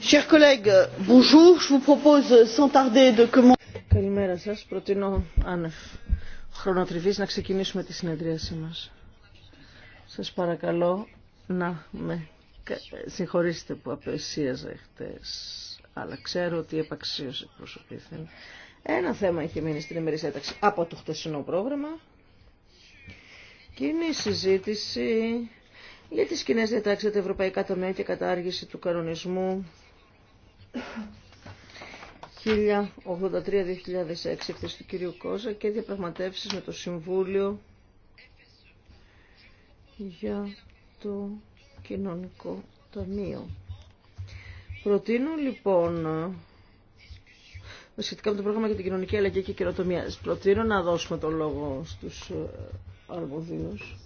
Chers collègues, bonjour. Je vous propose sans tarder de commencer. Καλημέρα Προτείνω άνευ να ξεκινήσουμε τη παρακαλώ να με συγχωρήσετε που απεσίαζα χτες, αλλά ξέρω ότι προσωπή θέλει. Ένα θέμα είχε μείνει στην ημερήσια έταξη από το χτεσινό πρόγραμμα και είναι η συζήτηση για τις κοινέ διατάξεις τα ευρωπαϊκά τομέα και κατάργηση του κανονισμού 1083-2006 εκθέση του κυρίου Κόζα και διαπραγματεύσεις με το Συμβούλιο για το Κοινωνικό Ταμείο. Προτείνω λοιπόν σχετικά με το πρόγραμμα για την κοινωνική αλλαγή και καινοτομία. Προτείνω να δώσουμε το λόγο στους ε, αρμοδίους.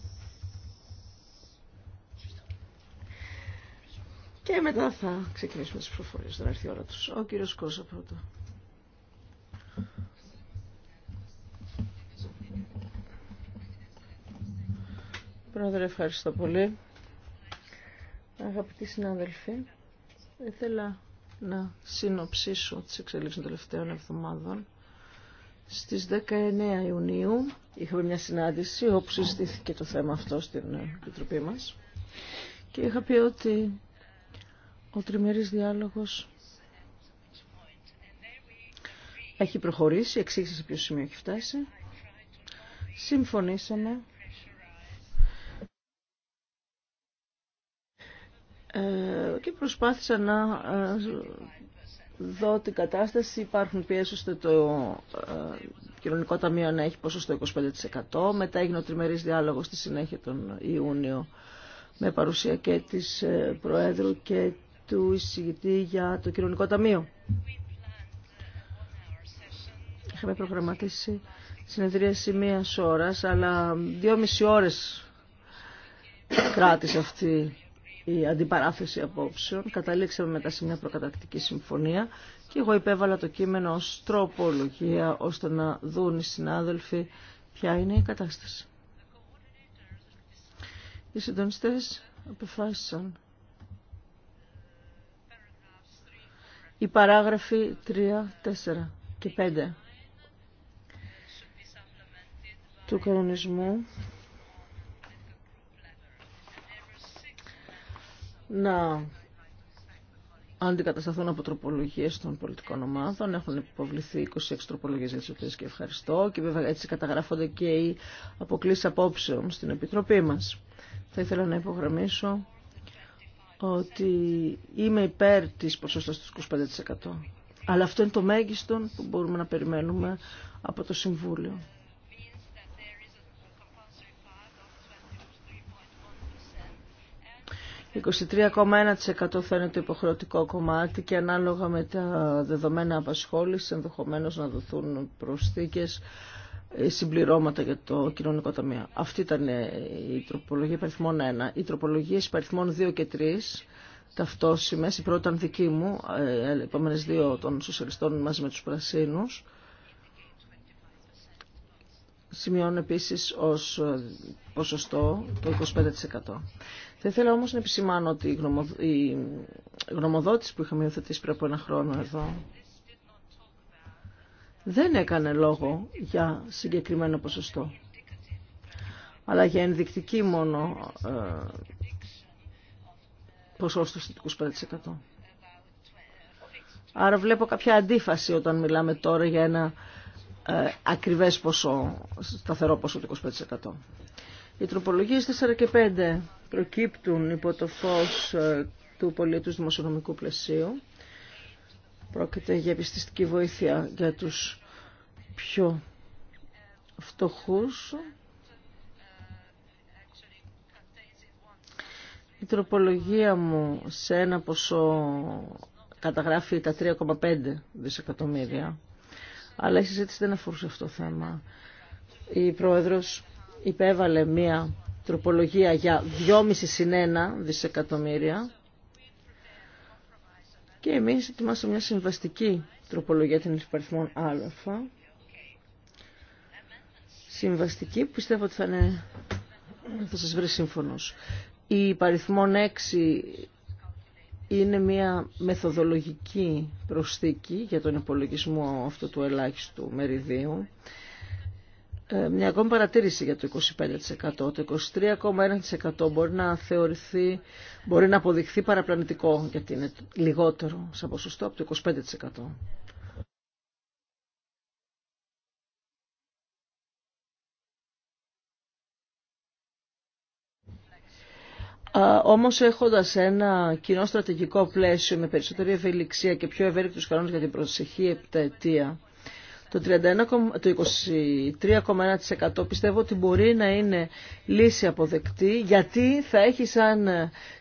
Και μετά θα ξεκινήσουμε τις προφορίες, θα έρθει η ώρα τους. Ο κύριος Κώσα πρώτο. Πρόεδρε, ευχαριστώ πολύ. Αγαπητοί συνάδελφοι, ήθελα να συνοψίσω τις εξελίξεις των τελευταίων εβδομάδων. Στις 19 Ιουνίου είχαμε μια συνάντηση όπου συζητήθηκε το θέμα αυτό στην Επιτροπή μας και είχα πει ότι ο τριμερής διάλογος έχει προχωρήσει, εξήγησε σε ποιο σημείο έχει φτάσει. Συμφωνήσαμε. Ε, και προσπάθησα να ε, δω την κατάσταση. Υπάρχουν πιέσεις ώστε το ε, κοινωνικό ταμείο να έχει στο 25%. Μετά έγινε ο τριμερής διάλογος στη συνέχεια τον Ιούνιο με παρουσία και της Προέδρου και του εισηγητή για το κοινωνικό ταμείο. Είχαμε προγραμματίσει συνεδρίαση μία ώρα, αλλά δύο μισή ώρες κράτησε αυτή η αντιπαράθεση απόψεων. Καταλήξαμε μετά σε μια προκατακτική συμφωνία και εγώ υπέβαλα το κείμενο ως τροπολογία ώστε να δουν οι συνάδελφοι ποια είναι η κατάσταση. Οι συντονιστές αποφάσισαν Οι παράγραφοι 3, 4 και 5 του κανονισμού να αντικατασταθούν από τροπολογίες των πολιτικών ομάδων. Έχουν υποβληθεί 26 τροπολογίες για τις οποίες και ευχαριστώ και βέβαια έτσι καταγράφονται και οι αποκλήσεις απόψεων στην Επιτροπή μας. Θα ήθελα να υπογραμμίσω ότι είμαι υπέρ της ποσοστάς του 25%. Αλλά αυτό είναι το μέγιστο που μπορούμε να περιμένουμε από το Συμβούλιο. 23,1% θα είναι το υποχρεωτικό κομμάτι και ανάλογα με τα δεδομένα απασχόληση ενδεχομένω να δοθούν προσθήκες ε, συμπληρώματα για το κοινωνικό ταμείο. Αυτή ήταν ε, η τροπολογία υπαριθμών 1. Οι τροπολογίε υπαριθμών 2 και 3 ταυτόσιμε, η πρώτη ήταν δική μου, οι ε, επόμενε δύο των σοσιαλιστών μαζί με του Πρασίνου. Σημειώνω επίση ω ποσοστό το 25%. Θα ήθελα όμως να επισημάνω ότι η γνωμοδότηση που είχαμε υιοθετήσει πριν από ένα χρόνο εδώ δεν έκανε λόγο για συγκεκριμένο ποσοστό, αλλά για ενδεικτική μόνο ε, ποσόστοση του 25%. Άρα βλέπω κάποια αντίφαση όταν μιλάμε τώρα για ένα ε, ακριβές ποσό, σταθερό ποσό 25%. Οι τροπολογίες 4 και 5 προκύπτουν υπό το φως ε, του πολίτου δημοσιονομικού πλαισίου Πρόκειται για επιστηστική βοήθεια για τους πιο φτωχούς. Η τροπολογία μου σε ένα ποσό καταγράφει τα 3,5 δισεκατομμύρια. Αλλά η συζήτηση δεν αφορούσε αυτό το θέμα. Η Πρόεδρος υπέβαλε μία τροπολογία για 2,5 συν 1 δισεκατομμύρια και εμείς ετοιμάσαμε μια συμβαστική τροπολογία των υπαριθμών α. Συμβαστική που πιστεύω ότι θα, είναι, θα σας βρει σύμφωνος. Η υπαριθμών 6 είναι μια μεθοδολογική προσθήκη για τον υπολογισμό αυτού του ελάχιστου μεριδίου. Ε, μια ακόμη παρατήρηση για το 25%. Το 23,1% μπορεί να θεωρηθεί, μπορεί να αποδειχθεί παραπλανητικό, γιατί είναι λιγότερο σαν ποσοστό από το 25%. Όμως έχοντας ένα κοινό στρατηγικό πλαίσιο με περισσότερη ευελιξία και πιο ευέλικτους κανόνες για την προσεχή αιτία το, το 23,1% πιστεύω ότι μπορεί να είναι λύση αποδεκτή γιατί θα έχει σαν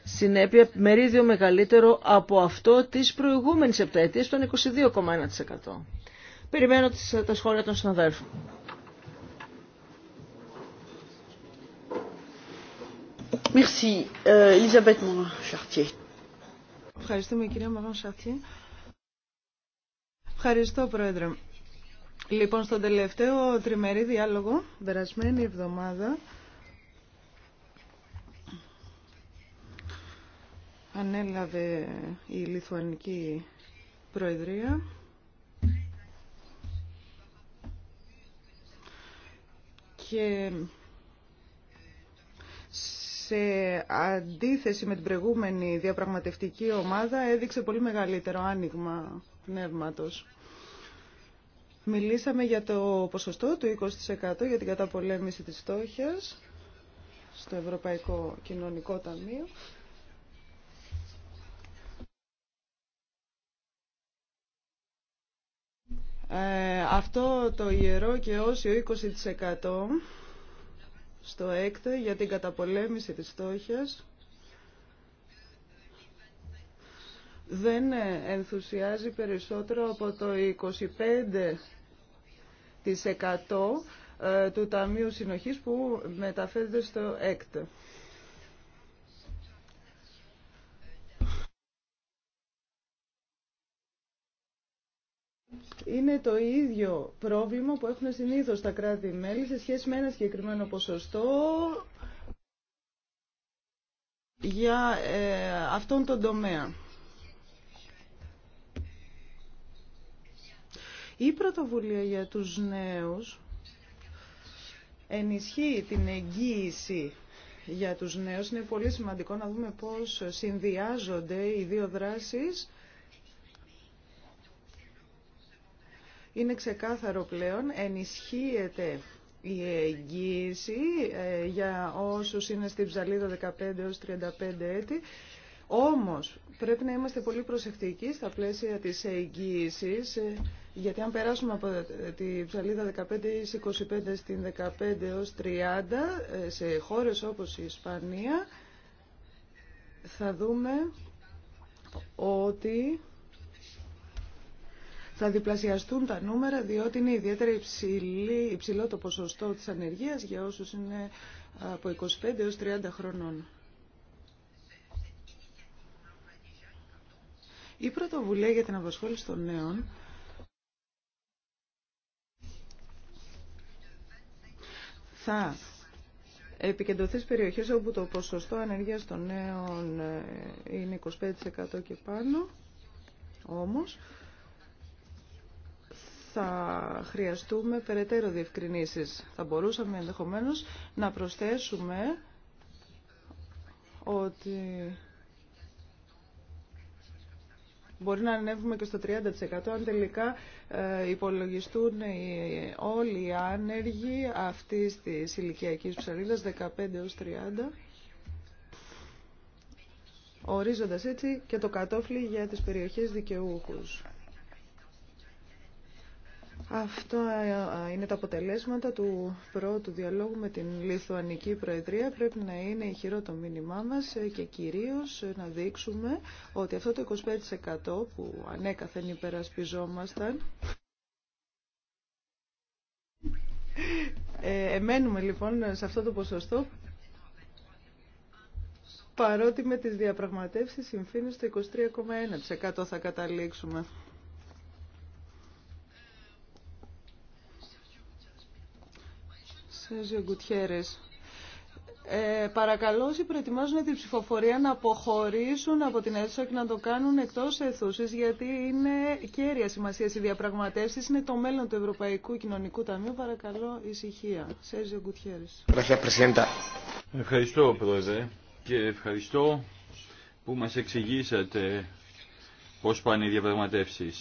συνέπεια μερίδιο μεγαλύτερο από αυτό της προηγούμενης επταετίας των 22,1%. Περιμένω τα σχόλια των συναδέλφων. Merci, euh, Elisabeth Ευχαριστώ Πρόεδρε. Λοιπόν, στον τελευταίο τριμερή διάλογο, περασμένη εβδομάδα, ανέλαβε η Λιθουανική Προεδρία και σε αντίθεση με την προηγούμενη διαπραγματευτική ομάδα έδειξε πολύ μεγαλύτερο άνοιγμα πνεύματος. Μιλήσαμε για το ποσοστό του 20% για την καταπολέμηση της στόχιας στο Ευρωπαϊκό Κοινωνικό Ταμείο. Ε, αυτό το ιερό και όσιο 20% στο έκτο για την καταπολέμηση της στόχιας δεν ενθουσιάζει περισσότερο από το 25% ε, του Ταμείου Συνοχής που μεταφέρεται στο ΕΚΤ. είναι το ίδιο πρόβλημα που έχουν συνήθως τα κράτη-μέλη σε σχέση με ένα συγκεκριμένο ποσοστό για ε, αυτόν τον τομέα. Η πρωτοβουλία για τους νέους ενισχύει την εγγύηση για τους νέους. Είναι πολύ σημαντικό να δούμε πώς συνδυάζονται οι δύο δράσεις. Είναι ξεκάθαρο πλέον, ενισχύεται η εγγύηση ε, για όσους είναι στην ψαλίδα 15 έως 35 έτη. Όμως πρέπει να είμαστε πολύ προσεκτικοί στα πλαίσια της εγγύησης ε, γιατί αν περάσουμε από ε, τη ψαλίδα 15 25 στην 15 30 ε, σε χώρες όπως η Ισπανία θα δούμε ότι θα διπλασιαστούν τα νούμερα διότι είναι ιδιαίτερα υψηλή, υψηλό το ποσοστό της ανεργίας για όσους είναι από 25 έως 30 χρονών. Η πρωτοβουλία για την απασχόληση των νέων θα επικεντρωθεί στις περιοχές όπου το ποσοστό ανεργίας των νέων ε, είναι 25% και πάνω, όμως θα χρειαστούμε περαιτέρω διευκρινήσεις. Θα μπορούσαμε ενδεχομένως να προσθέσουμε ότι Μπορεί να ανέβουμε και στο 30% αν τελικά ε, υπολογιστούν όλοι οι άνεργοι αυτή τη ηλικιακή ψαρίδας 15 έως 30 ορίζοντας έτσι και το κατόφλι για τις περιοχές δικαιούχους. Αυτό ε, είναι τα αποτελέσματα του πρώτου διαλόγου με την Λιθουανική Προεδρία. Πρέπει να είναι ηχηρό το μήνυμά μας ε, και κυρίως ε, να δείξουμε ότι αυτό το 25% που ανέκαθεν υπερασπιζόμασταν εμένουμε λοιπόν σε αυτό το ποσοστό παρότι με τις διαπραγματεύσεις συμφύνει στο 23,1% θα καταλήξουμε. Σέζιο Γκουτιέρες. Ε, παρακαλώ όσοι προετοιμάζουν την ψηφοφορία να αποχωρήσουν από την αίθουσα και να το κάνουν εκτός αιθούσης γιατί είναι κέρια σημασία οι διαπραγματεύσει, είναι το μέλλον του Ευρωπαϊκού Κοινωνικού Ταμείου. Παρακαλώ ησυχία. Σέζιο Γκουτιέρες. Ευχαριστώ Πρόεδρε και ευχαριστώ που μας εξηγήσατε πώ πάνε οι διαπραγματεύσει.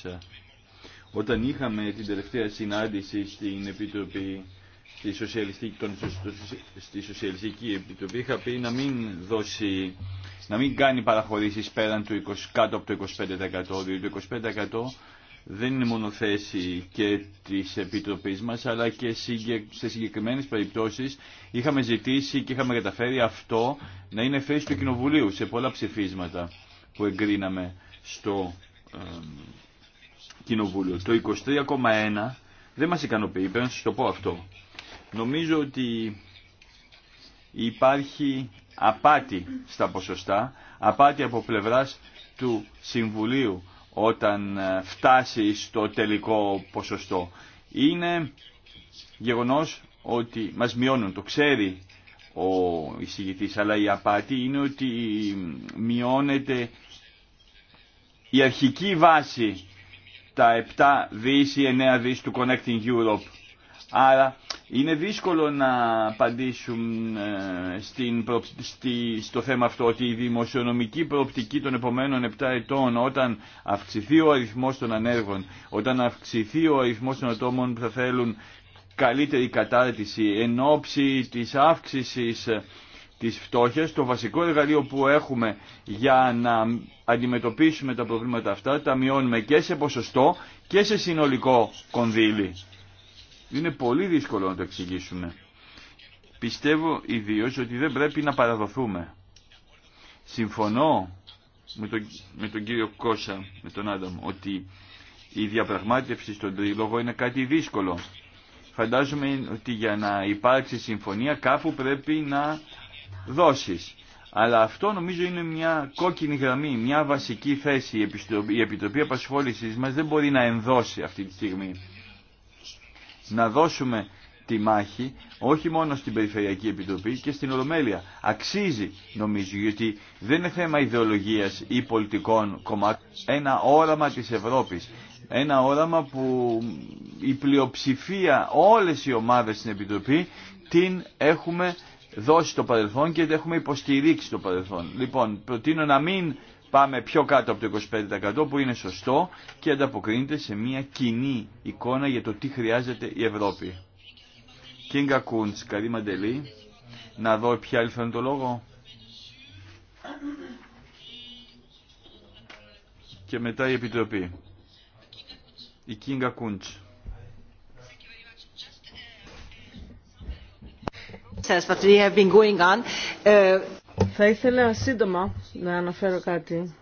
Όταν είχαμε την τελευταία συνάντηση στην Επιτροπή στη Σοσιαλιστική, τον, στη Σοσιαλιστική Επιτροπή είχα πει να μην δώσει, να μην κάνει παραχωρήσεις πέραν του 20, κάτω από το 25% διότι το 25% δεν είναι μόνο θέση και της Επιτροπής μας αλλά και σε συγκεκριμένες περιπτώσεις είχαμε ζητήσει και είχαμε καταφέρει αυτό να είναι θέση του Κοινοβουλίου σε πολλά ψηφίσματα που εγκρίναμε στο Κοινοβούλιο. Το 23,1 δεν μας ικανοποιεί, πρέπει να σας το πω αυτό. Νομίζω ότι υπάρχει απάτη στα ποσοστά, απάτη από πλευράς του Συμβουλίου όταν ε, φτάσει στο τελικό ποσοστό. Είναι γεγονός ότι μας μειώνουν, το ξέρει ο εισηγητής, αλλά η απάτη είναι ότι ε, μειώνεται η αρχική βάση τα 7 δις ή 9 δις του Connecting Europe. Άρα είναι δύσκολο να απαντήσουν ε, στην στο θέμα αυτό ότι η δημοσιονομική προοπτική των επομένων 7 ετών όταν αυξηθεί ο αριθμός των ανέργων, όταν αυξηθεί ο αριθμός των ατόμων που θα θέλουν καλύτερη κατάρτιση εν ώψη της αύξησης ε, της φτώχειας, το βασικό εργαλείο που έχουμε για να αντιμετωπίσουμε τα προβλήματα αυτά τα μειώνουμε και σε ποσοστό και σε συνολικό κονδύλι. Είναι πολύ δύσκολο να το εξηγήσουμε. Πιστεύω ιδίως ότι δεν πρέπει να παραδοθούμε. Συμφωνώ με τον, με τον κύριο Κώσα, με τον Άνταμ, ότι η διαπραγμάτευση στον τρίλογο είναι κάτι δύσκολο. Φαντάζομαι ότι για να υπάρξει συμφωνία κάπου πρέπει να δώσεις. Αλλά αυτό νομίζω είναι μια κόκκινη γραμμή, μια βασική θέση. Η Επιτροπή Απασχόλησης μας δεν μπορεί να ενδώσει αυτή τη στιγμή να δώσουμε τη μάχη όχι μόνο στην Περιφερειακή Επιτροπή και στην Ολομέλεια. Αξίζει νομίζω γιατί δεν είναι θέμα ιδεολογίας ή πολιτικών κομμάτων. Ένα όραμα της Ευρώπης. Ένα όραμα που η πλειοψηφία όλες οι ομάδες στην Επιτροπή την έχουμε δώσει το παρελθόν και την έχουμε υποστηρίξει το παρελθόν. Λοιπόν, προτείνω να μην πάμε πιο κάτω από το 25% που είναι σωστό και ανταποκρίνεται σε μια κοινή εικόνα για το τι χρειάζεται η Ευρώπη. Κίνγκα Κούντς, Καρή Μαντελή, να δω ποια άλλη το λόγο. Και μετά η Επιτροπή. Η Κίνγκα Κούντς. Uh, θα ήθελα σύντομα να αναφέρω κάτι.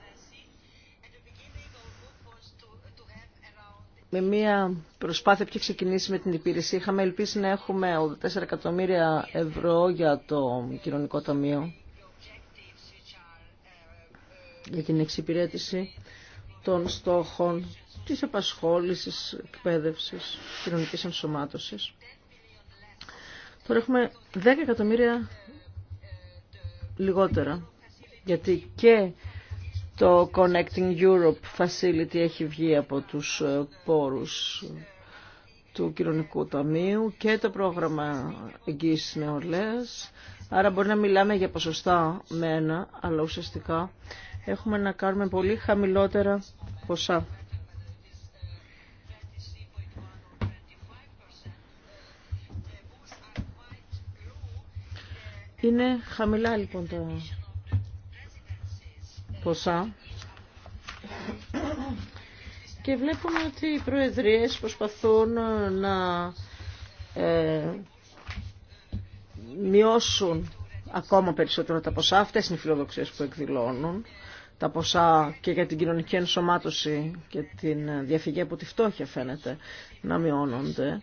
Με μια προσπάθεια που έχει ξεκινήσει με την υπηρεσία, είχαμε ελπίσει να έχουμε 4 εκατομμύρια ευρώ για το κοινωνικό ταμείο για την εξυπηρέτηση των στόχων της απασχόλησης, εκπαίδευσης, κοινωνικής ενσωμάτωσης. Τώρα έχουμε 10 εκατομμύρια λιγότερα. Γιατί και το Connecting Europe Facility έχει βγει από τους ε, πόρους του Κοινωνικού Ταμείου και το πρόγραμμα εγγύησης νεολαίας. Άρα μπορεί να μιλάμε για ποσοστά μένα, αλλά ουσιαστικά έχουμε να κάνουμε πολύ χαμηλότερα ποσά. Είναι χαμηλά λοιπόν τα ποσά. Και βλέπουμε ότι οι προεδρίες προσπαθούν να ε, μειώσουν ακόμα περισσότερο τα ποσά. Αυτές είναι οι φιλοδοξίες που εκδηλώνουν. Τα ποσά και για την κοινωνική ενσωμάτωση και την διαφυγή από τη φτώχεια φαίνεται να μειώνονται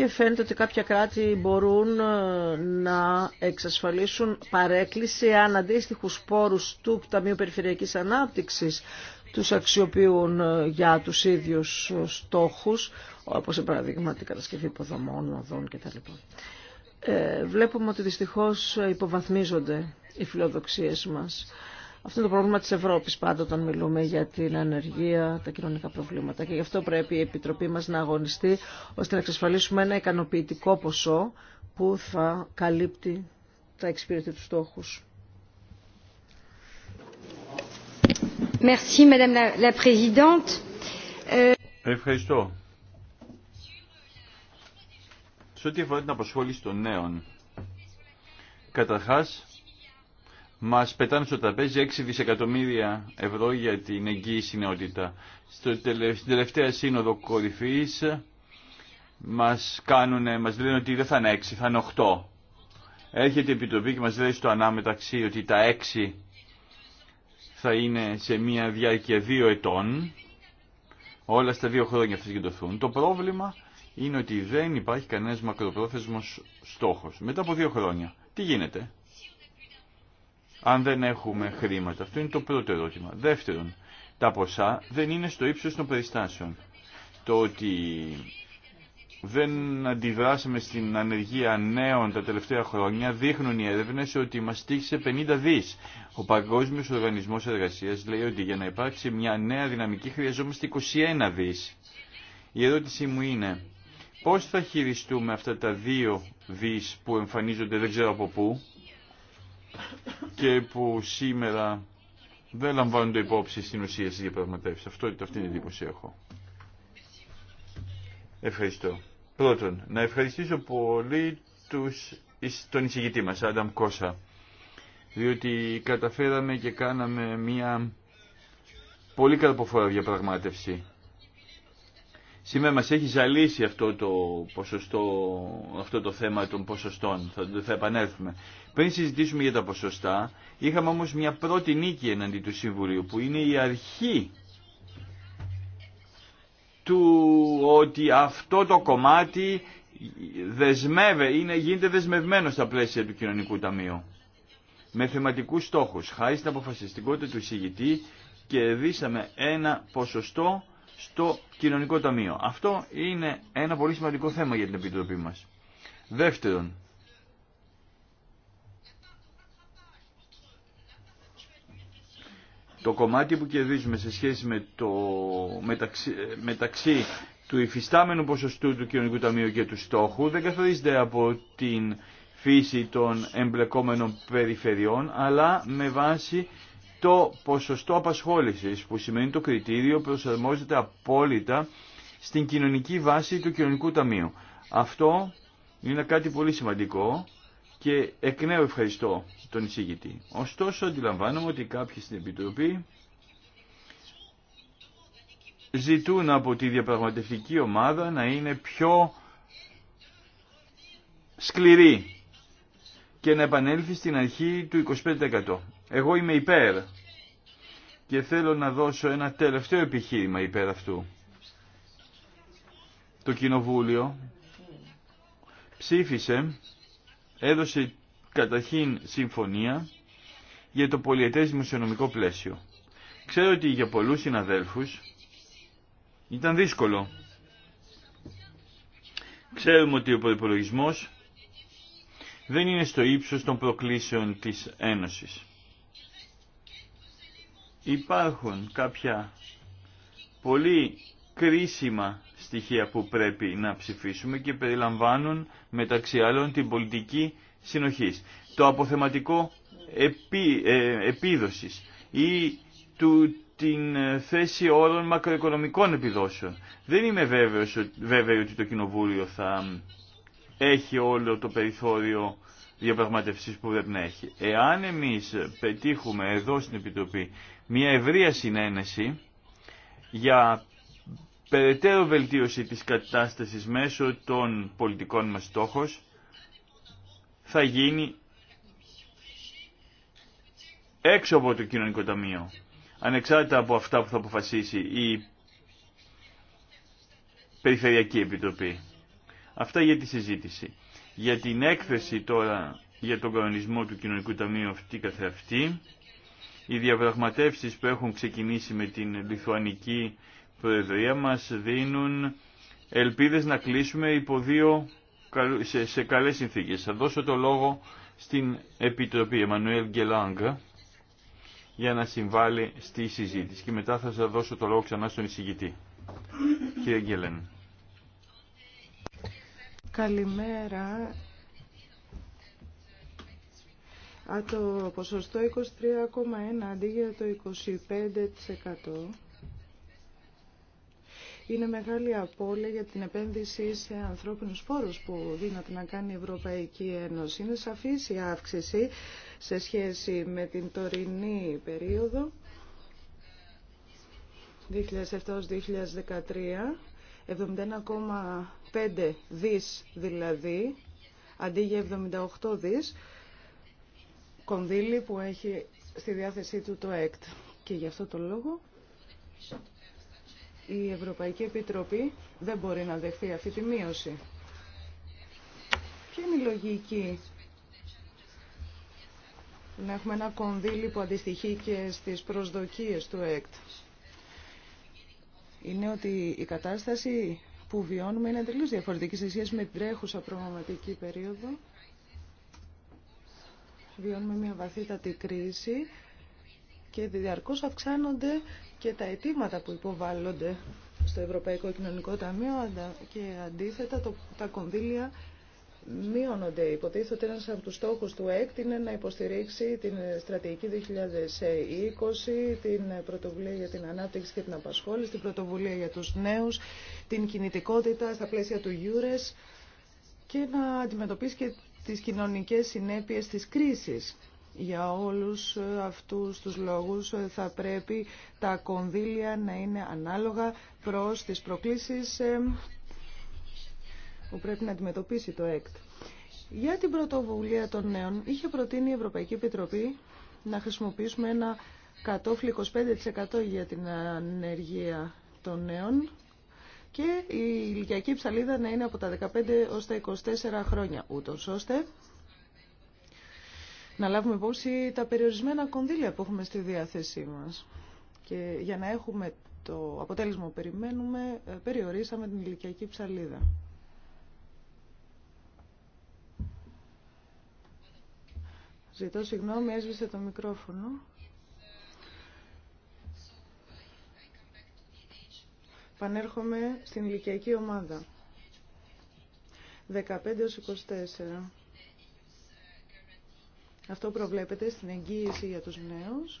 και φαίνεται ότι κάποια κράτη μπορούν ε, να εξασφαλίσουν παρέκκληση αν αντίστοιχους πόρους του Ταμείου Περιφερειακής Ανάπτυξης τους αξιοποιούν ε, για τους ίδιους ε, στόχους, όπως σε παραδείγμα την κατασκευή υποδομών, οδών κτλ. Ε, βλέπουμε ότι δυστυχώς υποβαθμίζονται οι φιλοδοξίες μας. Αυτό είναι το πρόβλημα της Ευρώπης πάντα όταν μιλούμε για την ανεργία, τα κοινωνικά προβλήματα και γι' αυτό πρέπει η Επιτροπή μας να αγωνιστεί ώστε να εξασφαλίσουμε ένα ικανοποιητικό ποσό που θα καλύπτει τα εξυπηρετή του στόχους. Merci, Madame la Présidente. Ε, Ευχαριστώ. Σε ό,τι αφορά την αποσχόληση των νέων, καταρχάς μας πετάνε στο τραπέζι 6 δισεκατομμύρια ευρώ για την εγγύηση νεότητα. Στην τελευταία σύνοδο κορυφής μας, κάνουνε, μας λένε ότι δεν θα είναι 6, θα είναι 8. Έρχεται η Επιτροπή και μας λέει στο ανάμεταξύ ότι τα 6 θα είναι σε μια διάρκεια 2 ετών. Όλα στα 2 χρόνια θα συγκεντρωθούν. Το πρόβλημα είναι ότι δεν υπάρχει κανένας μακροπρόθεσμος στόχος. Μετά από 2 χρόνια. Τι γίνεται αν δεν έχουμε χρήματα. Αυτό είναι το πρώτο ερώτημα. Δεύτερον, τα ποσά δεν είναι στο ύψος των περιστάσεων. Το ότι δεν αντιδράσαμε στην ανεργία νέων τα τελευταία χρόνια δείχνουν οι έρευνε ότι μα τύχησε 50 δι. Ο Παγκόσμιο Οργανισμό Εργασία λέει ότι για να υπάρξει μια νέα δυναμική χρειαζόμαστε 21 δι. Η ερώτησή μου είναι πώ θα χειριστούμε αυτά τα δύο δι που εμφανίζονται δεν ξέρω από πού και που σήμερα δεν λαμβάνονται υπόψη στην ουσία στις διαπραγματεύσεις. Αυτό, αυτή την εντύπωση έχω. Ευχαριστώ. Πρώτον, να ευχαριστήσω πολύ τους, τον εισηγητή μας, Άνταμ Κόσα, διότι καταφέραμε και κάναμε μια πολύ καρποφόρα διαπραγμάτευση Σήμερα μας έχει ζαλίσει αυτό το, ποσοστό, αυτό το θέμα των ποσοστών, θα, θα επανέλθουμε. Πριν συζητήσουμε για τα ποσοστά, είχαμε όμως μια πρώτη νίκη εναντί του Συμβουλίου, που είναι η αρχή του ότι αυτό το κομμάτι δεσμεύε, είναι, γίνεται δεσμευμένο στα πλαίσια του κοινωνικού ταμείου. Με θεματικούς στόχους, χάρη στην αποφασιστικότητα του εισηγητή, κερδίσαμε ένα ποσοστό στο κοινωνικό ταμείο. Αυτό είναι ένα πολύ σημαντικό θέμα για την Επιτροπή μας. Δεύτερον, το κομμάτι που κερδίζουμε σε σχέση με το μεταξύ, μεταξύ του υφιστάμενου ποσοστού του κοινωνικού ταμείου και του στόχου δεν καθορίζεται από την φύση των εμπλεκόμενων περιφερειών αλλά με βάση το ποσοστό απασχόλησης που σημαίνει το κριτήριο προσαρμόζεται απόλυτα στην κοινωνική βάση του κοινωνικού ταμείου. Αυτό είναι κάτι πολύ σημαντικό και εκ νέου ευχαριστώ τον εισηγητή. Ωστόσο αντιλαμβάνομαι ότι κάποιοι στην Επιτροπή ζητούν από τη διαπραγματευτική ομάδα να είναι πιο σκληρή και να επανέλθει στην αρχή του 25%. Εγώ είμαι υπέρ και θέλω να δώσω ένα τελευταίο επιχείρημα υπέρ αυτού. Το Κοινοβούλιο ψήφισε, έδωσε καταρχήν συμφωνία για το πολιετές δημοσιονομικό πλαίσιο. Ξέρω ότι για πολλούς συναδέλφους ήταν δύσκολο. Ξέρουμε ότι ο προπολογισμό δεν είναι στο ύψος των προκλήσεων της Ένωσης υπάρχουν κάποια πολύ κρίσιμα στοιχεία που πρέπει να ψηφίσουμε και περιλαμβάνουν μεταξύ άλλων την πολιτική συνοχής. Το αποθεματικό επί, ε, επίδοσης ή του, την θέση όλων μακροοικονομικών επιδόσεων. Δεν είμαι βέβαιος, βέβαιο ότι το Κοινοβούλιο θα έχει όλο το περιθώριο διαπραγματευσής που πρέπει να έχει. Εάν εμείς πετύχουμε εδώ στην Επιτροπή μια ευρεία συνένεση για περαιτέρω βελτίωση της κατάστασης μέσω των πολιτικών μας στόχων θα γίνει έξω από το κοινωνικό ταμείο, ανεξάρτητα από αυτά που θα αποφασίσει η Περιφερειακή Επιτροπή. Αυτά για τη συζήτηση. Για την έκθεση τώρα για τον κανονισμό του κοινωνικού ταμείου αυτή καθεαυτή, οι διαπραγματεύσεις που έχουν ξεκινήσει με την Λιθουανική Προεδρία μας δίνουν ελπίδες να κλείσουμε υπό δύο σε, σε καλές συνθήκες. Θα δώσω το λόγο στην Επιτροπή Εμμανουέλ Γκελάνγκ, για να συμβάλλει στη συζήτηση και μετά θα σας δώσω το λόγο ξανά στον εισηγητή. Κύριε Γκελέν. Καλημέρα. Α, το ποσοστό 23,1 αντί για το 25%. Είναι μεγάλη απώλεια για την επένδυση σε ανθρώπινους φόρους που δύναται να κάνει η Ευρωπαϊκή Ένωση. Είναι σαφής η αύξηση σε σχέση με την τωρινή περίοδο 2007-2013, 71,5 δις δηλαδή, αντί για 78 δις κονδύλι που έχει στη διάθεσή του το ΕΚΤ. Και γι' αυτό το λόγο η Ευρωπαϊκή Επιτροπή δεν μπορεί να δεχθεί αυτή τη μείωση. Ποια είναι η λογική να έχουμε ένα κονδύλι που αντιστοιχεί και στις προσδοκίες του ΕΚΤ. Είναι ότι η κατάσταση που βιώνουμε είναι τελείως διαφορετική σε σχέση με την τρέχουσα προγραμματική περίοδο βιώνουμε μια βαθύτατη κρίση και διαρκώς αυξάνονται και τα αιτήματα που υποβάλλονται στο Ευρωπαϊκό Κοινωνικό Ταμείο και αντίθετα τα κονδύλια μείωνονται. Υποτίθεται ένας από τους στόχους του ΕΚΤ είναι να υποστηρίξει την στρατηγική 2020, την πρωτοβουλία για την ανάπτυξη και την απασχόληση, την πρωτοβουλία για τους νέους, την κινητικότητα στα πλαίσια του ΙΟΡΕΣ και να αντιμετωπίσει και τις κοινωνικές συνέπειες της κρίσης. Για όλους αυτούς τους λόγους θα πρέπει τα κονδύλια να είναι ανάλογα προς τις προκλήσεις ε, που πρέπει να αντιμετωπίσει το ΕΚΤ. Για την πρωτοβουλία των νέων είχε προτείνει η Ευρωπαϊκή Επιτροπή να χρησιμοποιήσουμε ένα κατόφλι 25% για την ανεργία των νέων και η ηλικιακή ψαλίδα να είναι από τα 15 έως τα 24 χρόνια, ούτως ώστε να λάβουμε υπόψη τα περιορισμένα κονδύλια που έχουμε στη διάθεσή μας. Και για να έχουμε το αποτέλεσμα που περιμένουμε, ε, περιορίσαμε την ηλικιακή ψαλίδα. Ζητώ συγγνώμη, έσβησε το μικρόφωνο. Πανέρχομαι στην ηλικιακή ομάδα. 15 24. Αυτό προβλέπεται στην εγγύηση για τους νέους.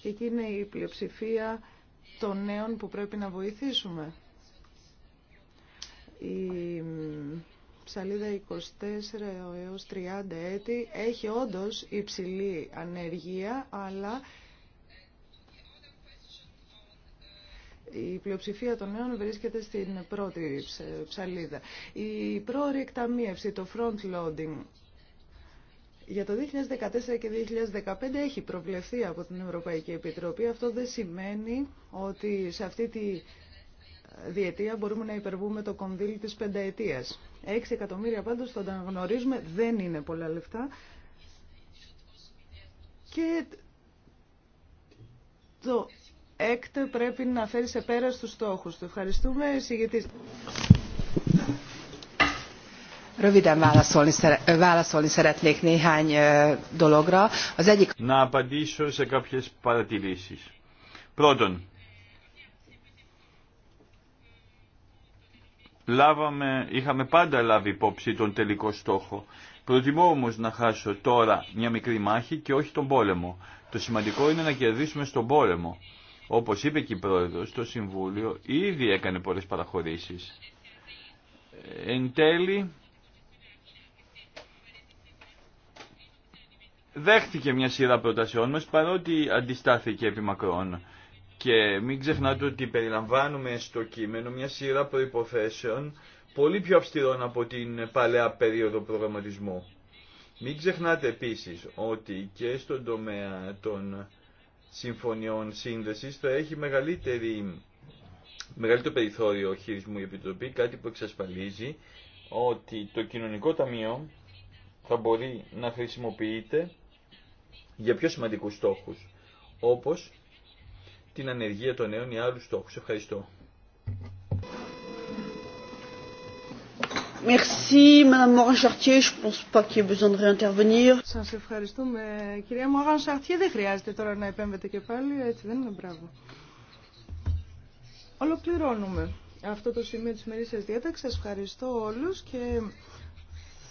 Και εκεί είναι η πλειοψηφία των νέων που πρέπει να βοηθήσουμε Η ψαλίδα 24 έως 30 έτη έχει όντως υψηλή ανεργία, αλλά Η πλειοψηφία των νέων βρίσκεται στην πρώτη ψαλίδα. Η πρόορη εκταμίευση, το front loading, για το 2014 και 2015 έχει προβλεφθεί από την Ευρωπαϊκή Επιτροπή. Αυτό δεν σημαίνει ότι σε αυτή τη διετία μπορούμε να υπερβούμε το κονδύλι της πενταετίας. 6 εκατομμύρια πάντως το αναγνωρίζουμε, δεν είναι πολλά λεφτά. Και το ΕΚΤ πρέπει να φέρει σε πέρα στους στόχους του. Ευχαριστούμε, συγγετής. Να απαντήσω σε κάποιες παρατηρήσεις. Πρώτον, λάβαμε, είχαμε πάντα λάβει υπόψη τον τελικό στόχο. Προτιμώ όμως να χάσω τώρα μια μικρή μάχη και όχι τον πόλεμο. Το σημαντικό είναι να κερδίσουμε στον πόλεμο. Όπως είπε και η Πρόεδρος, το Συμβούλιο ήδη έκανε πολλές παραχωρήσεις. Εν τέλει, δέχτηκε μια σειρά προτασιών μας, παρότι αντιστάθηκε επί μακρόν. Και μην ξεχνάτε ότι περιλαμβάνουμε στο κείμενο μια σειρά προϋποθέσεων πολύ πιο αυστηρών από την παλαιά περίοδο προγραμματισμού. Μην ξεχνάτε επίσης ότι και στον τομέα των συμφωνιών σύνδεσης θα έχει μεγαλύτερη, μεγαλύτερο περιθώριο χειρισμού η Επιτροπή, κάτι που εξασφαλίζει ότι το κοινωνικό ταμείο θα μπορεί να χρησιμοποιείται για πιο σημαντικούς στόχους, όπως την ανεργία των νέων ή άλλους στόχους. Ευχαριστώ. Σα Σας ευχαριστούμε, κυρία Μωράν Σαρτιέ. Δεν χρειάζεται τώρα να επέμβετε και πάλι, έτσι δεν είναι μπράβο. Ολοκληρώνουμε αυτό το σημείο της μερίσιας διάταξης. Σας ευχαριστώ όλους και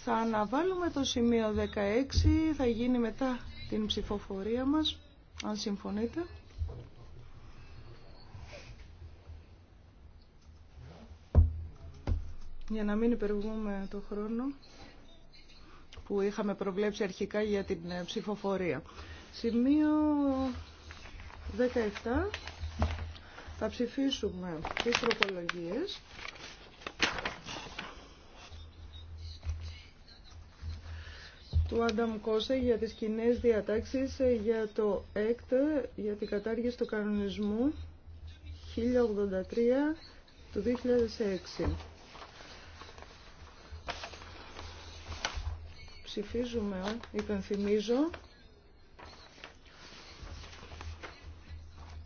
θα αναβάλουμε το σημείο 16. Θα γίνει μετά την ψηφοφορία μας, αν συμφωνείτε. για να μην υπερβούμε το χρόνο που είχαμε προβλέψει αρχικά για την ε, ψηφοφορία. Σημείο 17. Θα ψηφίσουμε τις τροπολογίες. του Άνταμ Κώσε για τις κοινέ διατάξεις ε, για το ΕΚΤ, για την κατάργηση του κανονισμού 1083 του 2006. Ψηφίζουμε, υπενθυμίζω,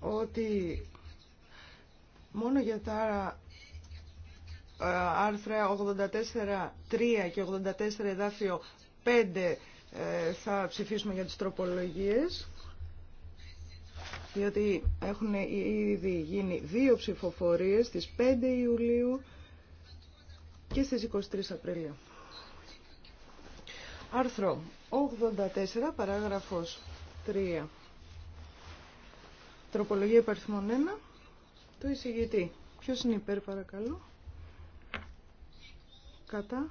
ότι μόνο για τα ε, άρθρα 84.3 και 84 εδάφιο 5 ε, θα ψηφίσουμε για τις τροπολογίες διότι έχουν ήδη γίνει δύο ψηφοφορίες στις 5 Ιουλίου και στις 23 Απριλίου. Άρθρο 84, παράγραφος 3. Τροπολογία υπαριθμών 1 το εισηγητή. Ποιος είναι υπέρ παρακαλώ. Κατά.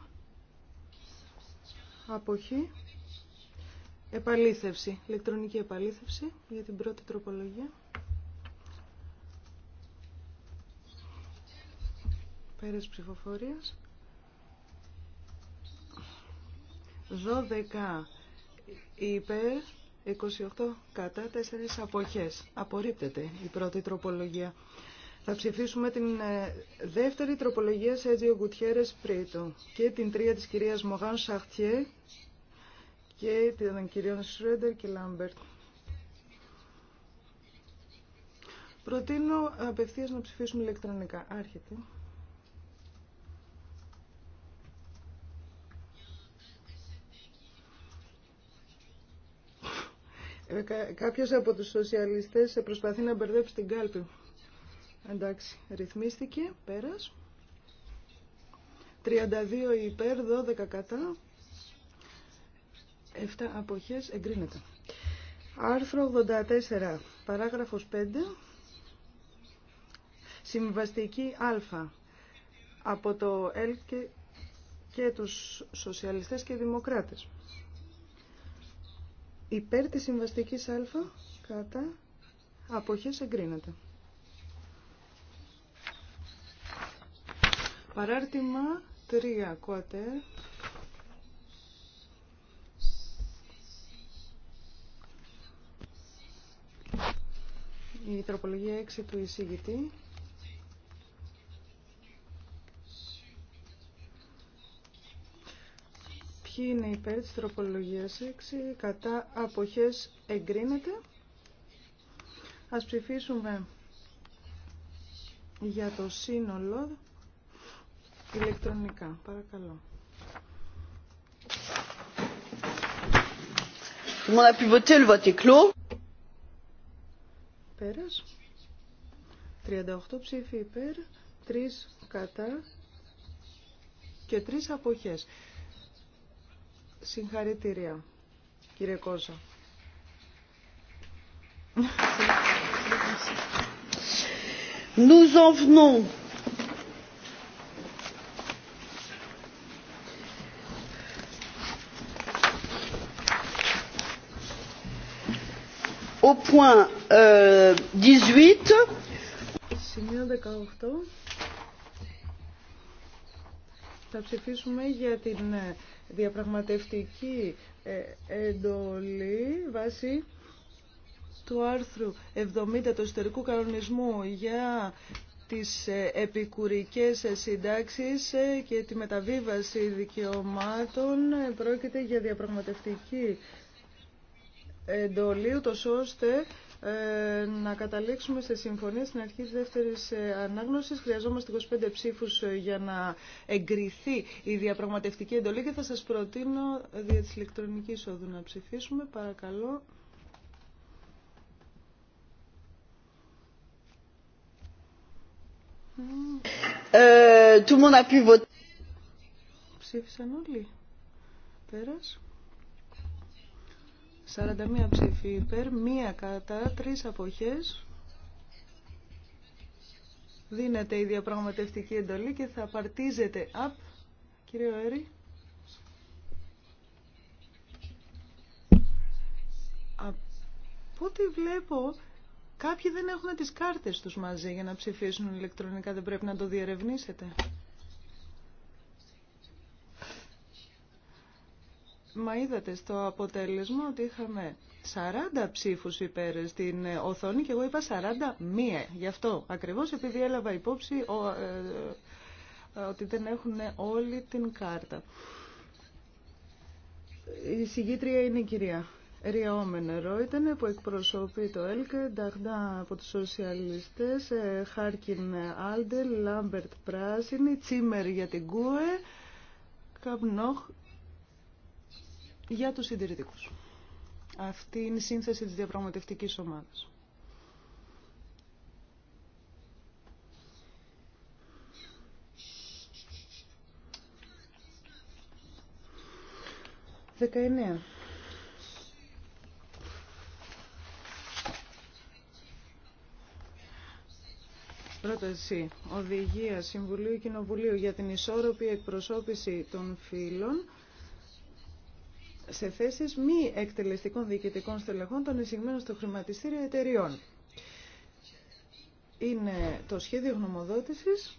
Αποχή. Επαλήθευση. Ηλεκτρονική επαλήθευση για την πρώτη τροπολογία. Πέρας ψηφοφορίας. 12 υπέρ, 28 κατά, 4 αποχές. Απορρίπτεται η πρώτη τροπολογία. Θα ψηφίσουμε την ε, δεύτερη τροπολογία σε Έτζιο Γκουτιέρες Πρίτο και την τρία της κυρίας Μογάν Σαχτιέ και την κυρίων Σρέντερ και Λάμπερτ. Προτείνω απευθείας να ψηφίσουμε ηλεκτρονικά. Άρχεται. Κάποιος από τους σοσιαλιστές προσπαθεί να μπερδέψει την κάλπη. Εντάξει, ρυθμίστηκε, πέρας. 32 υπέρ, 12 κατά. 7 απόχέ. εγκρίνεται. Άρθρο 84, παράγραφος 5. Συμβαστική Α. Από το Ελκ και, και τους σοσιαλιστές και δημοκράτες. Υπέρ της συμβαστικής α, κατά, αποχές εγκρίνεται. Παράρτημα 3, ακούατε. Η τροπολογία 6 του εισηγητή. Ποιοι είναι υπέρ της τροπολογίας 6. Κατά αποχές εγκρίνεται. Ας ψηφίσουμε για το σύνολο ηλεκτρονικά. Παρακαλώ. Tout le monde a Πέρας. 38 ψήφοι υπέρ, 3 κατά και 3 αποχές. Συγχαρητήρια, κύριε Κόζα. Nous en venons au point 18. Euh, θα ψηφίσουμε για την ε, διαπραγματευτική ε, εντολή βάση του άρθρου 70 του ιστορικού κανονισμού για τις ε, επικουρικές συντάξεις και τη μεταβίβαση δικαιωμάτων. Πρόκειται για διαπραγματευτική εντολή, ούτως ώστε ε, να καταλήξουμε σε συμφωνία στην αρχή της δεύτερης ε, ανάγνωσης. Χρειαζόμαστε 25 ψήφους ε, για να εγκριθεί η διαπραγματευτική εντολή και θα σας προτείνω δια της ηλεκτρονικής όδου να ψηφίσουμε. Παρακαλώ. Ψήφισαν όλοι. Πέρας. 41 ψήφοι υπέρ, μία κατά, τρεις αποχές. Δίνεται η διαπραγματευτική εντολή και θα απαρτίζεται. απ. κύριε Έρη. Από ό,τι βλέπω, κάποιοι δεν έχουν τις κάρτες τους μαζί για να ψηφίσουν ηλεκτρονικά. Δεν πρέπει να το διερευνήσετε. Μα είδατε στο αποτέλεσμα ότι είχαμε 40 ψήφους υπέρ στην οθόνη και εγώ είπα 40 41. Γι' αυτό ακριβώς επειδή έλαβα υπόψη ε, ε, ότι δεν έχουν όλη την κάρτα. Η συγγήτρια είναι η κυρία Ριόμενε Ρόιτεν που εκπροσωπεί το ΕΛΚΕ, Νταχντά από τους σοσιαλιστές, ε, Χάρκιν Αλντελ, Λάμπερτ Πράσινη, Τσίμερ για την ΚΟΕ, Καμπνόχ για τους συντηρητικούς. Αυτή είναι η σύνθεση της διαπραγματευτικής ομάδας. Δεκαεννέα. Πρόταση Οδηγία Συμβουλίου Κοινοβουλίου για την ισόρροπη εκπροσώπηση των φύλων σε θέσεις μη εκτελεστικών διοικητικών στελεχών των εισηγμένων στο χρηματιστήριο εταιριών. Είναι το σχέδιο γνωμοδότησης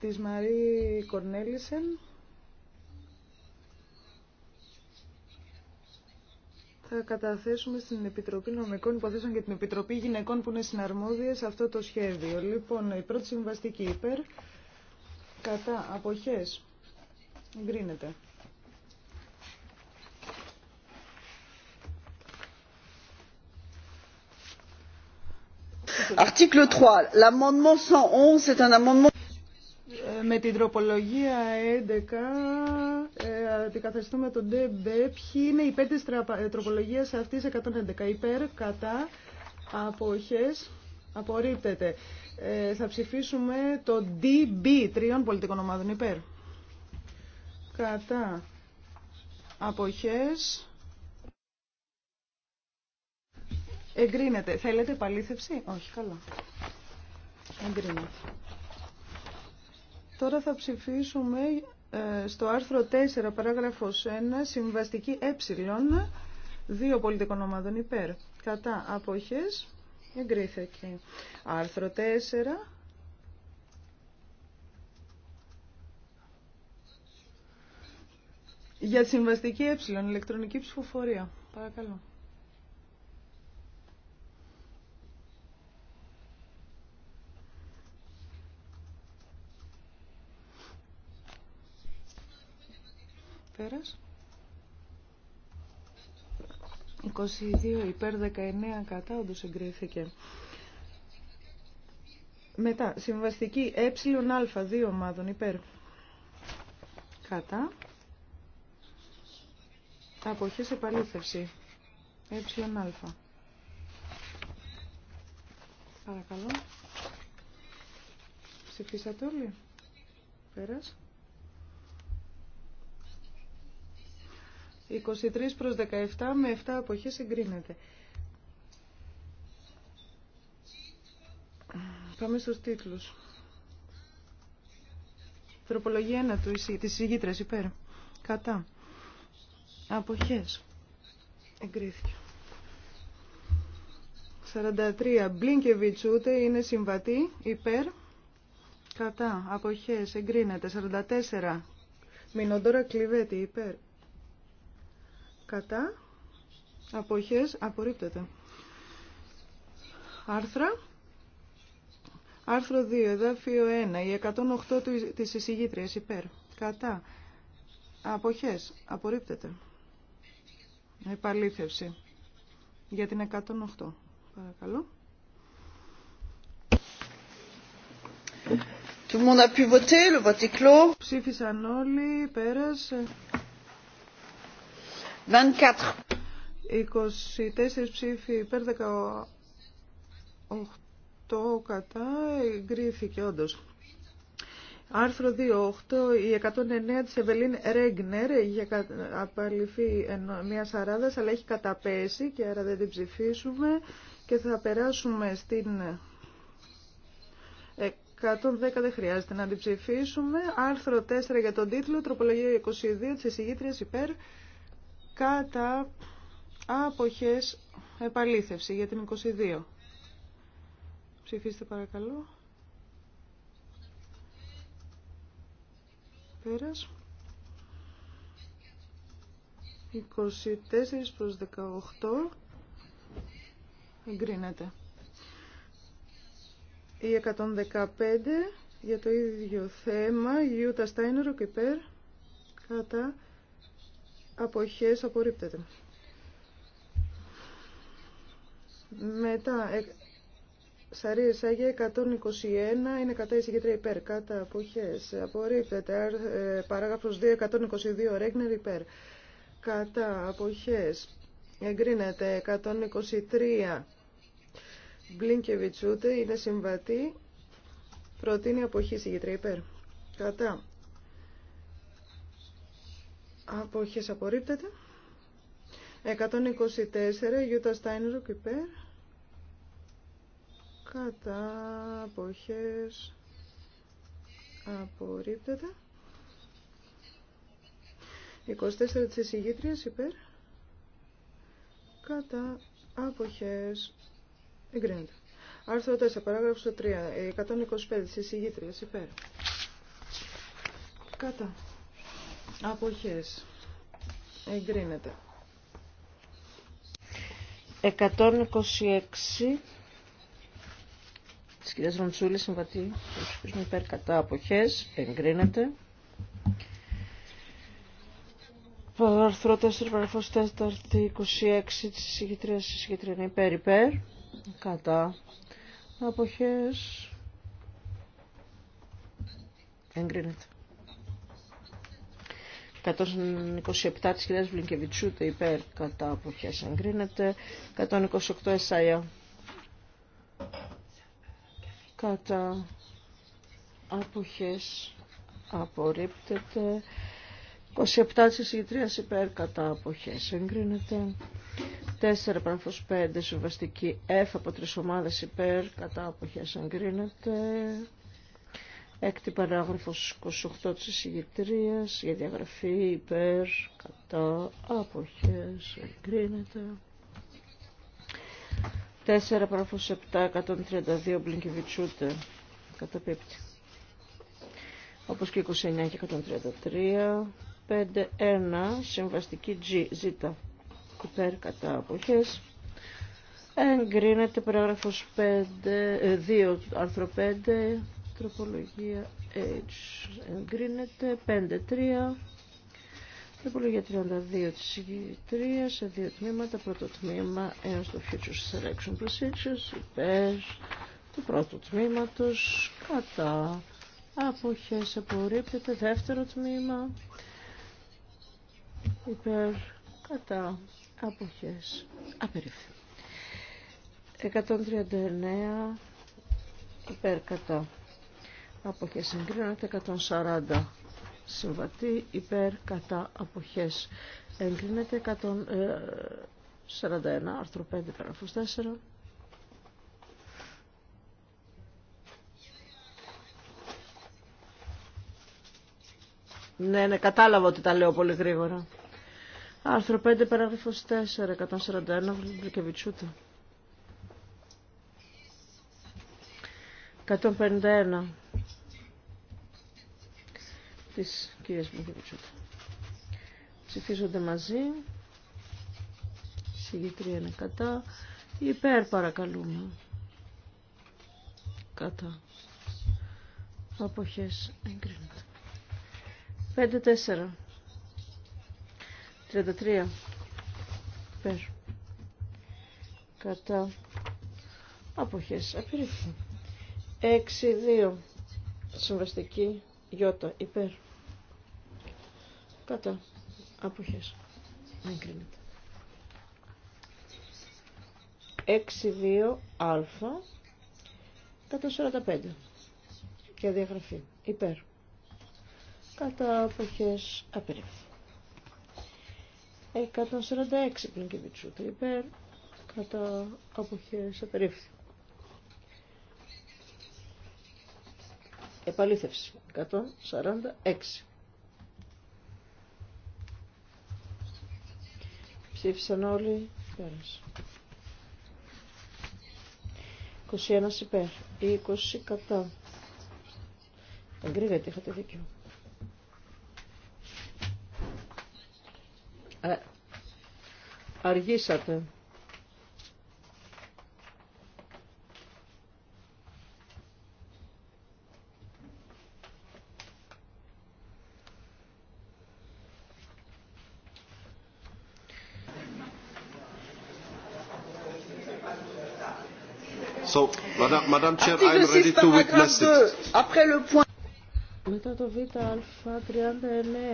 της Μαρή Κορνέλισεν θα καταθέσουμε στην Επιτροπή Νομικών Υποθέσεων και την Επιτροπή Γυναικών που είναι σε αυτό το σχέδιο. Λοιπόν, η πρώτη συμβαστική υπέρ κατά αποχές γκρίνεται. Article 3. L'amendement 111, est un amendement... Ε, με την τροπολογία 11 ε, αντικαθιστούμε τον DB Ποιοι είναι οι πέντε τροπολογίας αυτής 111. Υπέρ, κατά, αποχές, απορρίπτεται. Ε, θα ψηφίσουμε το DB τριών πολιτικών ομάδων υπέρ. Κατά, αποχές, Εγκρίνεται. Θέλετε επαλήθευση. Όχι, καλά. Εγκρίνεται. Τώρα θα ψηφίσουμε ε, στο άρθρο 4, παράγραφος 1, συμβαστική ε, δύο πολιτικών υπέρ. Κατά αποχές, εγκρίθηκε. Άρθρο 4, για συμβαστική ε, ηλεκτρονική ψηφοφορία. Παρακαλώ. πέρας. 22 υπέρ 19 κατά, όντως εγκρίθηκε. Μετά, συμβαστική ε α, δύο ομάδων υπέρ. Κατά. Αποχές επαλήθευση. Ε α. Παρακαλώ. Ψηφίσατε όλοι. Πέρας. 23 προς 17 με 7 αποχές εγκρίνεται. Πάμε στους τίτλους. Τροπολογία 1 του, της ηγήτρας υπέρ. Κατά. Αποχές. Εγκρίθηκε. 43. Μπλίνκεβιτς ούτε είναι συμβατή υπέρ. Κατά. Αποχές. Εγκρίνεται. 44. Μινοντόρα κλειβέτη υπέρ κατά αποχές απορρίπτεται. Άρθρα. Άρθρο 2, εδάφιο 1, η 108 της εισηγήτριας υπέρ. Κατά. Αποχές. Απορρίπτεται. Επαλήθευση. Για την 108. Παρακαλώ. Tout le monde Ψήφισαν όλοι, πέρασε. 24. ψήφοι υπέρ 18 κατά εγκρίθηκε όντω. Άρθρο 2.8, η 109 της Ευελίν Ρέγκνερ είχε απαλληφθεί μια αράδας, αλλά έχει καταπέσει και άρα δεν την ψηφίσουμε και θα περάσουμε στην 110 δεν χρειάζεται να την ψηφίσουμε. Άρθρο 4 για τον τίτλο, τροπολογία 22 της εισηγήτριας υπέρ κατά άποχες επαλήθευση για την 22. Ψηφίστε παρακαλώ. Πέρας. 24 προς 18 εγκρίνεται. Η 115 για το ίδιο θέμα, Γιούτα Στάινερο και Πέρ, κατά αποχές απορρίπτεται. Μετά, ε, Σαρίε 121 είναι κατά εισηγήτρια υπέρ, κατά αποχές απορρίπτεται. Ε, παράγραφος 2, 122 Ρέγνερ υπέρ, κατά αποχές εγκρίνεται 123 Μπλίνκεβιτσούτε είναι συμβατή, προτείνει αποχή εισηγήτρια υπέρ. Κατά Αποχές απορρίπτεται. 124 Γιούτα Στάινρουκ υπέρ. Κατά αποχές απορρίπτεται. 24 της εισηγήτριας υπέρ. Κατά αποχές εγκρίνεται. Άρθρο 4, παράγραφος 3, 125 της εισηγήτριας υπέρ. Κατά Αποχές. Εγκρίνεται. 126 της κυρίας Ροντσούλη συμβατή υπέρ κατά αποχές εγκρίνεται Παραρθρό 4 παραγραφός 4 26 της συγκεκριτρίας της είναι υπέρ υπέρ κατά αποχές εγκρίνεται 127 της κυρίας Βλυνκεβιτσούτε υπέρ κατά αποχές εγκρίνεται. 128 εσάια κατά αποχές απορρίπτεται. 27 της υπέρ κατά αποχές εγκρίνεται. 4 παραγραφός 5 συμβαστική F από τρεις ομάδες υπέρ κατά αποχές εγκρίνεται. Έκτη παράγραφος 28 της εισηγητρίας για διαγραφή υπέρ, κατά, αποχές, εγκρίνεται. 4 παράγραφος 7, 132 Μπλυνκεβιτσούτε, καταπίπτει. Όπως και 29 και 133. 5-1 συμβαστική G, Z, υπέρ κατά αποχές. Εγκρίνεται παράγραφος 5, 2 ε, άρθρο 5 Τροπολογία H εγκρίνεται. 5-3. Τροπολογία 32 32-3. σε δύο τμήματα. Πρώτο τμήμα έως το Future Selection Procedures υπέρ του πρώτου τμήματος κατά αποχές απορρίπτεται. Δεύτερο τμήμα υπέρ κατά αποχές απερίφθη. 139 υπέρ κατά αποχές εγκρίνεται 140 συμβατή υπέρ κατά αποχές εγκρίνεται 141 ε, άρθρο 5 παραφούς 4 Ναι, ναι, κατάλαβα ότι τα λέω πολύ γρήγορα. Άρθρο 5, παράγραφος 4, 141, Βλυκεβιτσούτα. 151 της κυρίας Μπλοκεβιτσούτα. Ψηφίζονται μαζί. Συγγετρία είναι κατά. Υπέρ παρακαλούμε. Κατά. Αποχές εγκρίνεται. 5-4. 33. Υπέρ. Κατά. Αποχές απερίφθη. 6-2. Συμβαστική Ι υπέρ. Κατά. Αποχές. Εγκρίνεται. 6-2-α α45 και διαγραφή υπέρ κατά αποχές απερίφθη 146 πλην και υπέρ κατά αποχές απερίφθη Επαλήθευση. 146. Ψήφισαν όλοι. Πέρασε. 21 υπέρ. 20 κατά. Εγκρίνεται, είχατε δίκιο. Ε, αργήσατε. Article 6 Μετά το β'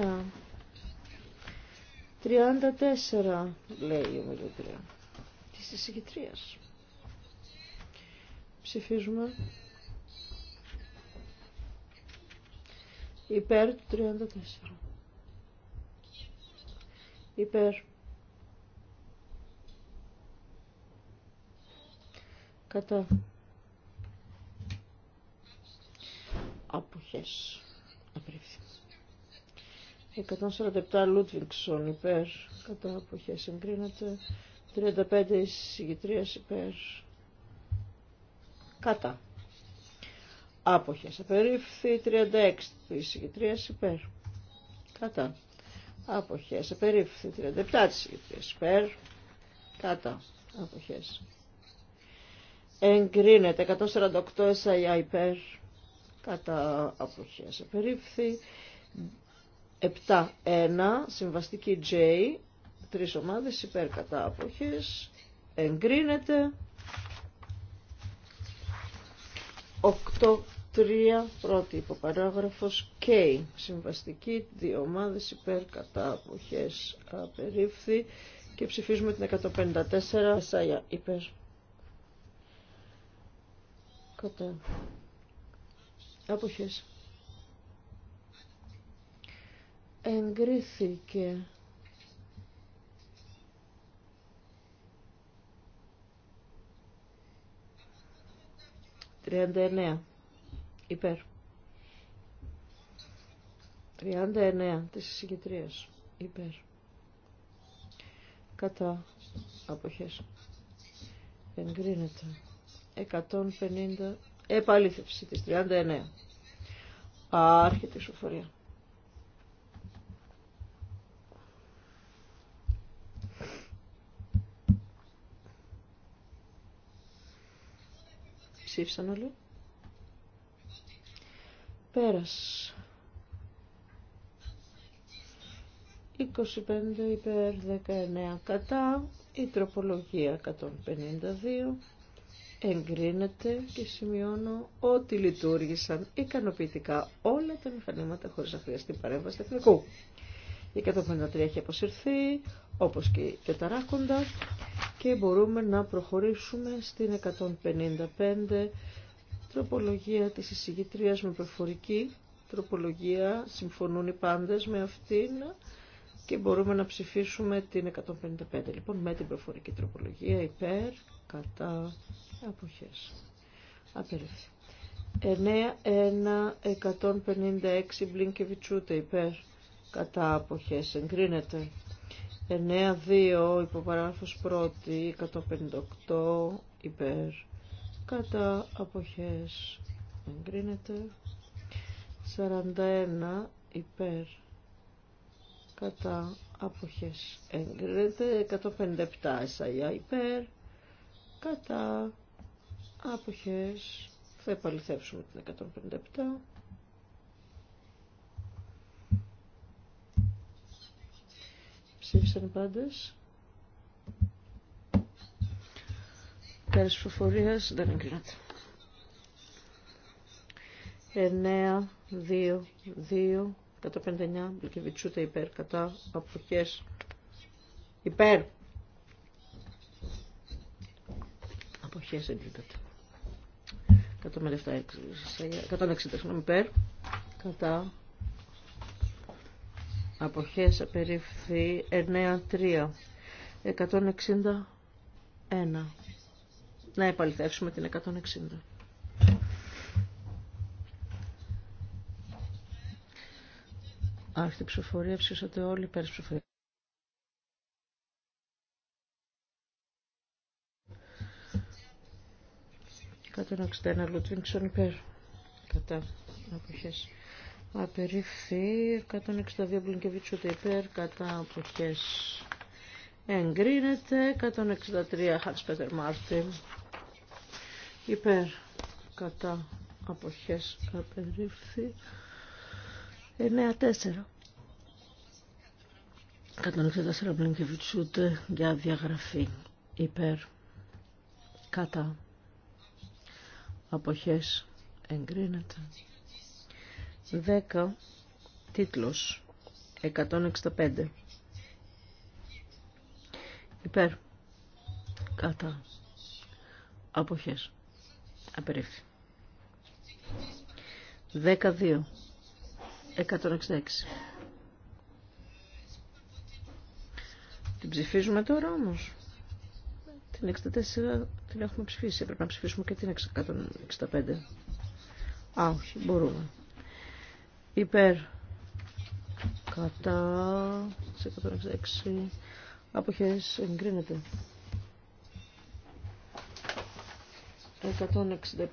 39. 34 λέει η ομιλήτρια τη εισηγητρία. Ψηφίζουμε. Υπέρ του 34. Υπέρ. Κατά. αποχές απρίφθη 147 Λούτβινξον υπέρ κατά αποχές εγκρίνεται 35 εισηγητρίας υπέρ κατά άποχες απερίφθη 36 της υπέρ κατά άποχες απερίφθη 37 της υπέρ κατά άποχες εγκρίνεται 148 εσαϊά υπέρ κατά αποχές απερίφθη 7-1 συμβαστική J τρεις ομάδες υπέρ κατά αποχές εγκρίνεται 8-3 πρώτη υποπαράγραφος K συμβαστική δύο ομάδες υπέρ κατά αποχές απερίφθη και ψηφίζουμε την 154 Σάια, υπέρ κατά εποχές Εγκρίθηκε. Τριάντα εννέα. Υπέρ. Τριάντα εννέα της συγκεντρίας. Υπέρ. Κατά. Αποχές. Εγκρίνεται. εκατόν πενήντα επαλήθευση της 39. Άρχεται η σοφορία. Ψήφισαν όλοι. Πέρας. 25 υπέρ 19 κατά η τροπολογία 152 εγκρίνεται και σημειώνω ότι λειτουργήσαν ικανοποιητικά όλα τα μηχανήματα χωρίς να χρειαστεί παρέμβαση τεχνικού. Η 153 έχει αποσυρθεί, όπως και η τεταράκοντα, και μπορούμε να προχωρήσουμε στην 155 τροπολογία της εισηγητρίας με προφορική τροπολογία. Συμφωνούν οι πάντες με αυτήν και μπορούμε να ψηφίσουμε την 155. Λοιπόν, με την προφορική τροπολογία υπέρ κατά αποχές. Απερίφθη. 9.1.156 Μπλίνκεβιτσούτε υπέρ κατά αποχές εγκρίνεται. 9.2 υποπαραγραφος πρώτη 158 υπέρ κατά αποχές εγκρίνεται. 41 υπέρ κατά αποχές εγκρίνεται. 157 εσάγια υπέρ κατά άποχες θα επαληθεύσουμε την 157 ψήφισαν οι πάντες πέρας δεν εγκρίνεται 9, 2, 2, 159, Μπλικεβιτσούτε υπέρ, κατά, αποχές, υπέρ. αποχές εγκρίνεται. 160 συγγνωμη περ υπέρ κατά αποχές απερίφθη 9-3 161 να επαληθεύσουμε την 160 Άρχιτε ψηφοφορία, ψήσατε όλοι υπέρ ψηφοφορία. 161 Λουτβίνξον υπέρ. Κατά. Αποχές. απερίφθη 162 ούτε υπέρ. Κατά. Αποχές. Εγκρίνεται. 163 Χάρτς Πέτερ Μάρτιν. Υπέρ. Κατά. αποχές Απεριφθεί. 9-4. 164 βιτσούτε για διαγραφή. Υπέρ. Κατά αποχές εγκρίνεται 10 τίτλος 165 υπέρ κατά αποχές απερίφθη 12 166 Την ψηφίζουμε τώρα όμως. Την 64 την έχουμε ψηφίσει. Πρέπει να ψηφίσουμε και την 165. Α, όχι, μπορούμε. Υπέρ. Κατά. Σε 166. Αποχές εγκρίνεται.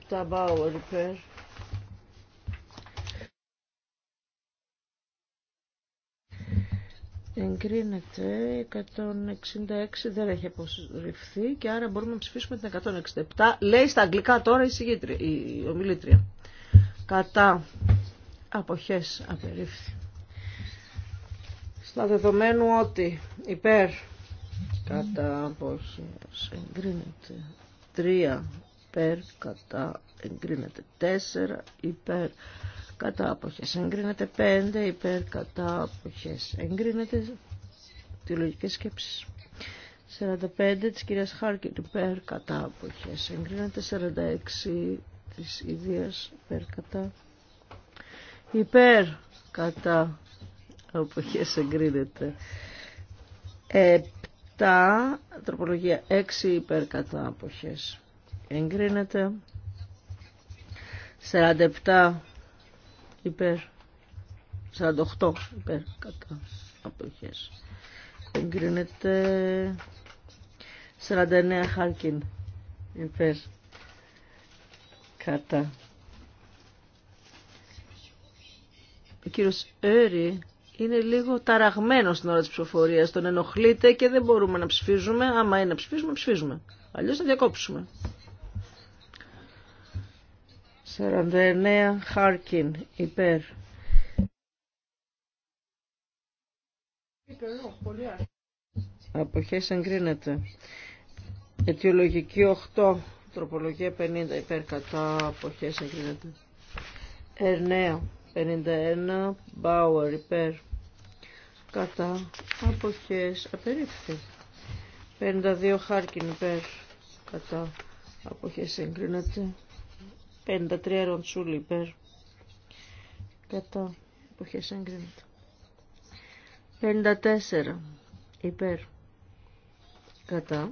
167 Bauer υπέρ. Εγκρίνεται 166, δεν έχει αποσυρθεί και άρα μπορούμε να ψηφίσουμε την 167. Λέει στα αγγλικά τώρα η, ομιλήτρια. Κατά αποχές απερίφθη. Στα δεδομένου ότι υπέρ κατά αποχές εγκρίνεται 3 υπέρ κατά εγκρίνεται 4 υπέρ κατά αποχές εγκρίνεται 5 υπέρ κατά αποχές εγκρίνεται τη σκέψη. 45 της κυρίας Χάρκιν υπέρ κατά αποχές εγκρίνεται 46 της ιδίας υπέρ κατά υπέρ κατά αποχές εγκρίνεται 7 τροπολογία 6 υπέρ κατά αποχές εγκρίνεται 47 υπέρ 48 υπέρ κατά αποχές εγκρίνεται 49 χάρκιν υπέρ κατά ο κύριος Έρη είναι λίγο ταραγμένο στην ώρα της ψηφοφορίας. Τον ενοχλείται και δεν μπορούμε να ψηφίζουμε. Άμα είναι να ψηφίζουμε, ψηφίζουμε. Αλλιώς θα διακόψουμε. 49 Χάρκιν υπέρ. Αποχέ εγκρίνεται. Αιτιολογική 8, τροπολογία 50 υπέρ κατά αποχέ εγκρίνεται. 9, 51 Μπάουερ υπέρ κατά αποχέ απερίφθη. 52 Χάρκιν υπέρ κατά αποχέ εγκρίνεται. 53 ροντσούλι υπέρ. Κατά. Εποχές εγκρίνεται. 54 υπέρ. Κατά.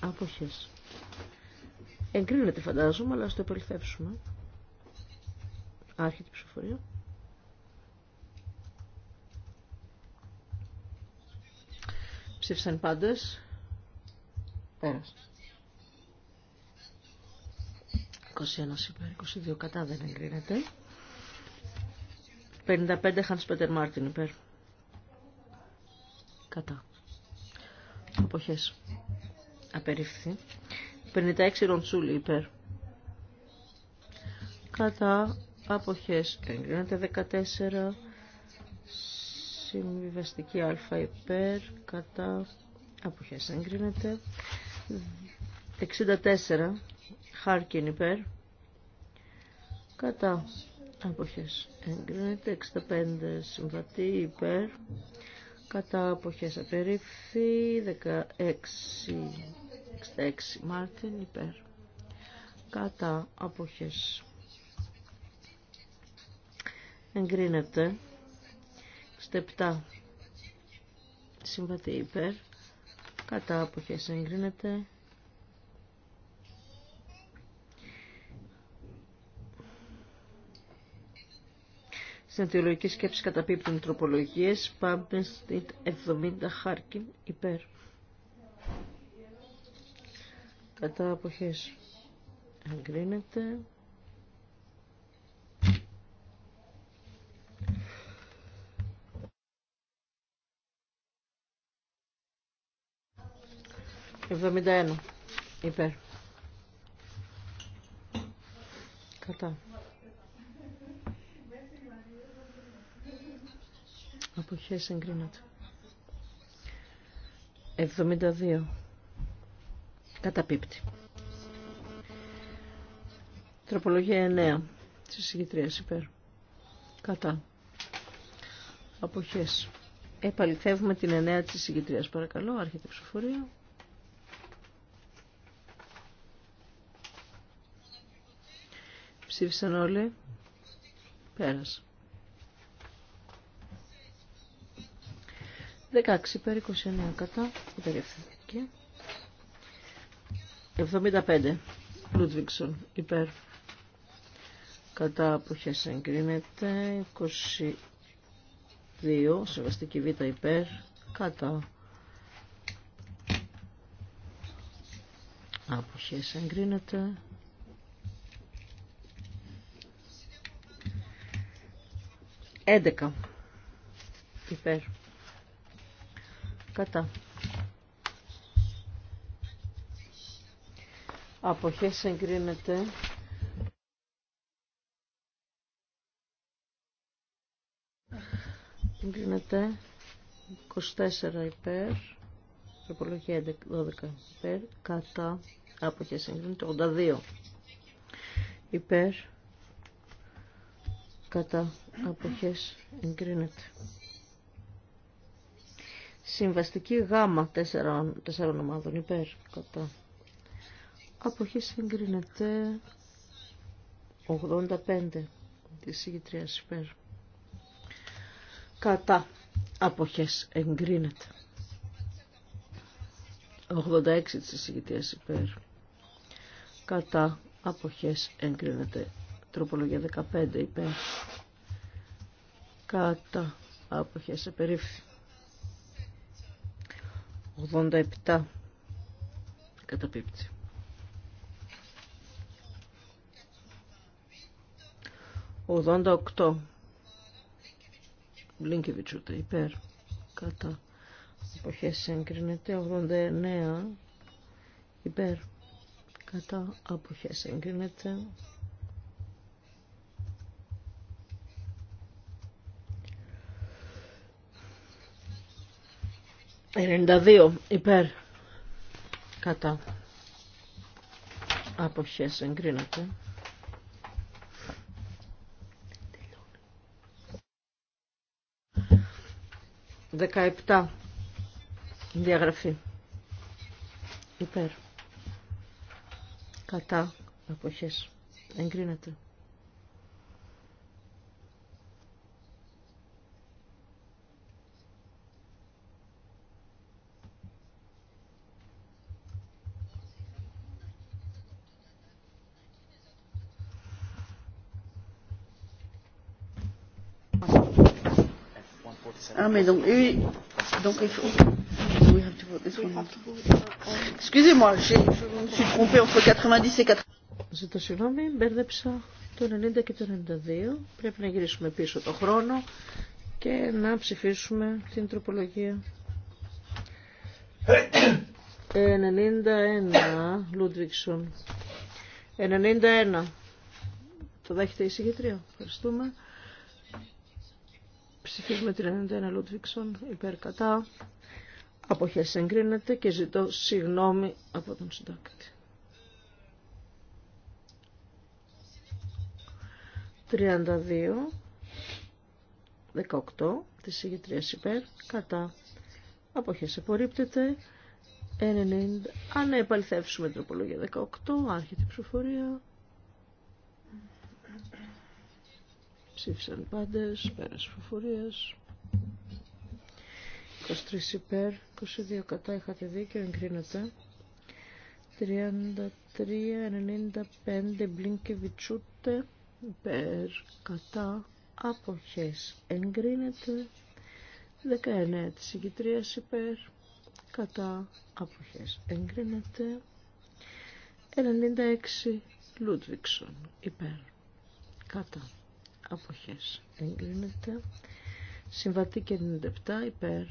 Αποχές. Εγκρίνεται φαντάζομαι, αλλά ας το επαληθεύσουμε. Άρχεται η ψηφοφορία. Ψήφισαν πάντες. Πέρασε. υπέρ, 22 κατά δεν εγκρίνεται. 55 Χάνς Πέτερ Μάρτιν υπέρ. Κατά. Αποχές. Απερίφθη. 56 Ροντσούλη υπέρ. Κατά. Αποχές. Εγκρίνεται 14. Συμβιβαστική α υπέρ. Κατά. Αποχές. Εγκρίνεται. 64 Χάρκιν υπέρ. Κατά. Αποχές. Εγκρίνεται 65 συμβατή υπέρ. Κατά αποχές απερίφθη 16. 66 Μάρτιν υπέρ. Κατά αποχές. Εγκρίνεται 67 συμβατή υπέρ. Κατά αποχές εγκρίνεται Στην αιτιολογική σκέψη καταπίπτουν τροπολογίες. Πάμε στην 70 Χάρκιν υπέρ. Κατά αποχές εγκρίνεται. Εβδομήντα ένα. Υπέρ. Κατά. Αποχές εγκρίνεται. 72. Καταπίπτει. Τροπολογία 9. Της συγκεκριές υπέρ. Κατά. Αποχές. Επαληθεύουμε την 9 της συγκεντρίας. παρακαλώ. Άρχεται η ψηφορία. Ψήφισαν όλοι. Πέρασε. 16 υπέρ 29 κατά. Υπερευθυντική. 75. Λούτβιξον υπέρ. Κατά αποχές εγκρίνεται. 22. Σεβαστική β υπέρ. Κατά. Αποχές εγκρίνεται. Έντεκα. Υπέρ. Κατά. Αποχές εγκρίνεται. Εγκρίνεται 24 υπέρ, τροπολογία 12 υπέρ, κατά, άποχες εγκρίνεται 82 υπέρ, κατά, άποχες εγκρίνεται. Συμβαστική γάμα τεσσερών, ομάδων υπέρ κατά. Αποχή εγκρίνεται 85 της ηγητρίας υπέρ. Κατά αποχές εγκρίνεται. 86 της εισηγητίας υπέρ. Κατά αποχές εγκρίνεται. Τροπολογία 15 υπέρ. Κατά αποχές επερίφθη 87 καταπίπτει. 88 ούτε υπέρ κατά αποχές εγκρίνεται 89 υπέρ κατά αποχές εγκρίνεται 92 υπέρ κατά αποχές εγκρίνεται. Δεκαεπτά διαγραφή υπέρ κατά αποχές εγκρίνεται. mais donc, donc il faut. Excusez-moi, je me suis trompée entre 90 et Ζητώ συγγνώμη, μπέρδεψα το 90 και το 92. Πρέπει να γυρίσουμε πίσω το χρόνο και να ψηφίσουμε την τροπολογία. 91, Λούντβιξον. 91. Το δέχεται η συγκεκριά. Ευχαριστούμε. Ψηφίζουμε 31 Λούτβιξον υπέρ κατά. Αποχές εγκρίνεται και ζητώ συγγνώμη από τον συντάκτη. 32, 18, της ηγετρίας υπέρ, κατά. Αποχές απορρίπτεται. 90, αν ναι, επαληθεύσουμε τροπολογία 18, άρχεται η ψηφοφορία. Ψήφισαν πάντε, πέρα φοφορία. 23 υπέρ, 22 κατά, είχατε δίκιο, εγκρίνεται. 33-95 Μπλίνκεβιτσούτε υπέρ, κατά, απόχέ. εγκρίνεται. 19 της συγκητρίας υπέρ, κατά, αποχές, εγκρίνεται. 96 Λούντβιξον υπέρ, κατά αποχές εγκρίνεται συμβατική 97 υπέρ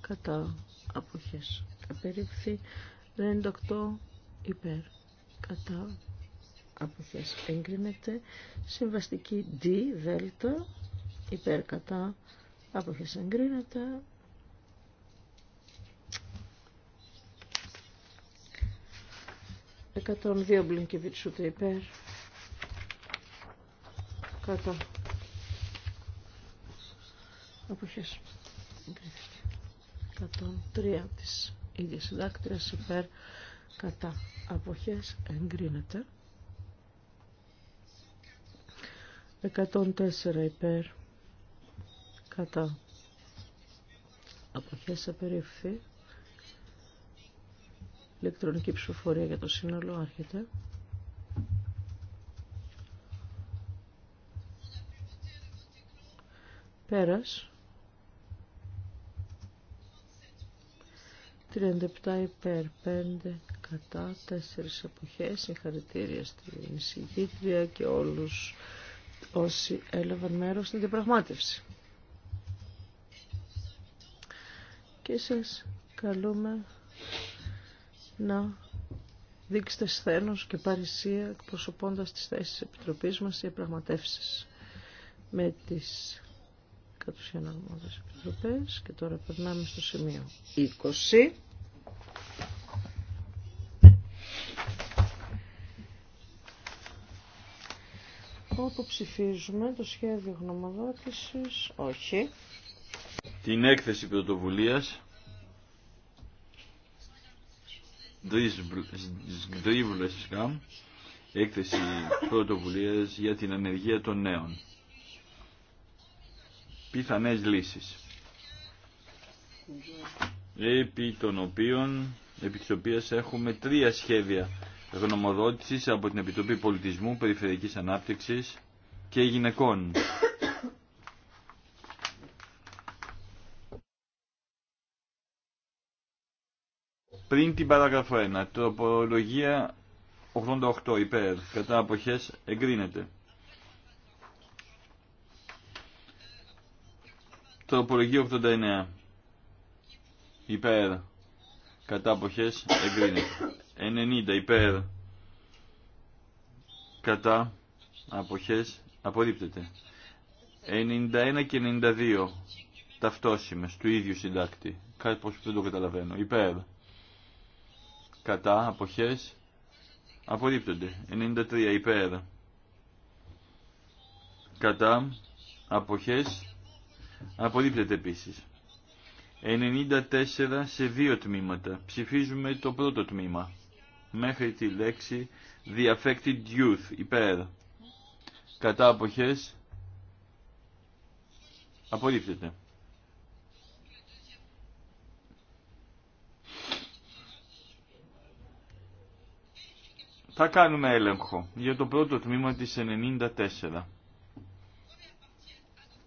κατά αποχές απερίφθη 98 υπέρ κατά αποχές εγκρίνεται συμβαστική D δέλτα υπέρ κατά αποχές εγκρίνεται Εκατόν δύο βιτσούτε υπέρ Κατά. Αποχές. κατά 103 της ίδιας συντάκτριας υπέρ κατά αποχές εγκρίνεται. 104 υπέρ κατά αποχές απεριφθεί. Ηλεκτρονική ψηφοφορία για το σύνολο άρχεται. Πέρας. 37 υπέρ, 5 κατά, 4 εποχές, συγχαρητήρια στην εισηγήτρια και όλους όσοι έλαβαν μέρος στην διαπραγμάτευση. Και σας καλούμε να δείξετε σθένος και παρησία εκπροσωπώντας τις θέσεις της Επιτροπής μας σε πραγματεύσει με τις κατ' ουσίαν αρμόδιες επιτροπές και τώρα περνάμε στο σημείο 20. Όπου ψηφίζουμε το σχέδιο γνωμοδότησης, όχι. Την έκθεση πρωτοβουλίας Σγκαμ, έκθεση πρωτοβουλίας για την ανεργία των νέων πιθανές λύσεις επί των οποίων επί έχουμε τρία σχέδια γνωμοδότησης από την Επιτροπή Πολιτισμού, Περιφερειακής Ανάπτυξης και Γυναικών. Πριν την παράγραφο 1, τροπολογία 88 υπέρ, κατά αποχές εγκρίνεται. Τροπολογία 89. Υπέρ. Κατά αποχές εγκρίνεται. 90 υπέρ. Κατά αποχές απορρίπτεται. 91 και 92 ταυτόσιμες του ίδιου συντάκτη. Κάτι που δεν το καταλαβαίνω. Υπέρ. Κατά αποχές απορρίπτονται. 93 υπέρ. Κατά αποχές Απορρίπτεται επίση. 94 σε δύο τμήματα. Ψηφίζουμε το πρώτο τμήμα. Μέχρι τη λέξη The Affected Youth, υπέρ. Κατά αποχές, απορρίπτεται. Θα κάνουμε έλεγχο για το πρώτο τμήμα της 94.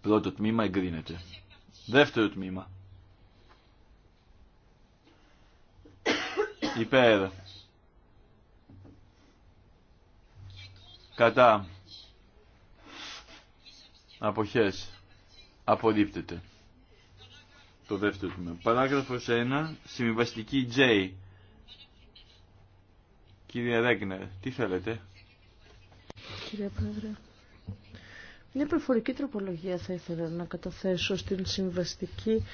Πρώτο τμήμα εγκρίνεται. Δεύτερο τμήμα. Υπέρ. Κατά. Αποχές. Απορρίπτεται. Το δεύτερο τμήμα. Παράγραφος 1. συμβαστική J. Κύριε Ρέγνερ, τι θέλετε. Κύριε Πρόεδρε, μια προφορική τροπολογία θα ήθελα να καταθέσω στην συμβαστική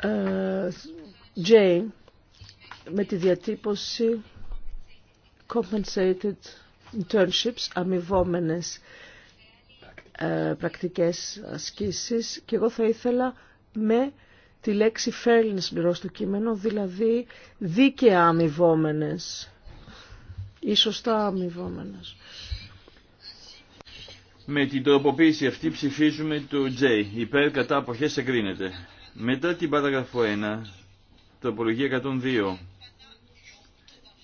ε, J με τη διατύπωση compensated internships, αμοιβόμενες ε, πρακτικές ασκήσεις και εγώ θα ήθελα με τη λέξη Fairness μπρος στο κείμενο, δηλαδή δίκαια αμοιβόμενες, ή σωστά αμοιβόμενες. Με την τροποποίηση αυτή ψηφίζουμε το J. Υπέρ κατά αποχές εγκρίνεται. Μετά την παράγραφο 1, τροπολογία 102,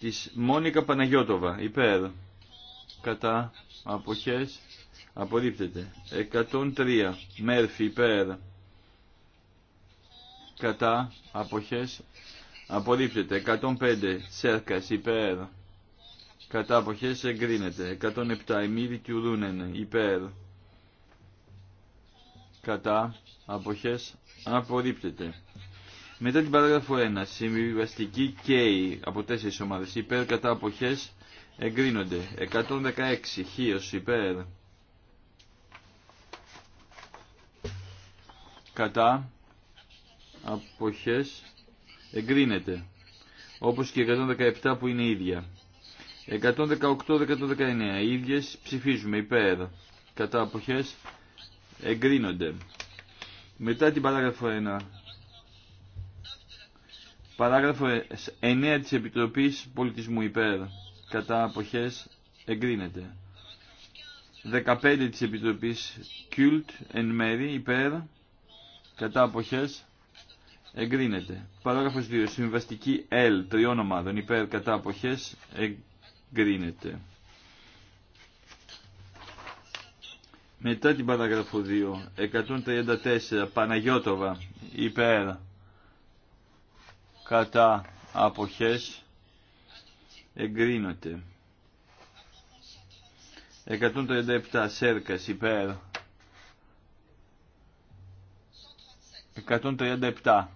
της Μόνικα Παναγιώτοβα. Υπέρ κατά αποχές απορρίπτεται. 103, Μέρφυ υπέρ κατά αποχές απορρίπτεται. 105, Σέρκας υπέρ κατά αποχές εγκρίνεται. 107 ημίδη κιουρούνεν υπέρ κατά αποχές απορρίπτεται. Μετά την παράγραφο 1, συμβιβαστική K από τέσσερις ομάδες υπέρ κατά αποχές εγκρίνονται. 116 χίος υπέρ κατά αποχές εγκρίνεται. Όπως και 117 που είναι ίδια. 118-119. ίδιες ψηφίζουμε υπέρ. Κατά αποχές εγκρίνονται. Μετά την παράγραφο 1. Παράγραφο 9 της Επιτροπής Πολιτισμού υπέρ. Κατά αποχές εγκρίνεται. 15 της Επιτροπής Κιούλτ εν μέρη υπέρ. Κατά αποχές εγκρίνεται. Παράγραφος 2. Συμβαστική L τριών ομάδων υπέρ κατά αποχές εγκρίνεται γκρίνεται. Μετά την παράγραφο 2, 134, Παναγιώτοβα, υπέρ, κατά αποχές, εγκρίνεται. 137, Σέρκας, υπέρ, 137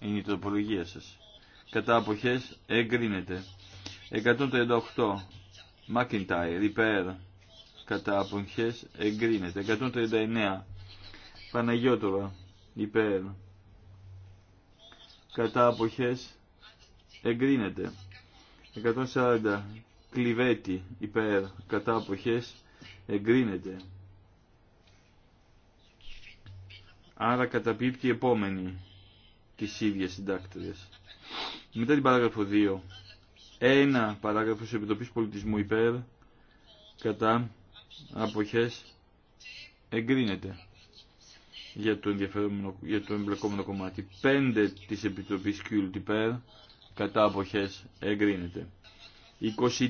είναι η τροπολογία σας. Κατά αποχές εγκρίνεται. 138 McIntyre, υπέρ κατά αποχές εγκρίνεται 139 Παναγιώτοβα υπέρ κατά αποχές εγκρίνεται 140 Κλειβέτη υπέρ κατά αποχές εγκρίνεται άρα καταπίπτει η επόμενη της ίδιας συντάκτριας μετά την παράγραφο 2 ένα παράγραφος επιτροπή Πολιτισμού υπέρ κατά αποχές εγκρίνεται για το, για το εμπλεκόμενο κομμάτι. πέντε της Επιτροπής Κιούλτ υπέρ κατά αποχές εγκρίνεται.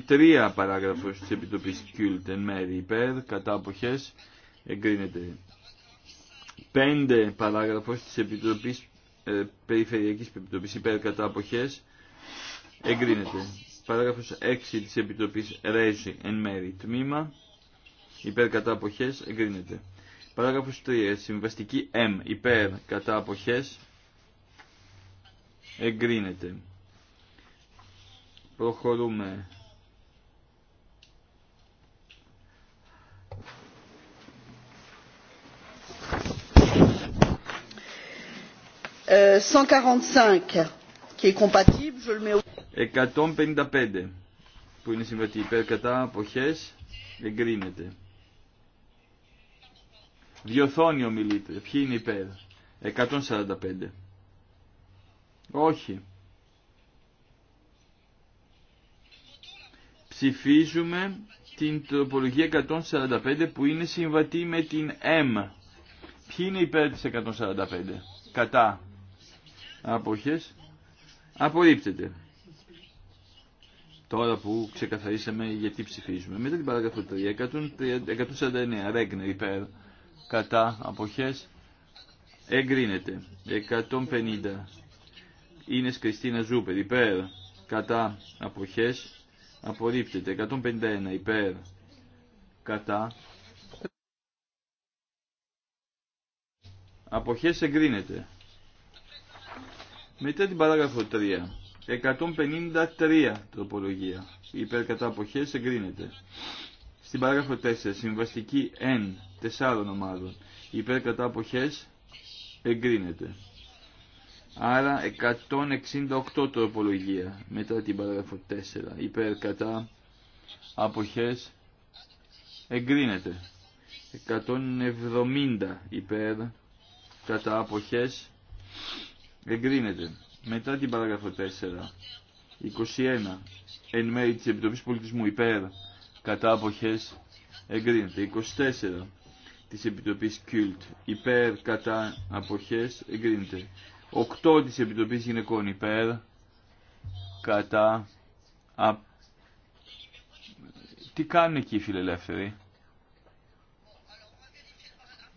23 παράγραφος της Επιτροπής Κιούλτ εν μέρη υπέρ κατά αποχές εγκρίνεται. πέντε παράγραφος της Επιτροπής ε, Περιφερειακής Επιτροπής υπέρ κατά αποχές Εγκρίνεται. Παράγραφος 6 της Επιτροπής Ρέζη εν μέρη τμήμα. Υπέρ κατά αποχές εγκρίνεται. Παράγραφος 3. Συμβαστική M. Υπέρ κατά αποχές εγκρίνεται. Προχωρούμε. Ε, 145 qui est compatible, je le mets au... 155 που είναι συμβατή υπέρ κατά αποχές εγκρίνεται. Διοθόνιο μιλείτε. Ποιοι είναι υπέρ. 145. Όχι. Ψηφίζουμε την τροπολογία 145 που είναι συμβατή με την M. Ποιοι είναι υπέρ της 145. Κατά. Αποχές. Απορρίπτεται. Τώρα που ξεκαθαρίσαμε γιατί ψηφίζουμε. Μετά την παράγραφο 3, 149, Ρέγνερ υπέρ, κατά, αποχές, εγκρίνεται. 150, Είναι Κριστίνα Ζούπερ, υπέρ, κατά, αποχές, απορρίπτεται. 151, υπέρ, κατά, αποχές εγκρίνεται. Μετά την παράγραφο 3, 153 τροπολογία. Υπέρ κατά εγκρίνεται. Στην παράγραφο 4, συμβαστική N, τεσσάρων ομάδων. Υπέρ κατά εγκρίνεται. Άρα 168 τροπολογία μετά την παράγραφο 4. Υπέρ εγκρίνεται. 170 υπέρ κατά εγκρίνεται. Μετά την παράγραφο 4, 21, εν μέρη της Επιτροπής Πολιτισμού υπέρ, κατά αποχές εγκρίνεται. 24, της Επιτροπής Κιούλτ υπέρ κατά αποχές εγκρίνεται. 8 της Επιτροπής Γυναικών υπέρ κατά α... Τι κάνουν εκεί οι φιλελεύθεροι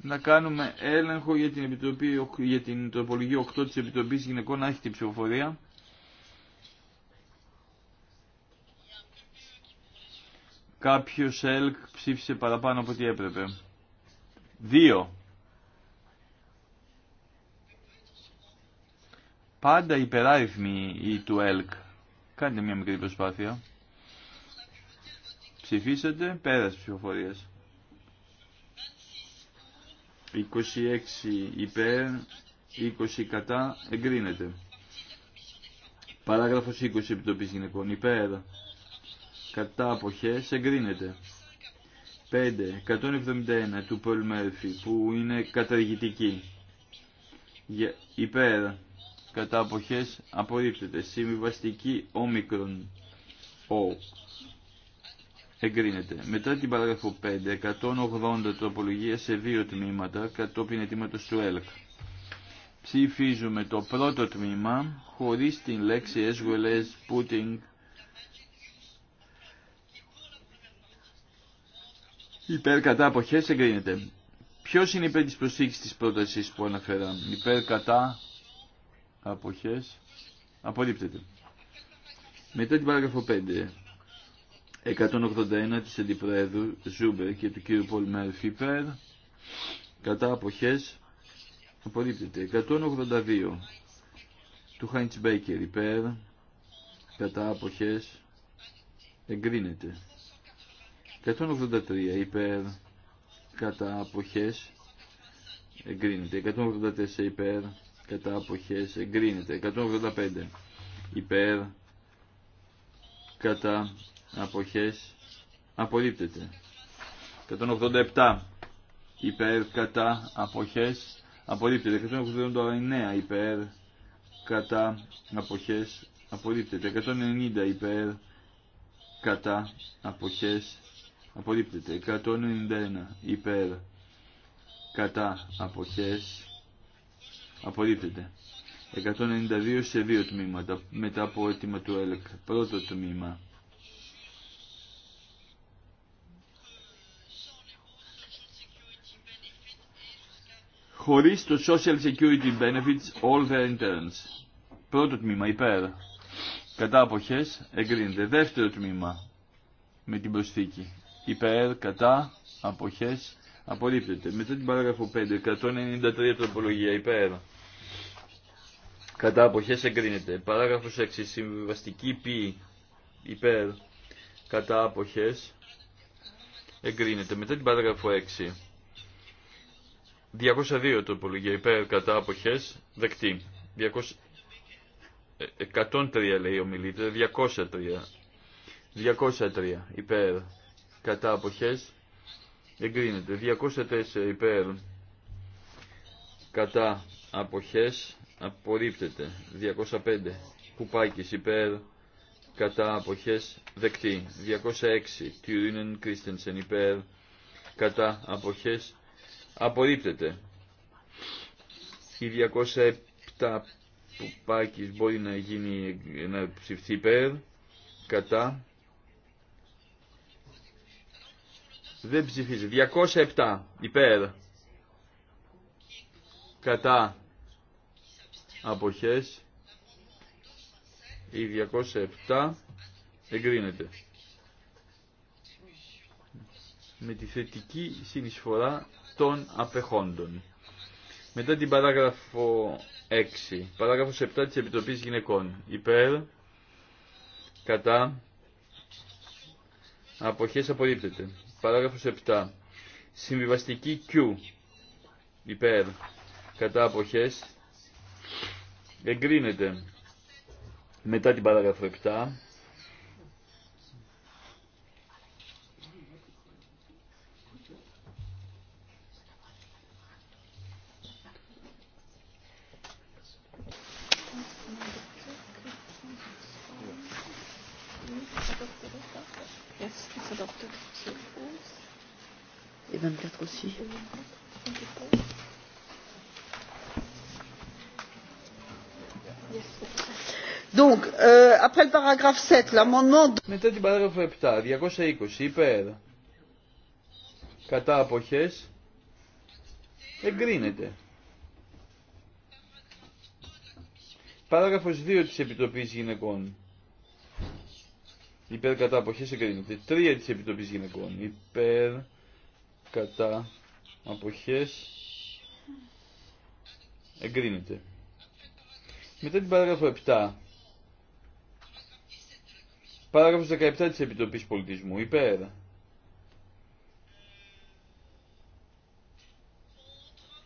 να κάνουμε έλεγχο για την, επιτροπή, για την τροπολογία 8 της Επιτροπής Γυναικών να έχει την ψηφοφορία. Κάποιος ΕΛΚ ψήφισε παραπάνω από ό,τι έπρεπε. Δύο. Πάντα υπεράριθμοι ή του ΕΛΚ. Κάντε μια μικρή προσπάθεια. Ψηφίσατε πέρας ψηφοφορία. 26 υπέρ, 20 κατά, εγκρίνεται. Παράγραφος 20 επιτροπής γυναικών υπέρ, κατά αποχές, εγκρίνεται. 5. 171 του Πολ Μέρφυ που είναι καταργητική. Υπέρ, κατά αποχές, απορρίπτεται. Συμβιβαστική όμικρον. Ο εγκρίνεται. Μετά την παράγραφο 5, 180 τροπολογία σε δύο τμήματα κατόπιν αιτήματος του ΕΛΚ. Ψηφίζουμε το πρώτο τμήμα χωρίς την λέξη as well as putting υπέρ κατά αποχές εγκρίνεται. Ποιο είναι υπέρ της προσήκης της πρότασης που αναφέραμε, υπέρ κατά αποχές, απορρίπτεται. Μετά την παράγραφο 5, 181 της Αντιπρόεδρου Ζούμπερ και του κ. Πολ Μέρφι υπέρ κατά αποχές απορρίπτεται 182 του Χάιντς Μπέικερ υπέρ κατά αποχές εγκρίνεται 183 υπέρ κατά αποχές εγκρίνεται 184 υπέρ κατά αποχές εγκρίνεται 185 υπέρ κατά αποχές απορρίπτεται. 187 υπέρ κατά αποχές απορρίπτεται. 189 υπέρ κατά αποχές απορρίπτεται. 190 υπέρ κατά αποχές απορρίπτεται. 191 υπέρ κατά αποχές απορρίπτεται. 192 σε δύο τμήματα μετά από αίτημα του ΕΛΚ. Πρώτο τμήμα χωρίς το social security benefits all their interns. Πρώτο τμήμα υπέρ. Κατά αποχές εγκρίνεται. Δεύτερο τμήμα με την προσθήκη. Υπέρ, κατά, αποχές, απορρίπτεται. Μετά την παράγραφο 5, 193 τροπολογία υπέρ. Κατά αποχές εγκρίνεται. Παράγραφος 6, συμβιβαστική πι υπέρ. Κατά αποχές εγκρίνεται. Μετά την παράγραφο 6. 202 τροπολογία υπέρ κατά αποχές δεκτή. 103 ε, λέει ο μιλήτρια, 203. 203 υπέρ κατά αποχές εγκρίνεται. 204 υπέρ κατά αποχές απορρίπτεται. 205 κουπάκης υπέρ κατά αποχές δεκτή. 206 τυρίνεν Κρίστενσεν υπέρ κατά αποχές Απορρίπτεται. Η 207 που πάκης μπορεί να γίνει να ψηφθεί υπέρ, κατά. Δεν ψηφίζει. 207 υπέρ, κατά αποχές η 207 εγκρίνεται με τη θετική συνεισφορά των απεχόντων. Μετά την παράγραφο 6, παράγραφο 7 της Επιτροπής Γυναικών, υπέρ, κατά, αποχές απορρίπτεται. Παράγραφος 7, συμβιβαστική Q, υπέρ, κατά αποχές, εγκρίνεται. Μετά την παράγραφο 7, Μετά την παράγραφο 7, 220 υπέρ. Κατά αποχές εγκρίνεται. Παράγραφος 2 της Επιτροπής Γυναικών. Υπέρ κατά αποχές εγκρίνεται. 3 της Επιτροπής Γυναικών. Υπέρ κατά αποχές εγκρίνεται. Μετά την παράγραφο 7 Παράγραφος 17 της Επιτροπής Πολιτισμού. Υπέρ.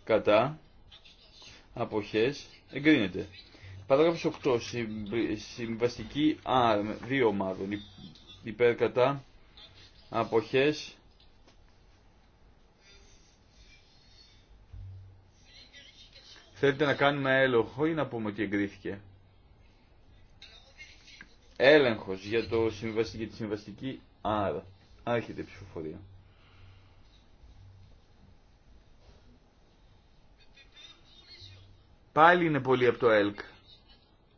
Κατά. Αποχές. Εγκρίνεται. Παράγραφος 8. Συμβαστική ΆΡΜ, Δύο ομάδων. Υπέρ κατά. Αποχές. Θέλετε να κάνουμε έλεγχο ή να πούμε ότι εγκρίθηκε. Έλεγχος για, το για τη συμβαστική άρα. Άρχεται η ψηφοφορία. Πάλι είναι πολύ από το ΕΛΚ.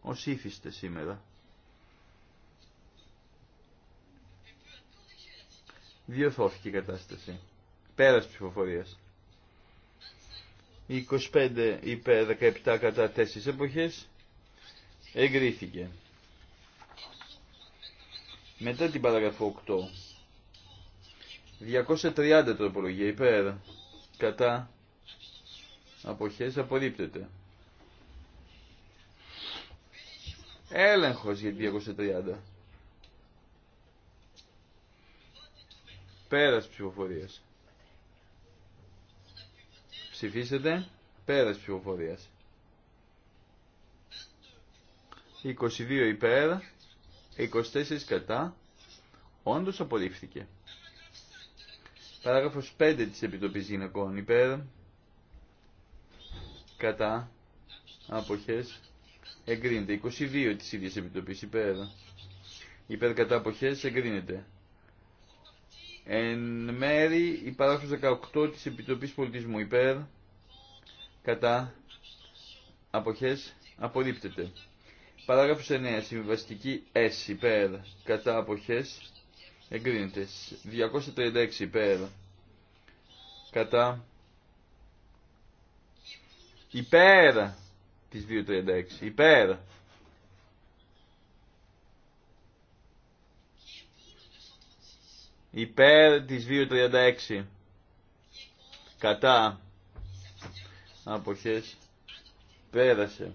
Ως ήθιστε σήμερα. Διορθώθηκε η κατάσταση. Πέρας ψηφοφορίας. 25 υπέρ 17 κατά 4 εποχές εγκρίθηκε. Μετά την παραγραφό 8. 230 τροπολογία υπέρ. Κατά. Αποχές απορρίπτεται. Έλεγχος για 230. Πέρας ψηφοφορίας. Ψηφίσετε. Πέρας ψηφοφορίας. 22 υπέρ. 24 κατά. Όντως απολύφθηκε. Παράγραφος 5 της Επιτροπής Γυναικών υπέρ κατά αποχές εγκρίνεται. 22 της ίδιας Επιτροπής υπέρ υπέρ κατά αποχές εγκρίνεται. Εν μέρη η παράγραφος 18 της Επιτροπής Πολιτισμού υπέρ κατά αποχές απορρίπτεται. Παράγραφος 9. Συμβιβαστική S υπέρ κατά αποχές εγκρίνεται. 236 υπέρ κατά υπέρ της 236. Υπέρ. Υπέρ της 236. Κατά. Αποχές. Πέρασε.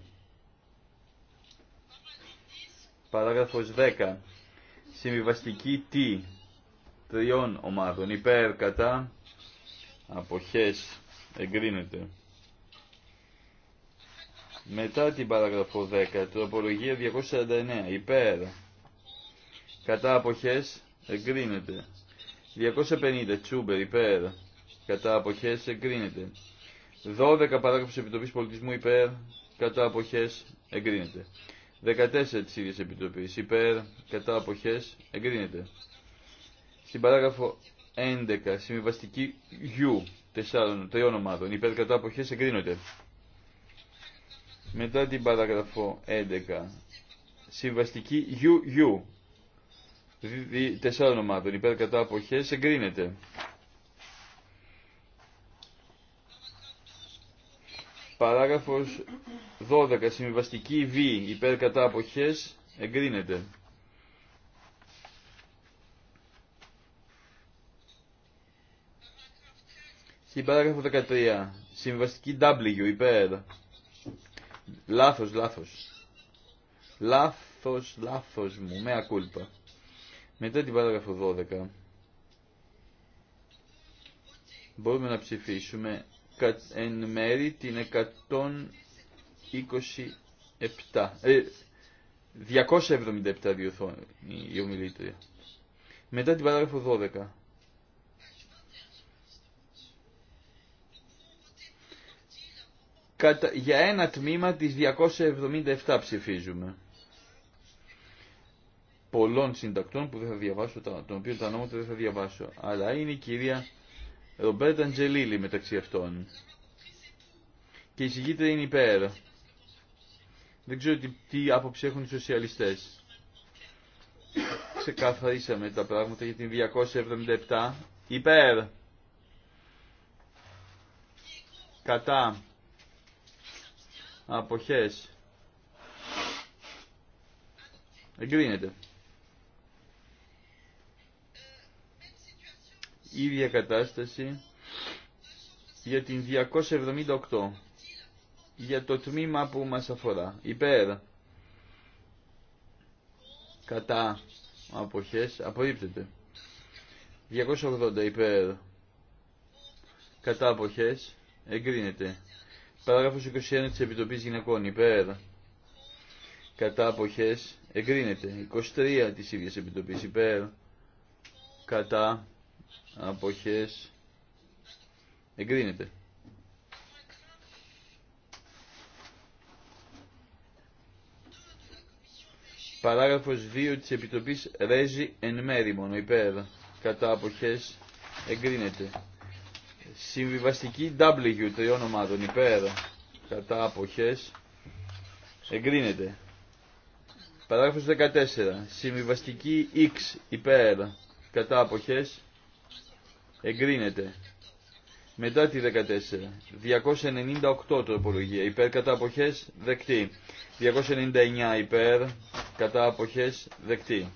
Παράγραφος 10. Συμβιβαστική τι τριών ομάδων. Υπέρ, κατά, αποχές, εγκρίνεται. Μετά την παράγραφο 10, τροπολογία 249, υπέρ, κατά αποχές, εγκρίνεται. 250, τσούμπερ, υπέρ, κατά αποχές, εγκρίνεται. 12 παράγραφος Επιτροπής Πολιτισμού, υπέρ, κατά αποχές, εγκρίνεται. 14 της ίδιας επιτροπής. Υπέρ, κατά, αποχές, εγκρίνεται. Στην παράγραφο 11, συμβιβαστική U, τεσσάρων, τριών ομάδων. Υπέρ, κατά, αποχές, εγκρίνονται. Μετά την παράγραφο 11, συμβαστική UU, τεσσάρων ομάδων. Υπέρ, κατά, αποχές, εγκρίνεται. Παράγραφος 12. Συμβιβαστική Β. Υπέρ κατά αποχές εγκρίνεται. Στην παράγραφο 13. Συμβαστική W. Υπέρ. Λάθος, λάθος. Λάθος, λάθος μου. Με ακούλπα. Μετά την παράγραφο 12. Μπορούμε να ψηφίσουμε εν μέρη την 127, ε, 277 διορθώνει η ομιλήτρια. Μετά την παράγραφο 12. Κατα, για ένα τμήμα της 277 ψηφίζουμε. Πολλών συντακτών που δεν θα διαβάσω, τον οποίο τα νόματα δεν θα διαβάσω. Αλλά είναι η κυρία Ρομπέρτα Αντζελίλη μεταξύ αυτών. Και η συγκίτρια είναι υπέρ. Δεν ξέρω τι, τι άποψη έχουν οι σοσιαλιστές. Ξεκαθαρίσαμε τα πράγματα για την 277. Υπέρ. Κατά. Αποχές. Εγκρίνεται. ίδια κατάσταση για την 278 για το τμήμα που μας αφορά υπέρ κατά αποχές απορρίπτεται 280 υπέρ κατά αποχές εγκρίνεται παράγραφος 21 της Επιτροπής Γυναικών υπέρ κατά αποχές εγκρίνεται 23 της ίδιας Επιτροπής υπέρ κατά αποχές εγκρίνεται. Παράγραφος 2 της Επιτροπής ρέζει εν μέρη μόνο υπέρ κατά αποχές εγκρίνεται. Συμβιβαστική W τριών ομάδων υπέρ κατά αποχές εγκρίνεται. Παράγραφος 14. Συμβιβαστική X υπέρ κατά αποχές εγκρίνεται. Μετά τη 14, 298 τροπολογία, υπέρ κατά αποχές, δεκτή. 299 υπέρ κατά αποχές, δεκτή.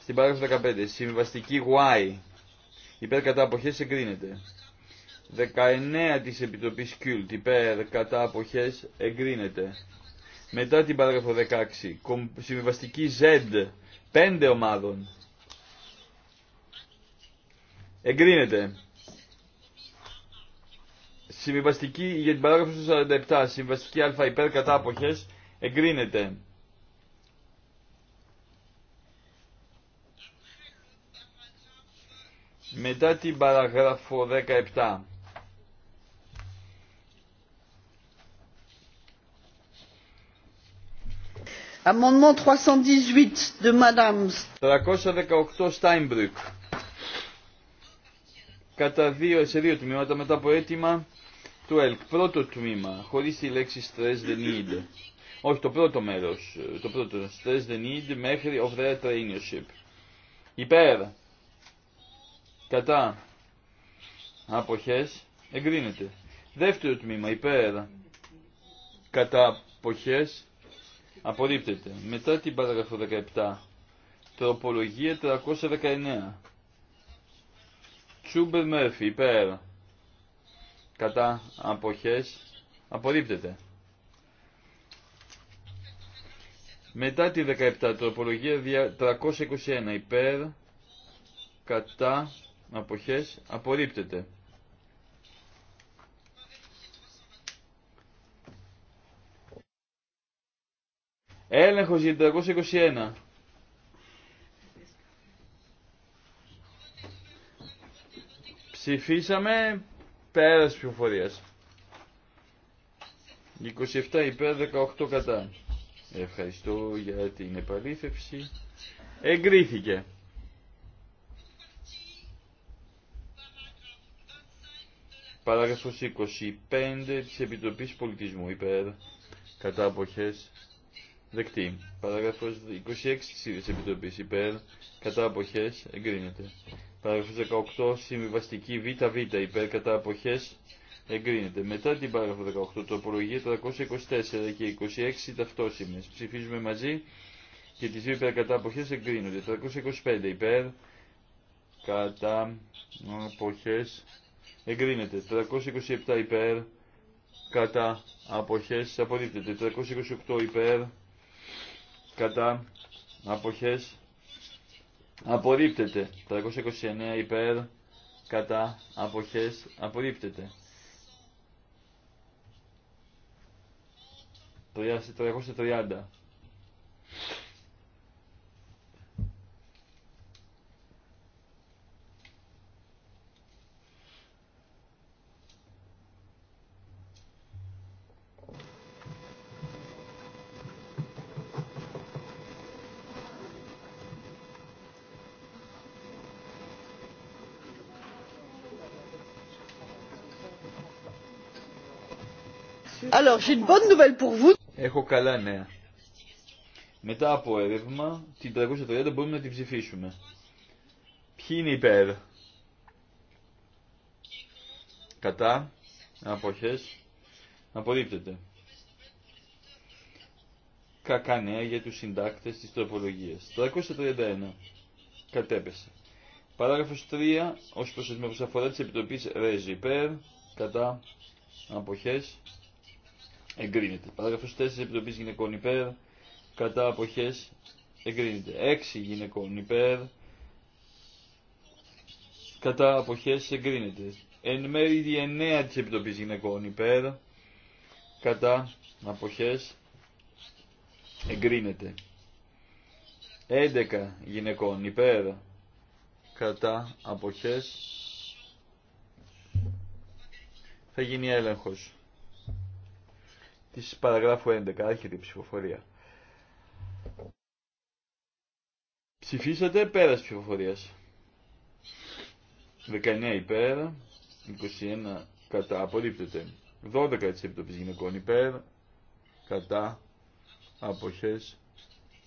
Στην παράγραφο 15, συμβαστική Y, υπέρ κατά αποχές, εγκρίνεται. 19 της Επιτροπής Κιούλτ, υπέρ κατά αποχές, εγκρίνεται. Μετά την παράγραφο 16, συμβιβαστική Z, 5 ομάδων, Εγκρίνεται. Συμβιβαστική για την παράγραφο 47. Συμβαστική α υπέρ κατά αποχές. Εγκρίνεται. Μετά την παράγραφο 17. Amendement 318 de Madame. 318 Steinbrück κατά δύο, σε δύο τμήματα μετά από αίτημα του ΕΛΚ. Πρώτο τμήμα, χωρίς τη λέξη stress the need. Όχι, το πρώτο μέρος, το πρώτο, stress the need μέχρι of their traineeship. Υπέρ, κατά, αποχές, εγκρίνεται. Δεύτερο τμήμα, υπέρ, κατά, αποχές, απορρίπτεται. Μετά την παραγραφή 17, τροπολογία 319 Τσούμπερ Μέρφυ υπέρ κατά αποχές απορρίπτεται. Μετά τη 17 τροπολογία 321 υπέρ κατά αποχές απορρίπτεται. Έλεγχος για 321. Ψηφίσαμε πέρας ψηφοφορίας. 27 υπέρ 18 κατά. Ευχαριστώ για την επαλήθευση. Εγκρίθηκε. Παράγραφος 25 της Επιτροπής Πολιτισμού υπέρ κατά αποχές δεκτή. Παράγραφος 26 της Επιτροπής υπέρ κατά αποχές εγκρίνεται. Παράγραφος 18 συμβιβαστική ΒΒ υπέρ κατά αποχές εγκρίνεται. Μετά την παράγραφο 18 τροπολογία 324 και 26 ταυτόσημες. Ψηφίζουμε μαζί και τις δύο υπέρ κατά αποχές εγκρίνονται. 325 υπέρ κατά αποχές εγκρίνεται. 327 υπέρ κατά αποχές απορρίπτεται. 328 υπέρ κατά αποχές Απορρίπτεται. 329 υπέρ κατά αποχές απορρίπτεται. 330 Έχω καλά νέα. Μετά από έρευνα την 330 μπορούμε να την ψηφίσουμε. Ποιοι είναι υπέρ. Κατά. Αποχές. Απορρίπτεται. Κακά νέα για τους συντάκτες της τροπολογίας. 331. Κατέπεσε. Παράγραφος 3. Ως προσεσμένος αφορά της Επιτροπής Ρέζι υπέρ. Κατά. Αποχές εγκρίνεται. Παράγραφο 4 Επιτροπή Γυναικών υπέρ, κατά αποχέ εγκρίνεται. 6 γυναικών υπέρ, κατά αποχέ εγκρίνεται. Εν μέρη 9 τη Επιτροπή Γυναικών υπέρ, κατά αποχέ εγκρίνεται. 11 γυναικών υπέρ, κατά αποχές θα γίνει έλεγχος τη παραγράφου 11, άρχεται η ψηφοφορία. Ψηφίσατε τη ψηφοφορία. 19 υπέρ, 21 κατά, απορρίπτεται. 12 της Επιτροπής Γυναικών υπέρ, κατά, αποχέ,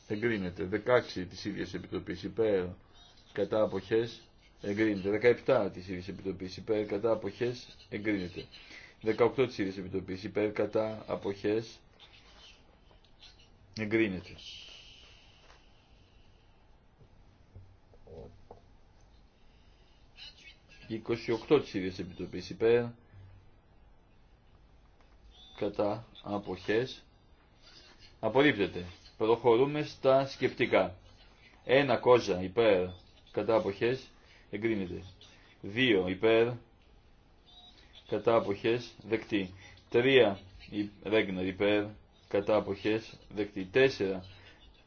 εγκρίνεται. 16 τη ίδια επιτροπή υπέρ, κατά, απόχε, εγκρίνεται. 17 τη ίδια επιτροπή υπέρ, κατά, αποχέ, εγκρίνεται. 18 της ίδιας επιτροπής. Υπέρ κατά αποχές εγκρίνεται. 28 της ίδιας επιτροπής. Υπέρ κατά αποχές απορρίπτεται. Προχωρούμε στα σκεπτικά. Ένα κόζα υπέρ κατά αποχές εγκρίνεται. Δύο υπέρ κατά αποχές δεκτή. 3 Ρέγνερ υπέρ κατά αποχές δεκτή. 4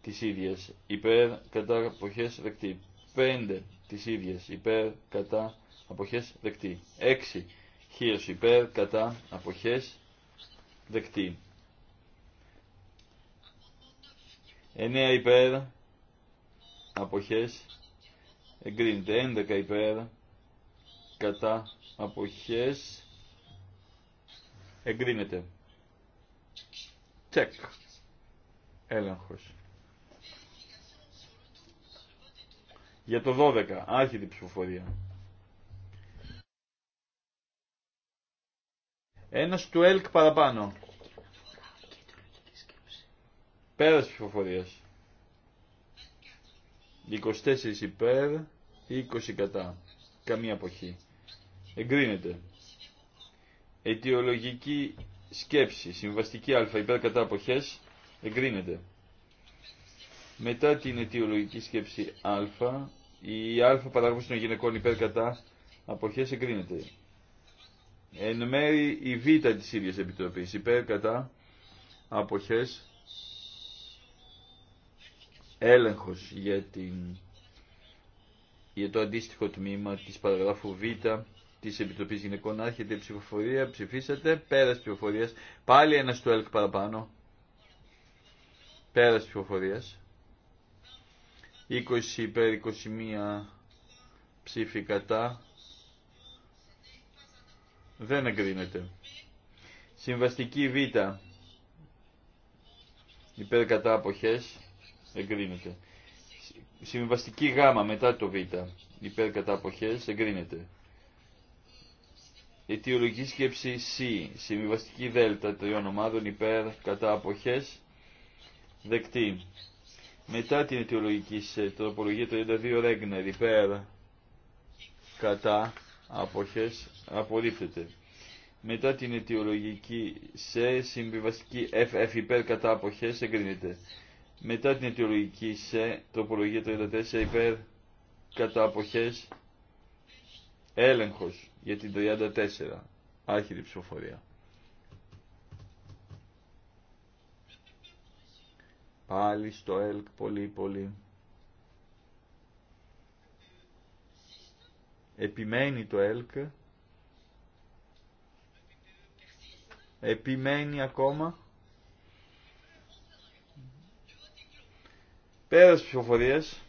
της ίδιας υπέρ κατά αποχές δεκτή. 5 της ίδιας υπέρ κατά αποχές δεκτή. 6 χείρος υπέρ κατά αποχές δεκτή. 9 υπέρ αποχές εγκρίνεται. 11 υπέρ κατά αποχές Εγκρίνεται. Τσεκ. Έλεγχος. Για το 12. Άρχεται ψηφοφορία. Ένας του ΕΛΚ παραπάνω. Πέρας ψηφοφορίας. 24 υπέρ, 20 κατά. Καμία αποχή. Εγκρίνεται. Αιτιολογική σκέψη. Συμβαστική α υπέρ κατά αποχές εγκρίνεται. Μετά την αιτιολογική σκέψη α, η α παραγωγή των γυναικών υπέρ κατά αποχές εγκρίνεται. Εν μέρη η β της ίδιας επιτροπής υπέρ κατά αποχές έλεγχος για, την, το αντίστοιχο τμήμα της παραγράφου β τη Επιτροπή Γυναικών. Άρχεται η ψηφοφορία, ψηφίσατε. Πέρα ψηφοφορία. Πάλι ένα του ΕΛΚ παραπάνω. Πέρα ψηφοφορία. 20 υπέρ 21 ψήφοι κατά. Δεν εγκρίνεται. Συμβαστική Β. Υπέρ κατά αποχές. Εγκρίνεται. Συμβαστική Γ μετά το Β. Υπέρ κατά αποχές. Εγκρίνεται. Αιτιολογική σκέψη C. Συμβιβαστική δέλτα τριών ομάδων υπέρ κατά απόχέ, δεκτή. Μετά την αιτιολογική σε τροπολογία 32 Ρέγνερ υπέρ κατά αποχές απορρίπτεται. Μετά την αιτιολογική σε συμβιβαστική FF υπέρ κατά αποχές εγκρίνεται. Μετά την αιτιολογική σε τροπολογία 34 υπέρ κατά αποχές Έλεγχος για την 34. Άρχιδη ψηφοφορία. Πάλι στο ΕΛΚ πολύ πολύ. Επιμένει το ΕΛΚ. Επιμένει ακόμα. Πέρας ψηφοφορίας.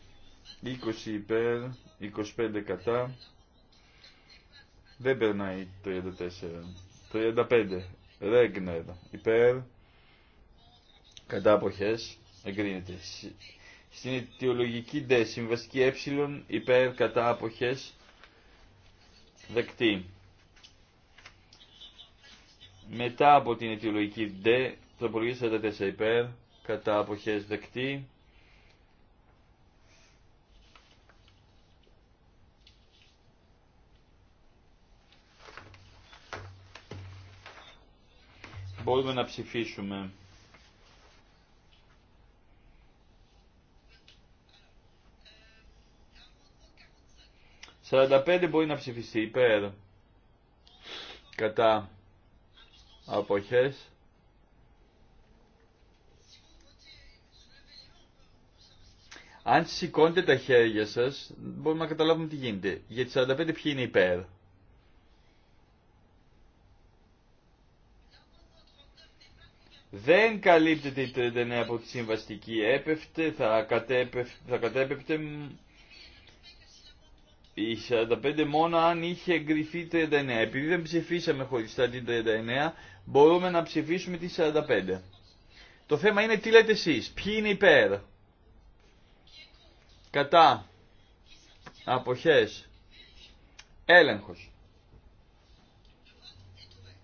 20 υπέρ, 25 κατά. Δεν περνάει το 34. Το 35. Ρέγνερ. Υπέρ. Κατά αποχές. Εγκρίνεται. Στην αιτιολογική ντε συμβαστική ε υπέρ κατά αποχές δεκτή. Μετά από την αιτιολογική ντε τροπολογία 44 υπέρ κατά αποχές δεκτή. Μπορούμε να ψηφίσουμε. πέντε μπορεί να ψηφιστεί υπέρ κατά αποχές. Αν σηκώνετε τα χέρια σας, μπορούμε να καταλάβουμε τι γίνεται. Γιατί τις 45 ποιοι είναι υπέρ. δεν καλύπτεται η 39 από τη συμβαστική. Έπεφτε, θα, κατέπεφτε, θα κατέπεπτε η 45 μόνο αν είχε εγκριθεί 39. Επειδή δεν ψηφίσαμε χωριστά την 39, μπορούμε να ψηφίσουμε τη 45. Το θέμα είναι τι λέτε εσείς. Ποιοι είναι υπέρ. Κατά. Αποχές. Έλεγχος.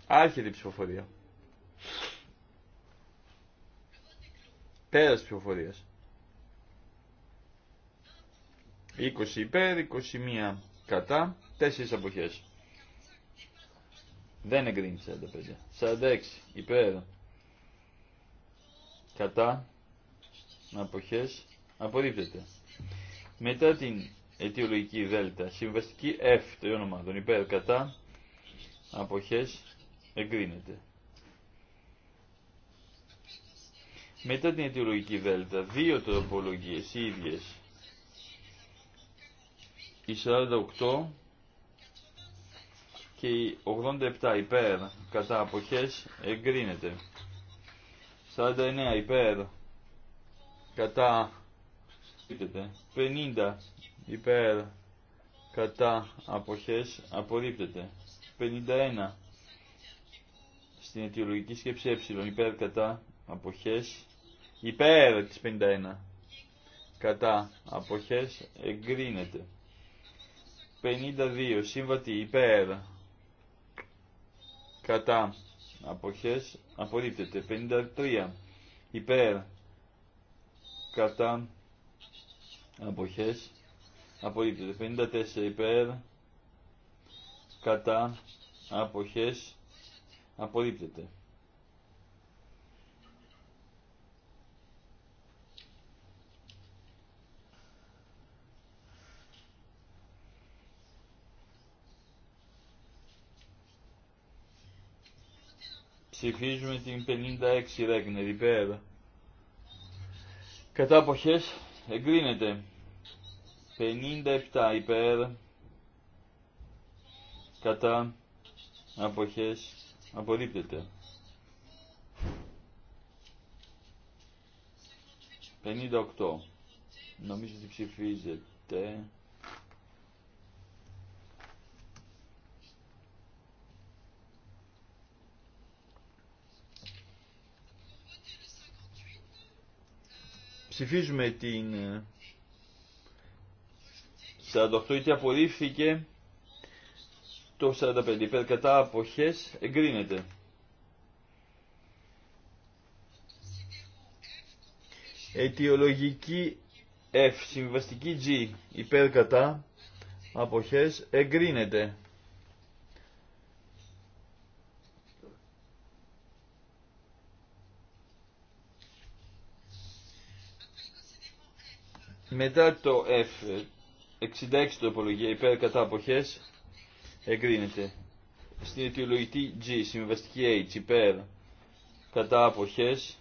Άρχεται η ψηφοφορία. Πέρας ψηφοφορίας. 20 υπέρ, 21 κατά, 4 αποχές. Δεν εγκρίνει 45. 46 υπέρ, κατά, αποχές, απορρίπτεται. Μετά την αιτιολογική δέλτα, συμβαστική F των υπέρ, κατά, αποχές, εγκρίνεται. Μετά την αιτιολογική δέλτα, δύο τροπολογίες οι ίδιες. Η 48 και η 87 υπέρ κατά αποχές εγκρίνεται. 49 υπέρ κατά 50 υπέρ κατά αποχές απορρίπτεται. 51 στην αιτιολογική σκέψη ε υπέρ κατά αποχές Υπέρ της 51. Κατά. Αποχές εγκρίνεται. 52. Σύμβατη υπέρ. Κατά. Αποχές απορρίπτεται. 53. Υπέρ. Κατά. Αποχές απορρίπτεται. 54. Υπέρ. Κατά. Αποχές απορρίπτεται. Ψηφίζουμε την 56 Ρέγνερ υπέρ. Κατά αποχές εγκρίνεται. 57 υπέρ. Κατά αποχές απορρίπτεται. 58. Νομίζω ότι ψηφίζεται. Ψηφίζουμε την 48 ε, γιατί απορρίφθηκε το 45 υπέρ κατά αποχές εγκρίνεται. Αιτιολογική F, συμβαστική G, υπέρ κατά αποχές εγκρίνεται. Μετά το F, 66 τοπολογία υπέρ κατά αποχές εγκρίνεται. Στην αιτιολογητή G, συμβαστική H, υπέρ κατά αποχές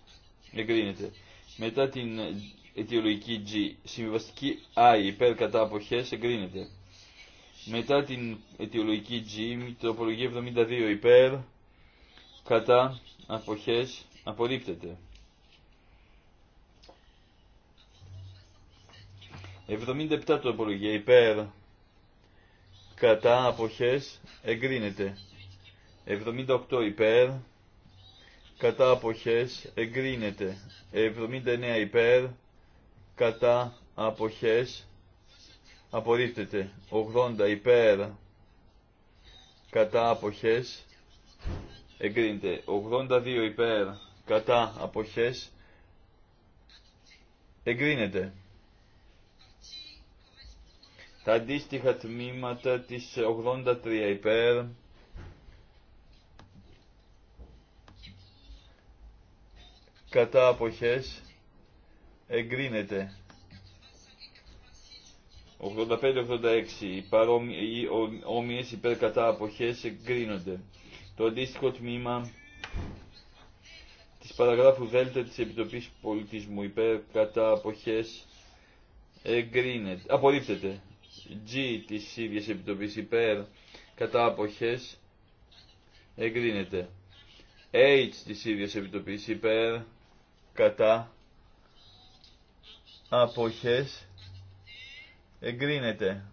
εγκρίνεται. Μετά την αιτιολογική G, συμβαστική I, υπέρ κατά αποχές εγκρίνεται. Μετά την αιτιολογική G, τοπολογία 72 υπέρ κατά αποχές απορρίπτεται. 77 απολογία υπέρ κατά αποχές εγκρίνεται. 78 υπέρ κατά αποχές εγκρίνεται. 79 υπέρ κατά αποχές απορρίπτεται. 80 υπέρ κατά αποχές εγκρίνεται. 82 υπέρ κατά αποχές εγκρίνεται τα αντίστοιχα τμήματα της 83 υπέρ κατά αποχές εγκρίνεται 85-86 οι όμοιες υπέρ κατά αποχές εγκρίνονται το αντίστοιχο τμήμα της παραγράφου Δέλτα της Επιτροπής Πολιτισμού υπέρ κατά αποχές εγκρίνεται, απορρίπτεται G της ίδιας επιτοπής υπέρ κατά αποχές εγκρίνεται. H της ίδιας επιτοπής υπέρ κατά αποχές εγκρίνεται.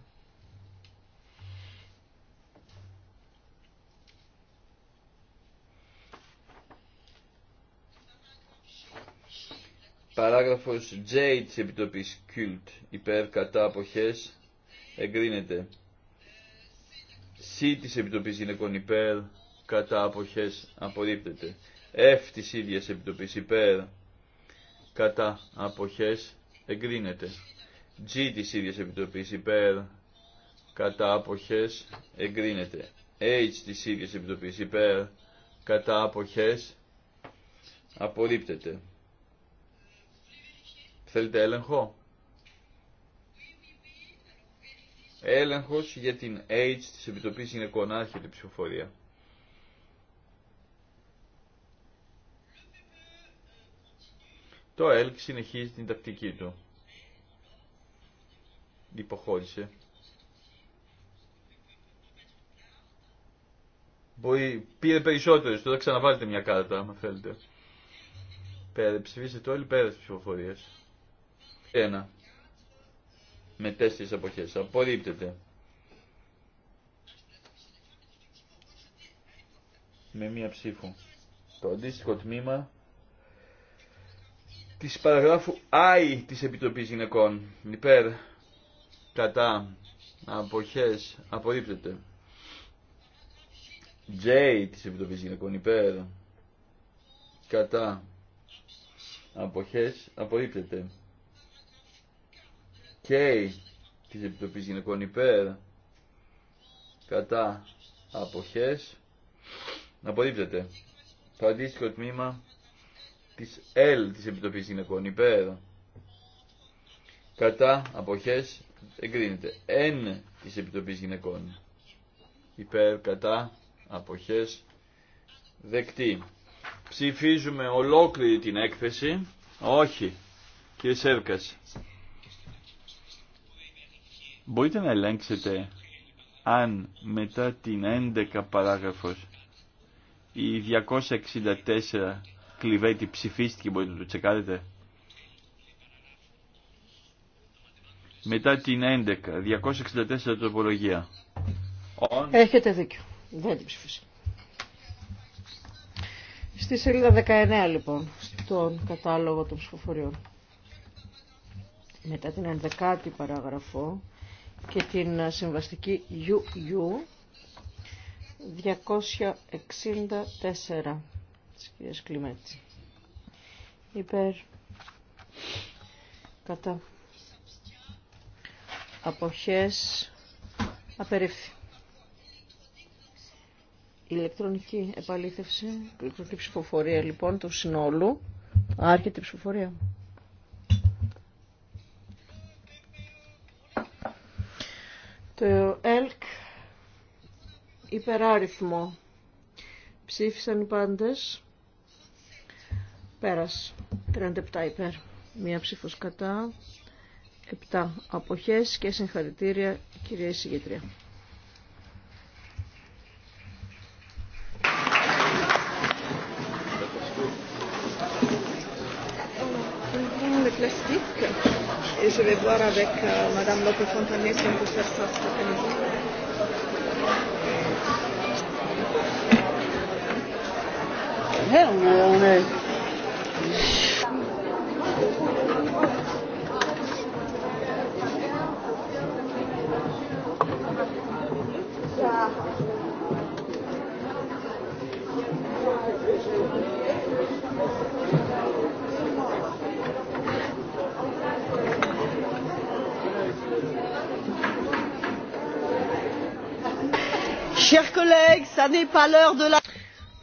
Παράγραφος J της Επιτροπής υπέρ κατά αποχές εγκρίνεται. Σ της Επιτροπής Γυναικών υπέρ, κατά αποχές απορρίπτεται. F της ίδιας Επιτροπής υπέρ, κατά αποχές εγκρίνεται. G της ίδιας Επιτροπής υπέρ, κατά αποχές εγκρίνεται. H της ίδιας Επιτροπής υπέρ, κατά αποχές απορρίπτεται. Θέλετε έλεγχο. έλεγχος για την AIDS της Επιτροπής Γυναικών Άρχεται ψηφοφορία. Το ΕΛΚ συνεχίζει την τακτική του. Υποχώρησε. Μπορεί, πήρε περισσότερες, τώρα ξαναβάλετε μια κάρτα, αν θέλετε. Πέρα, ψηφίστε το όλοι πέρα τη Ένα με τέσσερις αποχές. Απορρίπτεται. Με μία ψήφο. Το αντίστοιχο τμήμα της παραγράφου I της Επιτροπής Γυναικών. Υπέρ, κατά, αποχές, απορρίπτεται. J της Επιτροπής Γυναικών. Υπέρ, κατά, αποχές, απορρίπτεται. Κ. της Επιτροπής Γυναικών υπέρ κατά αποχές απορρίπτεται. Το αντίστοιχο τμήμα της L της Επιτροπής Γυναικών υπέρ κατά αποχές εγκρίνεται. N της Επιτροπής Γυναικών υπέρ κατά αποχές δεκτή. Ψηφίζουμε ολόκληρη την έκθεση. Όχι. Κύριε Σέρκας. Μπορείτε να ελέγξετε αν μετά την 11 παράγραφος η 264 κλειβέτη ψηφίστηκε, μπορείτε να το τσεκάρετε. Μετά την 11, 264 τροπολογία. Έχετε δίκιο. Δεν την ψηφίσα. Στη σελίδα 19 λοιπόν, στον κατάλογο των ψηφοφοριών. Μετά την 11η παράγραφο, και την συμβαστική UU 264 της κυρίας Κλιμέτση. Υπέρ κατά αποχές απερίφθη. Ηλεκτρονική επαλήθευση, ηλεκτρονική ψηφοφορία λοιπόν του συνόλου. Άρχεται η ψηφοφορία. Το ΕΛΚ υπεράριθμο. Ψήφισαν οι πάντε Πέρα, Πέρασε 37 υπέρ. Μία ψηφο κατά. 7 αποχε και συγχαρητήρια κυρία εισηγήτρια. plastique je vais voir avec euh, Madame Lopez Fontanier si on peut faire ça cet après-midi. on est, on est... Thank you.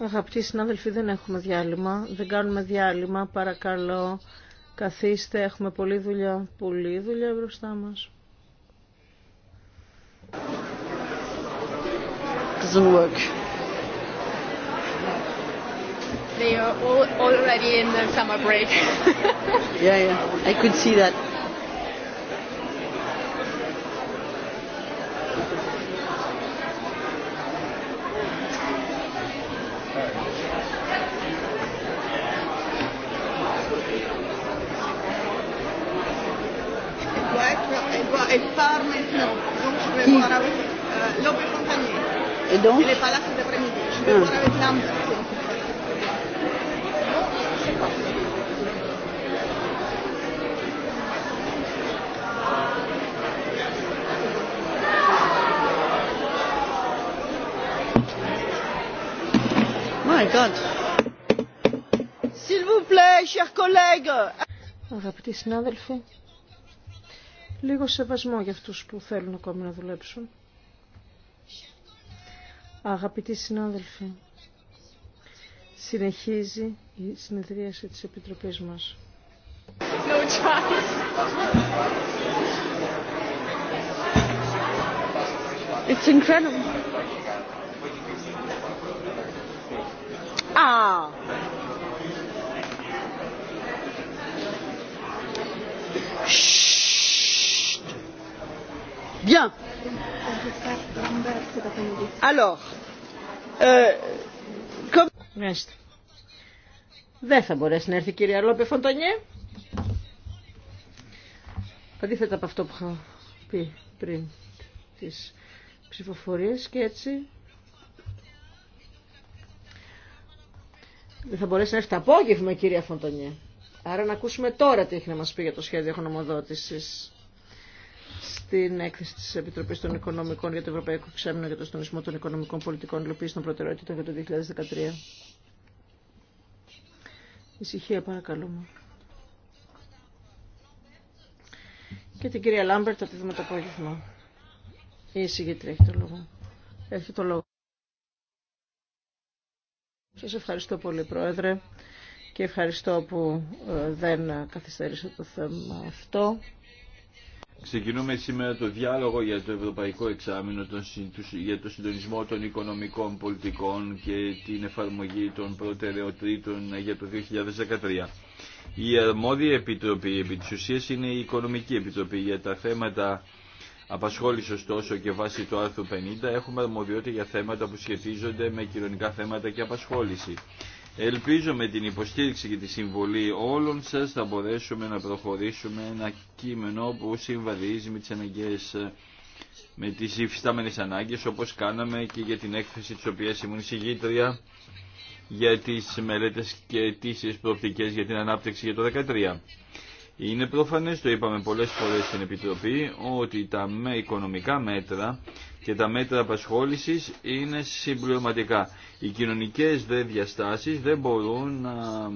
Αγαπητοί συνάδελφοι, δεν έχουμε διάλειμμα. Δεν κάνουμε διάλειμμα. Παρακαλώ, καθίστε. Έχουμε πολλή δουλειά. Πολλή δουλειά μπροστά μας. Doesn't work. They are all already in the summer break. yeah, yeah. I could see that. αγαπητοί συνάδελφοι, λίγο σεβασμό για αυτούς που θέλουν ακόμη να δουλέψουν. Αγαπητοί συνάδελφοι, συνεχίζει η συνεδρίαση της Επιτροπής μας. It's incredible. Ah. Chut. Bien. Alors, euh, comme... Δεν θα μπορέσει να έρθει η κυρία Λόπε Φοντανιέ. Αντίθετα από αυτό που είχα πει πριν τις ψηφοφορίες και έτσι δεν θα μπορέσει να έρθει το απόγευμα κυρία Φοντανιέ. Άρα να ακούσουμε τώρα τι έχει να μας πει για το σχέδιο χρονομοδότησης στην έκθεση της Επιτροπής των Οικονομικών για το Ευρωπαϊκό Ξέμινο για το Στονισμό των Οικονομικών Πολιτικών Υλοποίηση των Προτεραιότητων για το 2013. Ησυχία, παρακαλούμε. Και την κυρία Λάμπερτ, θα τη δούμε το απόγευμα. Η εισηγήτρια έχει το λόγο. Έχει το λόγο. Σας ευχαριστώ πολύ, Πρόεδρε και ευχαριστώ που ε, δεν καθυστερήσα το θέμα αυτό. Ξεκινούμε σήμερα το διάλογο για το Ευρωπαϊκό Εξάμεινο για το συντονισμό των οικονομικών πολιτικών και την εφαρμογή των προτεραιοτήτων για το 2013. Η αρμόδια επιτροπή επί της ουσίας είναι η Οικονομική Επιτροπή για τα θέματα απασχόληση ωστόσο και βάσει του άρθρου 50 έχουμε αρμοδιότητα για θέματα που σχετίζονται με κοινωνικά θέματα και απασχόληση. Ελπίζω με την υποστήριξη και τη συμβολή όλων σας θα μπορέσουμε να προχωρήσουμε ένα κείμενο που συμβαδίζει με τις αναγκαίες με τις υφιστάμενες ανάγκες όπως κάναμε και για την έκθεση της οποίας ήμουν συγγήτρια για τις μελέτες και τις προοπτικές για την ανάπτυξη για το 2013. Είναι προφανές, το είπαμε πολλές φορές στην Επιτροπή, ότι τα με οικονομικά μέτρα και τα μέτρα απασχόλησης είναι συμπληρωματικά. Οι κοινωνικές δε διαστάσεις δεν μπορούν να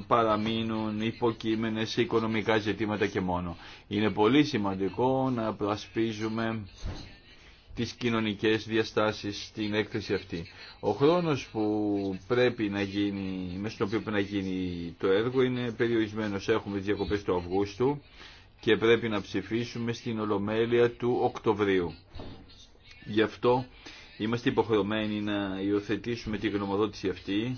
παραμείνουν υποκείμενες σε οικονομικά ζητήματα και μόνο. Είναι πολύ σημαντικό να προασπίζουμε τις κοινωνικές διαστάσεις στην έκθεση αυτή. Ο χρόνος που πρέπει να γίνει, μέσα στον οποίο πρέπει να γίνει το έργο είναι περιορισμένος. Έχουμε τις διακοπές του Αυγούστου και πρέπει να ψηφίσουμε στην Ολομέλεια του Οκτωβρίου. Γι' αυτό είμαστε υποχρεωμένοι να υιοθετήσουμε τη γνωμοδότηση αυτή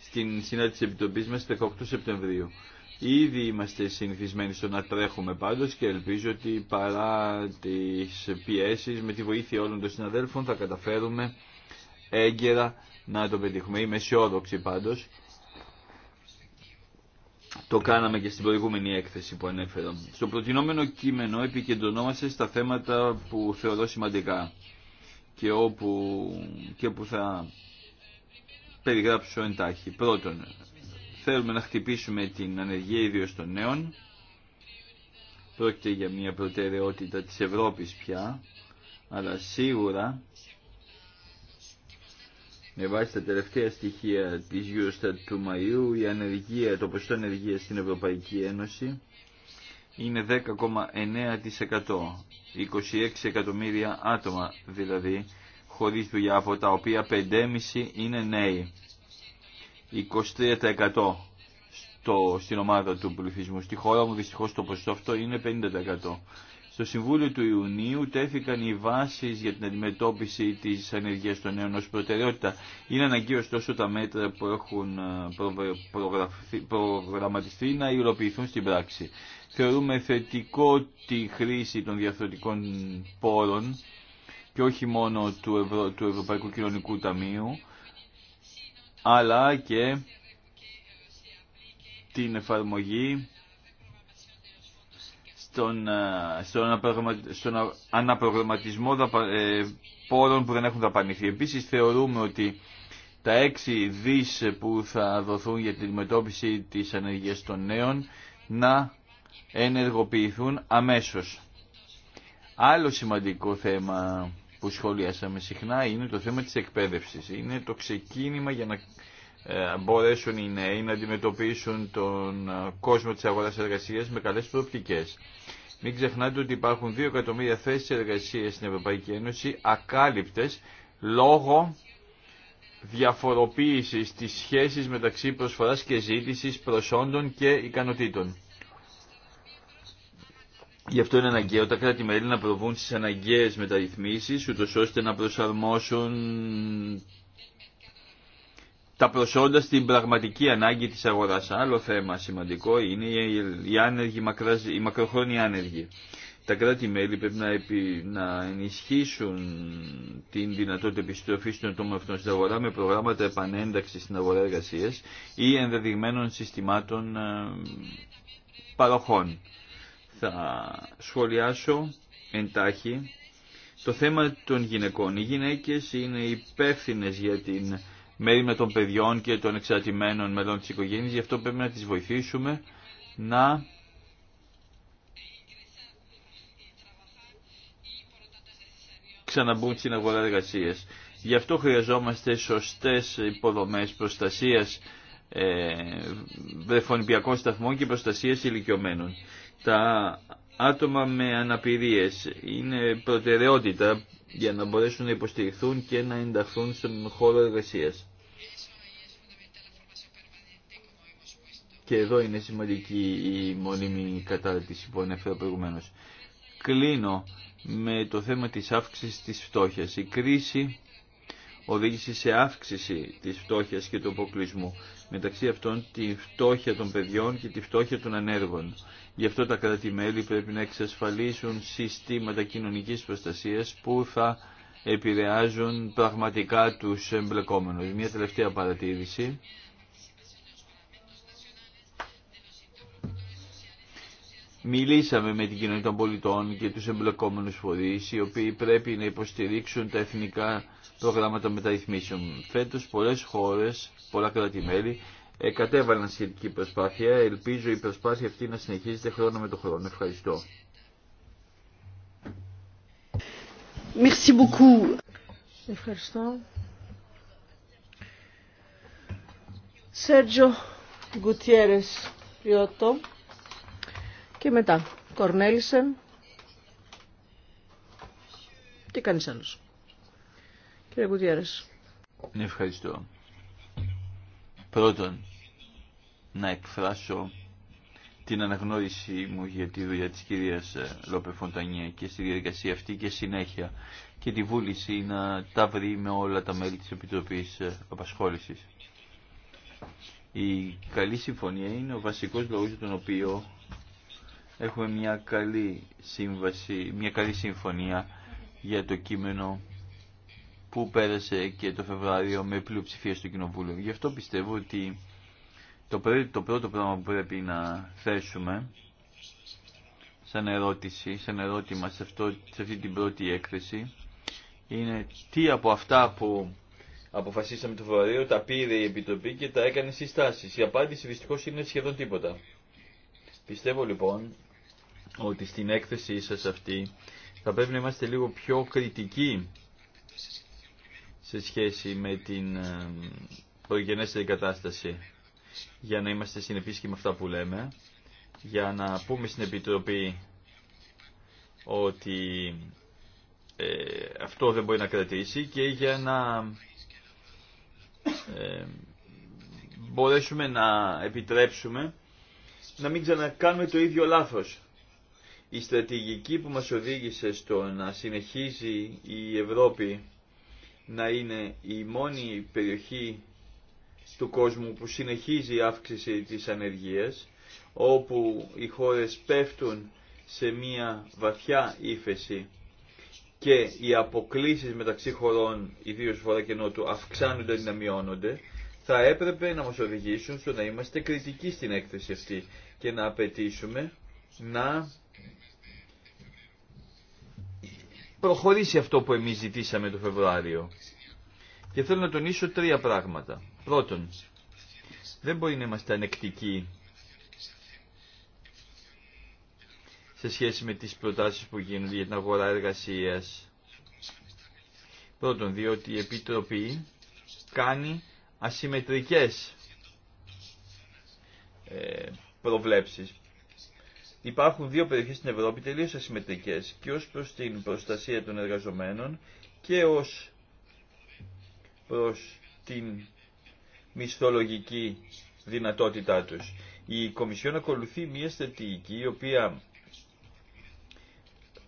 στην συνάντηση της Επιτροπής μας 18 Σεπτεμβρίου. Ήδη είμαστε συνηθισμένοι στο να τρέχουμε πάντως και ελπίζω ότι παρά τις πιέσεις με τη βοήθεια όλων των συναδέλφων θα καταφέρουμε έγκαιρα να το πετύχουμε. Είμαι αισιόδοξη πάντως. Το κάναμε και στην προηγούμενη έκθεση που ανέφερα. Στο προτινόμενο κείμενο επικεντρωνόμαστε στα θέματα που θεωρώ σημαντικά και, όπου, και που θα περιγράψω εντάχει. Πρώτον, θέλουμε να χτυπήσουμε την ανεργία ιδίω των νέων. Πρόκειται για μια προτεραιότητα της Ευρώπης πια, αλλά σίγουρα με βάση τα τελευταία στοιχεία της Eurostat του Μαΐου, η ανεργία, το ποσοστό ανεργία στην Ευρωπαϊκή Ένωση είναι 10,9%. 26 εκατομμύρια άτομα δηλαδή χωρίς δουλειά, από τα οποία 5,5 είναι νέοι. 23% στο, στην ομάδα του πληθυσμού. Στη χώρα μου δυστυχώ το ποσοστό αυτό είναι 50%. Στο Συμβούλιο του Ιουνίου τέθηκαν οι βάσει για την αντιμετώπιση τη ανεργία των νέων ω προτεραιότητα. Είναι αναγκαίο τόσο τα μέτρα που έχουν ε, προγραμματιστεί να υλοποιηθούν στην πράξη. Θεωρούμε θετικό τη χρήση των διαθροτικών πόρων και όχι μόνο του, του Ευρωπαϊκού Κοινωνικού Ταμείου αλλά και την εφαρμογή στον, ε, στον αναπρογραμματισμό ε, πόρων που δεν έχουν δαπανηθεί. Επίσης θεωρούμε ότι τα έξι δις που θα δοθούν για την αντιμετώπιση της ανεργίας των νέων να ενεργοποιηθούν αμέσως. Άλλο σημαντικό θέμα που σχολιάσαμε συχνά είναι το θέμα της εκπαίδευσης. Είναι το ξεκίνημα για να ε, μπορέσουν οι νέοι να αντιμετωπίσουν τον ε, κόσμο της αγοράς εργασίας με καλές προοπτικές. Μην ξεχνάτε ότι υπάρχουν 2 εκατομμύρια θέσεις εργασίας στην Ευρωπαϊκή Ένωση ακάλυπτες λόγω διαφοροποίησης της σχέσης μεταξύ προσφοράς και ζήτησης προσόντων και ικανοτήτων. Γι' αυτό είναι αναγκαίο τα κράτη-μέλη να προβούν στις αναγκαίες μεταρρυθμίσεις, ούτως ώστε να προσαρμόσουν τα προσόντα στην πραγματική ανάγκη της αγοράς. Άλλο θέμα σημαντικό είναι οι, άνεργοι, οι μακροχρόνιοι άνεργοι. Τα κράτη-μέλη πρέπει να, επι, να ενισχύσουν την δυνατότητα επιστροφής των ατόμων αυτών στην αγορά με προγράμματα επανένταξης στην αγορά εργασίας ή ενδεδειγμένων συστημάτων ε, παροχών θα σχολιάσω εντάχει το θέμα των γυναικών. Οι γυναίκες είναι υπεύθυνε για την μέρη των παιδιών και των εξαρτημένων μελών της οικογένειας, γι' αυτό πρέπει να τις βοηθήσουμε να ξαναμπούν στην αγορά εργασία. Γι' αυτό χρειαζόμαστε σωστές υποδομές προστασίας ε, βρεφονιπιακών σταθμών και προστασίας ηλικιωμένων τα άτομα με αναπηρίες είναι προτεραιότητα για να μπορέσουν να υποστηριχθούν και να ενταχθούν στον χώρο εργασίας. Και εδώ είναι σημαντική η μόνιμη κατάρτιση που ανέφερα προηγουμένως. Κλείνω με το θέμα της αύξησης της φτώχειας. Η κρίση οδήγησε σε αύξηση της φτώχειας και του αποκλεισμού μεταξύ αυτών τη φτώχεια των παιδιών και τη φτώχεια των ανέργων. Γι' αυτό τα κράτη-μέλη πρέπει να εξασφαλίσουν συστήματα κοινωνικής προστασίας που θα επηρεάζουν πραγματικά τους εμπλεκόμενους. Μια τελευταία παρατήρηση. Μιλήσαμε με την κοινωνία των πολιτών και τους εμπλεκόμενους φορείς, οι οποίοι πρέπει να υποστηρίξουν τα εθνικά προγράμματα μεταρρυθμίσεων. Φέτος πολλές χώρες, πολλά κράτη-μέλη, κατέβαλαν σχετική προσπάθεια. Ελπίζω η προσπάθεια αυτή να συνεχίζεται χρόνο με το χρόνο. Ευχαριστώ. Ευχαριστώ. Σέρτζο Γκουτιέρες Ριώτο και μετά Κορνέλισεν και κανείς άλλος. Κύριε Κουτιέρες. Ευχαριστώ. Πρώτον, να εκφράσω την αναγνώριση μου για τη δουλειά της κυρίας ε, Λόπε Φοντανία και στη διαδικασία αυτή και συνέχεια και τη βούληση να τα βρει με όλα τα μέλη της Επιτροπής ε, Απασχόλησης. Η καλή συμφωνία είναι ο βασικός λόγος για τον οποίο έχουμε μια καλή σύμβαση, μια καλή συμφωνία για το κείμενο που πέρασε και το Φεβράριο με πλειοψηφία στο Κοινοβούλιο. Γι' αυτό πιστεύω ότι το, το πρώτο πράγμα που πρέπει να θέσουμε σαν ερώτηση, σαν ερώτημα σε, αυτό, σε αυτή την πρώτη έκθεση είναι τι από αυτά που αποφασίσαμε το Φεβρουαρίο τα πήρε η Επιτροπή και τα έκανε συστάσεις. Η απάντηση δυστυχώ είναι σχεδόν τίποτα. Πιστεύω λοιπόν ότι στην έκθεσή σας αυτή θα πρέπει να είμαστε λίγο πιο κριτικοί σε σχέση με την προγενέστερη ε, κατάσταση για να είμαστε συνεπείς με αυτά που λέμε, για να πούμε στην Επιτροπή ότι ε, αυτό δεν μπορεί να κρατήσει και για να ε, μπορέσουμε να επιτρέψουμε να μην ξανακάνουμε το ίδιο λάθος. Η στρατηγική που μας οδήγησε στο να συνεχίζει η Ευρώπη να είναι η μόνη περιοχή του κόσμου που συνεχίζει η αύξηση της ανεργίας, όπου οι χώρες πέφτουν σε μια βαθιά ύφεση και οι αποκλίσεις μεταξύ χωρών, ιδίως φορά και Νότου, αυξάνονται ή να μειώνονται, θα έπρεπε να μας οδηγήσουν στο να είμαστε κριτικοί στην έκθεση αυτή και να απαιτήσουμε να προχωρήσει αυτό που εμείς ζητήσαμε το Φεβρουάριο. Και θέλω να τονίσω τρία πράγματα. Πρώτον, δεν μπορεί να είμαστε ανεκτικοί σε σχέση με τις προτάσεις που γίνονται για την αγορά εργασίας. Πρώτον, διότι η Επιτροπή κάνει ασυμμετρικές ε, προβλέψεις. Υπάρχουν δύο περιοχές στην Ευρώπη τελείως ασυμμετρικές και ως προς την προστασία των εργαζομένων και ως προς την μισθολογική δυνατότητά τους. Η Κομισιόν ακολουθεί μια στρατηγική η οποία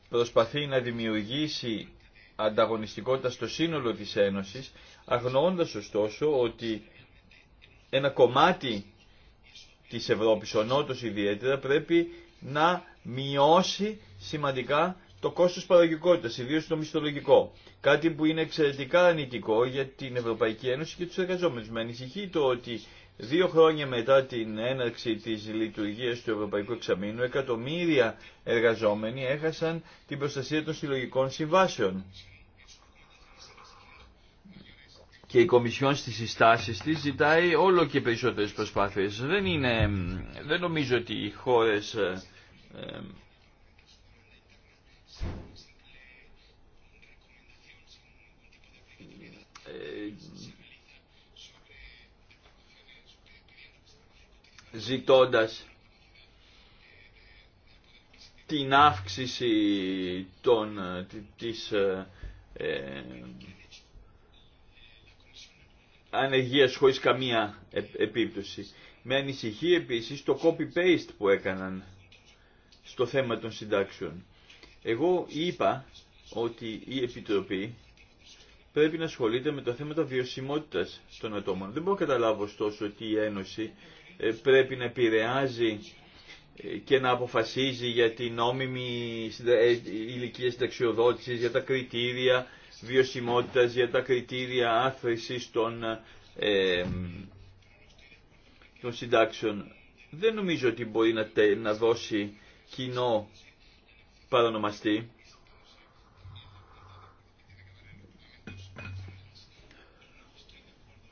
προσπαθεί να δημιουργήσει ανταγωνιστικότητα στο σύνολο της Ένωσης, αγνοώντας ωστόσο ότι ένα κομμάτι της Ευρώπης, ο Νότος ιδιαίτερα, πρέπει να μειώσει σημαντικά το κόστος παραγωγικότητας, ιδίως το μισθολογικό. Κάτι που είναι εξαιρετικά ανητικό για την Ευρωπαϊκή Ένωση και τους εργαζόμενους. Με ανησυχεί το ότι δύο χρόνια μετά την έναρξη της λειτουργίας του Ευρωπαϊκού Εξαμήνου, εκατομμύρια εργαζόμενοι έχασαν την προστασία των συλλογικών συμβάσεων. Και η Κομισιόν στις συστάσεις της ζητάει όλο και περισσότερες προσπάθειες. Δεν, δεν νομίζω ότι οι χώρες ε, ε, ζητώντας την αύξηση των, ε, της ε, ε, ανεργίας χωρίς καμία επίπτωση. Με ανησυχεί επίσης το copy-paste που έκαναν στο θέμα των συντάξεων. Εγώ είπα ότι η Επιτροπή πρέπει να ασχολείται με το θέμα τα βιωσιμότητας των ατόμων. Δεν μπορώ να καταλάβω ωστόσο ότι η Ένωση ε, πρέπει να επηρεάζει ε, και να αποφασίζει για την νόμιμη ε, ηλικία συνταξιοδότηση, για τα κριτήρια βιωσιμότητας, για τα κριτήρια άθρησης των, συντάξεων. Δεν νομίζω ότι μπορεί να, να δώσει κοινό παρονομαστή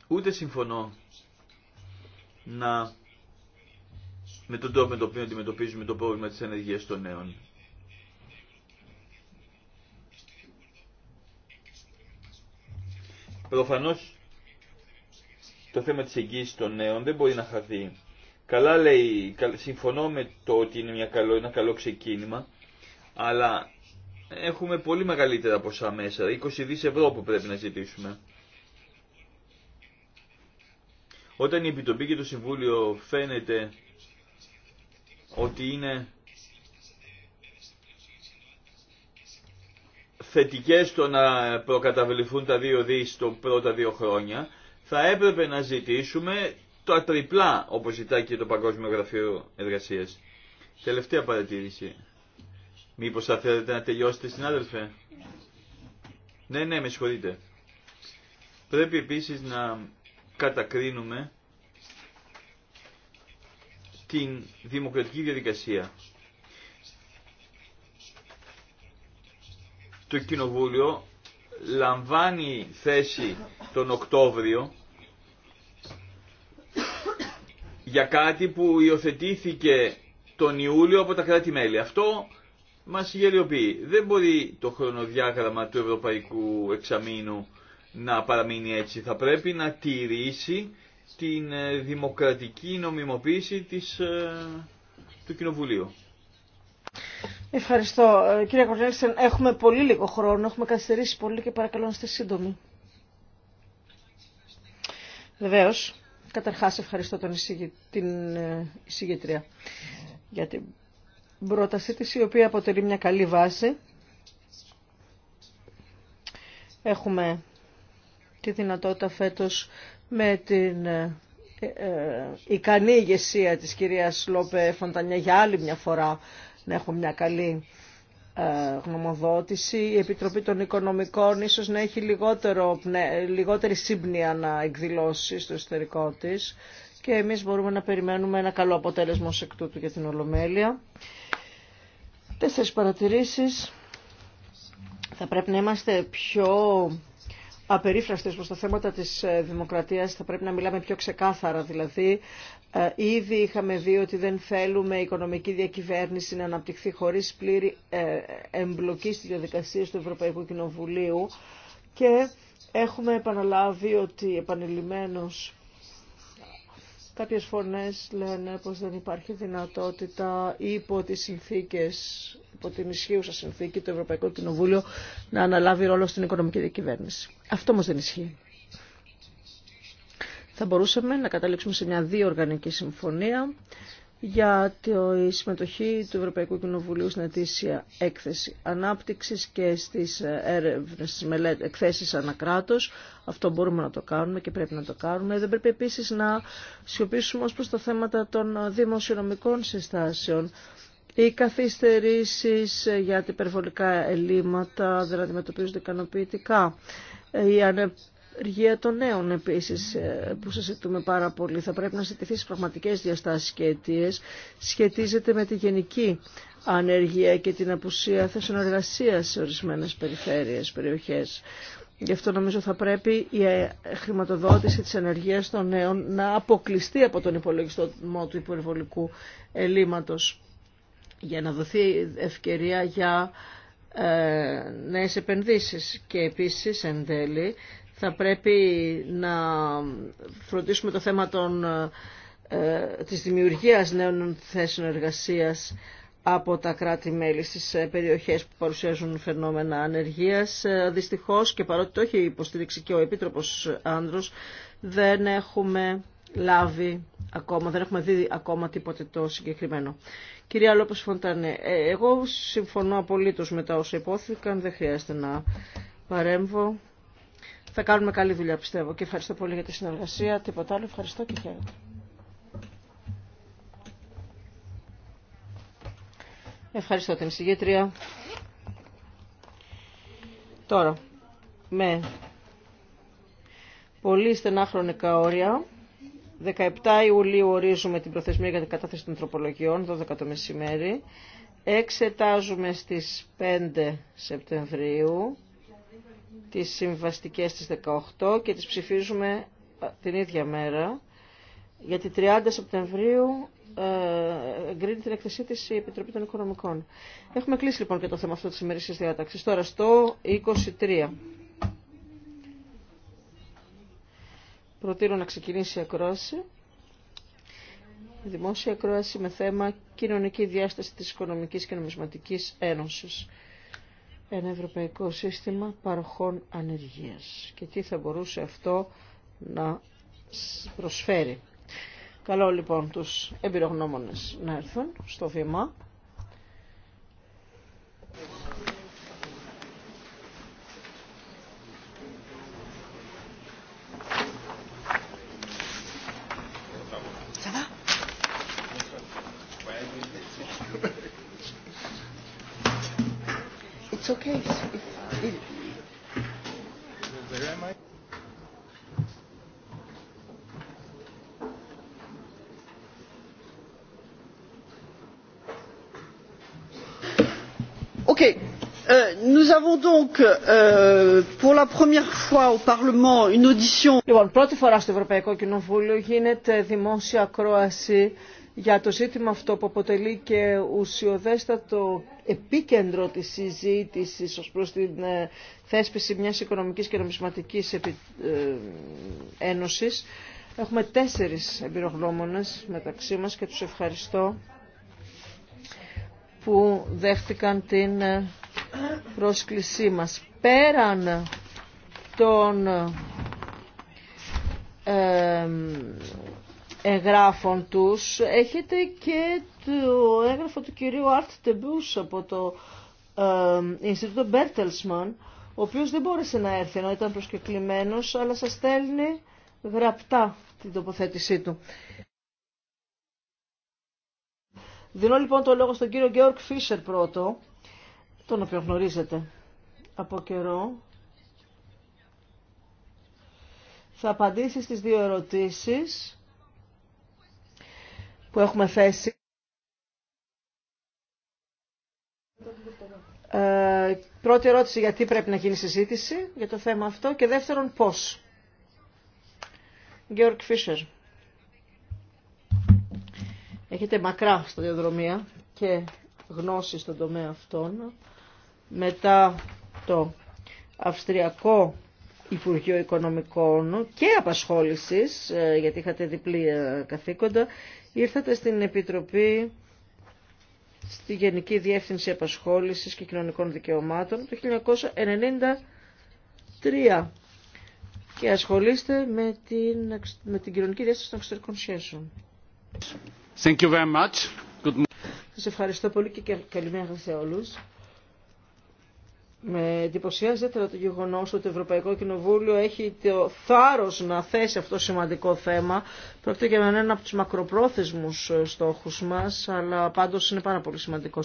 ούτε συμφωνώ να με τον τρόπο με τον οποίο αντιμετωπίζουμε το πρόβλημα της ενεργείας των νέων. Προφανώς το θέμα της εγγύησης των νέων δεν μπορεί να χαθεί Καλά λέει, συμφωνώ με το ότι είναι μια καλό, ένα καλό ξεκίνημα, αλλά έχουμε πολύ μεγαλύτερα ποσά μέσα, 20 δις ευρώ που πρέπει να ζητήσουμε. Όταν η επιτοπή και το Συμβούλιο φαίνεται ότι είναι θετικές στο να προκαταβληθούν τα δύο δις το πρώτα δύο χρόνια, θα έπρεπε να ζητήσουμε το τριπλά όπως ζητάει και το Παγκόσμιο Γραφείο Εργασίας. Τελευταία παρατήρηση. Μήπως θα θέλετε να τελειώσετε συνάδελφε. Ναι, ναι, με συγχωρείτε. Πρέπει επίσης να κατακρίνουμε την δημοκρατική διαδικασία. Το Κοινοβούλιο λαμβάνει θέση τον Οκτώβριο για κάτι που υιοθετήθηκε τον Ιούλιο από τα κράτη-μέλη. Αυτό μας γελιοποιεί. Δεν μπορεί το χρονοδιάγραμμα του Ευρωπαϊκού Εξαμήνου να παραμείνει έτσι. Θα πρέπει να τηρήσει την ε, δημοκρατική νομιμοποίηση της, ε, του Κοινοβουλίου. Ευχαριστώ. Ε, κύριε Κορνέλσεν, έχουμε πολύ λίγο χρόνο, έχουμε καθυστερήσει πολύ και παρακαλώ να είστε σύντομοι. Βεβαίως, Καταρχάς ευχαριστώ τον την ε, εισηγητρία για την πρότασή της, η οποία αποτελεί μια καλή βάση. Έχουμε τη δυνατότητα φέτος με την ε, ε, ικανή ηγεσία της κυρίας Λόπε Φοντανιά για άλλη μια φορά να έχουμε μια καλή ε, γνωμοδότηση. Η Επιτροπή των Οικονομικών ίσως να έχει λιγότερο, λιγότερη σύμπνοια να εκδηλώσει στο εσωτερικό της και εμείς μπορούμε να περιμένουμε ένα καλό αποτέλεσμα σε εκ τούτου για την Ολομέλεια. Τέσσερις παρατηρήσεις. Θα πρέπει να είμαστε πιο απερίφραστες προς τα θέματα της ε, δημοκρατίας θα πρέπει να μιλάμε πιο ξεκάθαρα. Δηλαδή, ε, ήδη είχαμε δει ότι δεν θέλουμε η οικονομική διακυβέρνηση να αναπτυχθεί χωρίς πλήρη ε, εμπλοκή στις διαδικασίες του Ευρωπαϊκού Κοινοβουλίου και έχουμε επαναλάβει ότι επανειλημμένως Κάποιες φωνές λένε πως δεν υπάρχει δυνατότητα υπό τις συνθήκες, υπό την ισχύουσα συνθήκη του Ευρωπαϊκού Κοινοβούλιο να αναλάβει ρόλο στην οικονομική διακυβέρνηση. Αυτό όμως δεν ισχύει. Θα μπορούσαμε να καταλήξουμε σε μια διοργανική συμφωνία για τη συμμετοχή του Ευρωπαϊκού Κοινοβουλίου στην ετήσια έκθεση ανάπτυξης και στις ε, έρευνες, στις μελέτες, εκθέσεις Αυτό μπορούμε να το κάνουμε και πρέπει να το κάνουμε. Δεν πρέπει επίσης να σιωπήσουμε ως προς τα θέματα των δημοσιονομικών συστάσεων. Οι καθυστερήσει για τα υπερβολικά ελλείμματα δεν αντιμετωπίζονται ικανοποιητικά. Η ανεργία των νέων επίση, ε, που ζητούμε πάρα πολύ θα πρέπει να συζητηθεί στι πραγματικέ διαστάσεις και αιτίε σχετίζεται με τη γενική ανεργία και την απουσία θέσεων εργασία σε ορισμένες περιφέρειες, περιοχές. Γι' αυτό νομίζω θα πρέπει η ε, χρηματοδότηση της ανεργίας των νέων να αποκλειστεί από τον υπολογιστό του υπερβολικού ελλείμματος για να δοθεί ευκαιρία για ε, νέες επενδύσεις και επίσης εν τέλει θα πρέπει να φροντίσουμε το θέμα των, ε, της δημιουργίας νέων θέσεων εργασίας από τα κράτη-μέλη στις ε, περιοχές που παρουσιάζουν φαινόμενα ανεργίας. Ε, δυστυχώς και παρότι το έχει υποστήριξει και ο Επίτροπος Άνδρος, δεν έχουμε λάβει ακόμα, δεν έχουμε δει ακόμα τίποτε το συγκεκριμένο. Κυρία Λόπες Φοντανέ, εγώ συμφωνώ απολύτως με τα όσα υπόθηκαν, δεν χρειάζεται να παρέμβω. Θα κάνουμε καλή δουλειά πιστεύω και ευχαριστώ πολύ για τη συνεργασία. Τίποτα άλλο. Ευχαριστώ και χαίρομαι. Ευχαριστώ την συγγήτρια. Τώρα, με πολύ στενά χρονικά όρια, 17 Ιουλίου ορίζουμε την προθεσμία για την κατάθεση των τροπολογιών, 12 το μεσημέρι. Εξετάζουμε στις 5 Σεπτεμβρίου τις συμβαστικές της 18 και τις ψηφίζουμε την ίδια μέρα, γιατί 30 Σεπτεμβρίου ε, γκρίνει την εκθεσή της η Επιτροπή των Οικονομικών. Έχουμε κλείσει λοιπόν και το θέμα αυτό της ημερήσιας διάταξης. Τώρα στο 23. Προτείνω να ξεκινήσει η ακρόαση. δημόσια ακρόαση με θέμα κοινωνική διάσταση της Οικονομικής και Νομισματικής Ένωσης ένα ευρωπαϊκό σύστημα παροχών ανεργίας και τι θα μπορούσε αυτό να προσφέρει. Καλό λοιπόν τους εμπειρογνώμονες να έρθουν στο βήμα. avons Λοιπόν, πρώτη φορά στο Ευρωπαϊκό Κοινοβούλιο γίνεται δημόσια ακρόαση για το ζήτημα αυτό που αποτελεί και ουσιοδέστατο επίκεντρο της συζήτησης ως προς την ε, θέσπιση μιας οικονομικής και νομισματικής ε, ένωσης. Έχουμε τέσσερις εμπειρογνώμονες μεταξύ μας και τους ευχαριστώ που δέχτηκαν την ε, πρόσκλησή μας πέραν των εγγράφων τους έχετε και το έγγραφο του κυρίου Αρτ Τεμπούς από το ε, Ινστιτούτο Μπέρτελσμαν ο οποίος δεν μπόρεσε να έρθει ενώ ήταν προσκεκλημένος αλλά σας στέλνει γραπτά την τοποθέτησή του. Δίνω λοιπόν το λόγο στον κύριο Γκέορκ Φίσερ πρώτο τον οποίο γνωρίζετε από καιρό, θα απαντήσει στις δύο ερωτήσεις που έχουμε θέσει. Ε, πρώτη ερώτηση, γιατί πρέπει να γίνει συζήτηση για το θέμα αυτό και δεύτερον, πώς. Γεώργ Φίσερ. Έχετε μακρά διαδρομία και γνώση στον τομέα αυτών μετά το Αυστριακό Υπουργείο Οικονομικών και Απασχόλησης, ε, γιατί είχατε διπλή ε, καθήκοντα, ήρθατε στην Επιτροπή στη Γενική Διεύθυνση Απασχόλησης και Κοινωνικών Δικαιωμάτων το 1993 και ασχολείστε με την, με την κοινωνική διάσταση των εξωτερικών σχέσεων. Thank you very much. Σας ευχαριστώ πολύ και καλημέρα σε όλους. Με εντυπωσιάζει το γεγονό ότι το Ευρωπαϊκό Κοινοβούλιο έχει το θάρρο να θέσει αυτό το σημαντικό θέμα. Πρόκειται για έναν από του μακροπρόθεσμου ε, στόχου μα, αλλά πάντω είναι πάρα πολύ σημαντικό.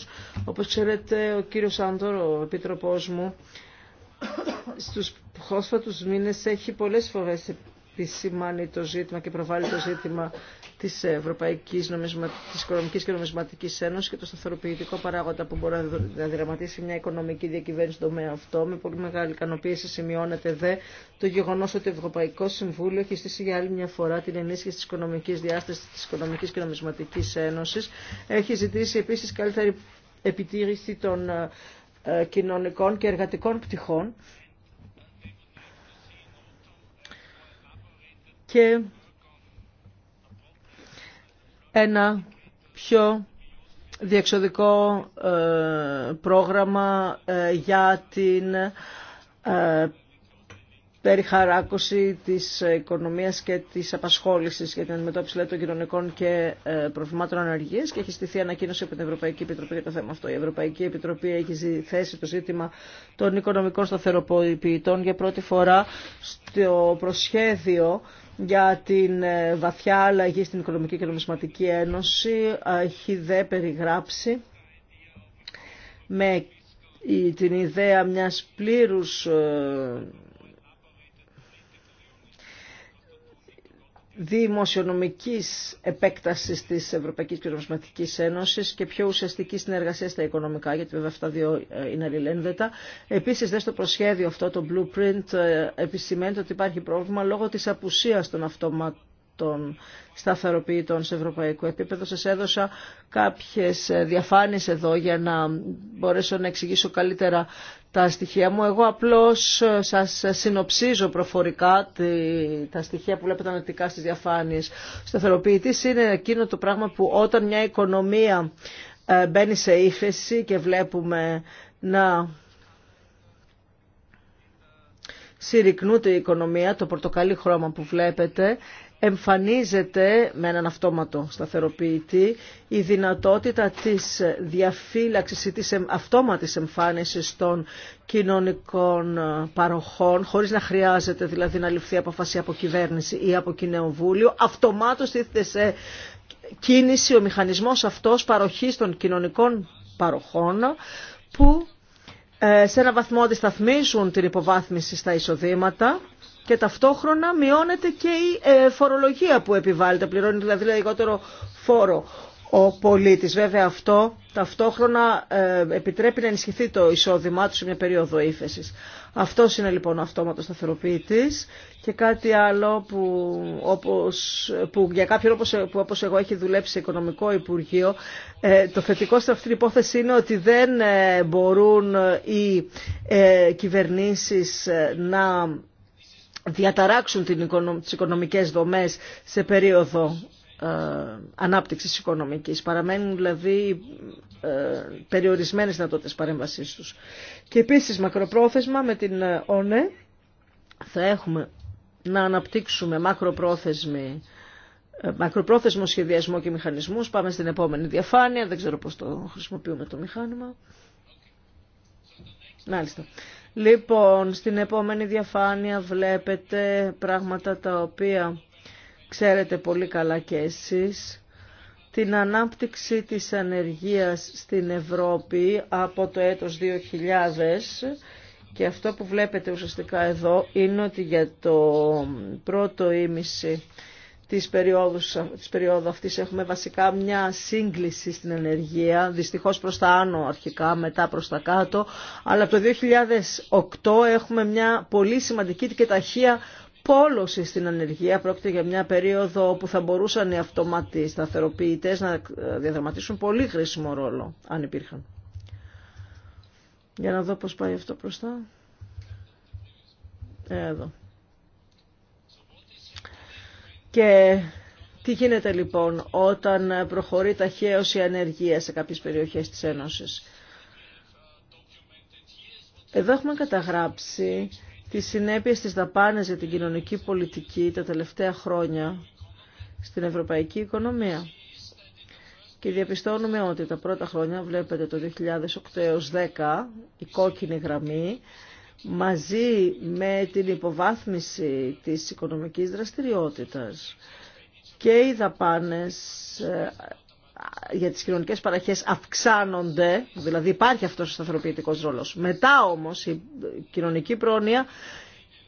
Όπω ξέρετε, ο κύριο Άντορ, ο επίτροπό μου, στου πρόσφατου μήνε έχει πολλέ φορέ επισημάνει το ζήτημα και προβάλλει το ζήτημα της Ευρωπαϊκής της Οικονομικής και Νομισματικής Ένωσης και το σταθεροποιητικό παράγοντα που μπορεί να δραματίσει μια οικονομική διακυβέρνηση στον τομέα αυτό. Με πολύ μεγάλη ικανοποίηση σημειώνεται δε το γεγονός ότι το Ευρωπαϊκό Συμβούλιο έχει στήσει για άλλη μια φορά την ενίσχυση της οικονομικής διάστασης της Οικονομικής και Νομισματικής Ένωσης. Έχει ζητήσει επίσης καλύτερη επιτήρηση των ε, ε, κοινωνικών και εργατικών πτυχών και ένα πιο διεξοδικό ε, πρόγραμμα ε, για την ε, περιχαράκωση της οικονομίας και της απασχόλησης για την αντιμετώπιση των κοινωνικών και προβλημάτων ανεργίας και έχει στηθεί ανακοίνωση από την Ευρωπαϊκή Επιτροπή για το θέμα αυτό. Η Ευρωπαϊκή Επιτροπή έχει θέσει το ζήτημα των οικονομικών σταθεροποιητών για πρώτη φορά στο προσχέδιο για την ε, βαθιά αλλαγή στην Οικονομική και Νομισματική Ένωση έχει δε περιγράψει με την ιδέα μιας πλήρους ε, δημοσιονομικής επέκτασης της Ευρωπαϊκής Κοινωνισματικής Ένωσης και πιο ουσιαστική συνεργασία στα οικονομικά, γιατί βέβαια αυτά δύο ε, είναι αλληλένδετα. Επίσης, δε στο προσχέδιο αυτό, το blueprint, ε, επισημαίνεται ότι υπάρχει πρόβλημα λόγω της απουσίας των αυτοματών των σταθεροποιητών σε ευρωπαϊκό επίπεδο. Σας έδωσα κάποιες διαφάνειες εδώ για να μπορέσω να εξηγήσω καλύτερα τα στοιχεία μου. Εγώ απλώς σας συνοψίζω προφορικά τα στοιχεία που βλέπετε αναλυτικά στις διαφάνειες. Σταθεροποιητής είναι εκείνο το πράγμα που όταν μια οικονομία ε, μπαίνει σε ύφεση και βλέπουμε να συρρυκνούται η οικονομία, το πορτοκαλί χρώμα που βλέπετε, εμφανίζεται με έναν αυτόματο σταθεροποιητή η δυνατότητα της διαφύλαξης ή της αυτόματης εμφάνισης των κοινωνικών ε, παροχών, χωρίς να χρειάζεται δηλαδή να ληφθεί αποφασία από κυβέρνηση ή από κοινοβούλιο, αυτομάτως τίθεται σε κίνηση ο μηχανισμός αυτός παροχής των κοινωνικών παροχών που ε, σε ένα βαθμό αντισταθμίζουν την υποβάθμιση στα εισοδήματα και ταυτόχρονα μειώνεται και η ε, φορολογία που επιβάλλεται, πληρώνει δηλαδή λιγότερο φόρο ο πολίτης. Βέβαια αυτό ταυτόχρονα ε, επιτρέπει να ενισχυθεί το εισόδημά του σε μια περίοδο ύφεση. Αυτό είναι λοιπόν ο αυτόματο σταθεροποιητή και κάτι άλλο που, όπως, που για κάποιον όπως, που όπως εγώ έχει δουλέψει σε οικονομικό υπουργείο ε, το θετικό σε αυτή την υπόθεση είναι ότι δεν μπορούν οι κυβερνήσεις να διαταράξουν τις οικονομικές δομές σε περίοδο ε, ανάπτυξης οικονομικής. Παραμένουν δηλαδή ε, περιορισμένες δυνατότητες παρέμβασής τους. Και επίσης μακροπρόθεσμα με την ΩΝΕ ε, θα έχουμε να αναπτύξουμε μακροπρόθεσμο σχεδιασμό και μηχανισμούς. Πάμε στην επόμενη διαφάνεια. Δεν ξέρω πώς το χρησιμοποιούμε το μηχάνημα. Μάλιστα. Λοιπόν, στην επόμενη διαφάνεια βλέπετε πράγματα τα οποία ξέρετε πολύ καλά και εσείς. Την ανάπτυξη της ανεργίας στην Ευρώπη από το έτος 2000 και αυτό που βλέπετε ουσιαστικά εδώ είναι ότι για το πρώτο ήμιση της περίοδου, της περίοδου αυτής έχουμε βασικά μια σύγκληση στην ενεργεία, δυστυχώς προς τα άνω αρχικά, μετά προς τα κάτω, αλλά από το 2008 έχουμε μια πολύ σημαντική και ταχεία πόλωση στην ανεργία. Πρόκειται για μια περίοδο όπου θα μπορούσαν οι αυτοματοί να διαδραματίσουν πολύ χρήσιμο ρόλο, αν υπήρχαν. Για να δω πώς πάει αυτό μπροστά. Ε, εδώ. Και τι γίνεται λοιπόν όταν προχωρεί ταχαίως η ανεργία σε κάποιες περιοχές της Ένωσης. Εδώ έχουμε καταγράψει τις συνέπειες της δαπάνες για την κοινωνική πολιτική τα τελευταία χρόνια στην ευρωπαϊκή οικονομία. Και διαπιστώνουμε ότι τα πρώτα χρόνια, βλέπετε το 2008 έως 2010, η κόκκινη γραμμή, μαζί με την υποβάθμιση της οικονομικής δραστηριότητας και οι δαπάνες ε, για τις κοινωνικές παραχές αυξάνονται, δηλαδή υπάρχει αυτός ο σταθεροποιητικός ρόλος. Μετά όμως η κοινωνική πρόνοια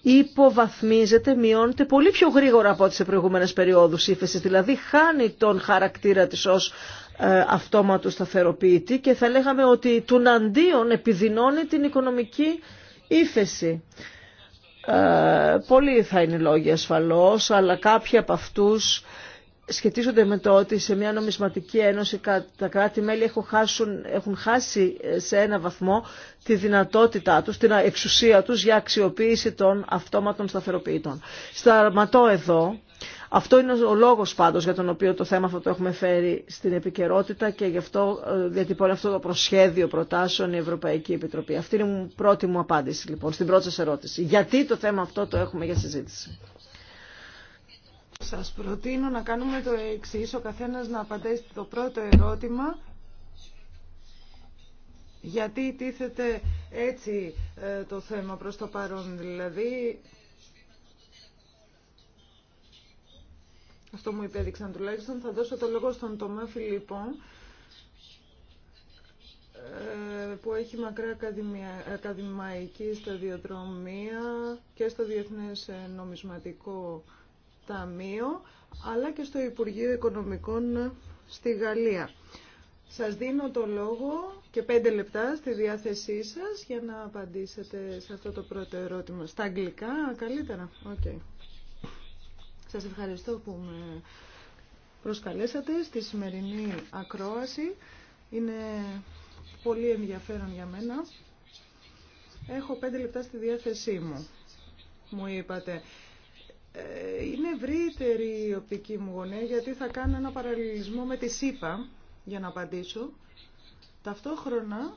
υποβαθμίζεται, μειώνεται πολύ πιο γρήγορα από τις σε προηγούμενες περιόδους ύφεσης, δηλαδή χάνει τον χαρακτήρα της ως ε, αυτόματου σταθεροποιητή και θα λέγαμε ότι τουναντίον επιδεινώνει την οικονομική ύφεση. Ε, πολλοί θα είναι λόγοι ασφαλώς, αλλά κάποιοι από αυτούς σχετίζονται με το ότι σε μια νομισματική ένωση τα κράτη-μέλη έχουν, έχουν χάσει ε, σε ένα βαθμό τη δυνατότητά τους, την εξουσία τους για αξιοποίηση των αυτόματων σταθεροποιητών. Σταματώ εδώ. Αυτό είναι ο λόγος πάντως για τον οποίο το θέμα αυτό το έχουμε φέρει στην επικαιρότητα και γι' αυτό ε, διατυπώνει αυτό το προσχέδιο προτάσεων η Ευρωπαϊκή Επιτροπή. Αυτή είναι η πρώτη μου απάντηση λοιπόν, στην πρώτη σας ερώτηση. Γιατί το θέμα αυτό το έχουμε για συζήτηση. Σας προτείνω να κάνουμε το εξή ο καθένας να απαντήσει το πρώτο ερώτημα γιατί τίθεται έτσι ε, το θέμα προς το παρόν, δηλαδή Αυτό μου υπέδειξαν τουλάχιστον. Θα δώσω το λόγο στον Τωμά Φιλιππό ε, που έχει μακρά ακαδημαϊκή σταδιοδρομία και στο Διεθνές Νομισματικό Ταμείο, αλλά και στο Υπουργείο Οικονομικών στη Γαλλία. Σας δίνω το λόγο και πέντε λεπτά στη διάθεσή σας για να απαντήσετε σε αυτό το πρώτο ερώτημα. Στα αγγλικά καλύτερα. Okay. Σας ευχαριστώ που με προσκαλέσατε στη σημερινή ακρόαση. Είναι πολύ ενδιαφέρον για μένα. Έχω πέντε λεπτά στη διάθεσή μου, μου είπατε. Ε, Είναι ευρύτερη η οπτική μου γωνία γιατί θα κάνω ένα παραλληλισμό με τη ΣΥΠΑ για να απαντήσω. Ταυτόχρονα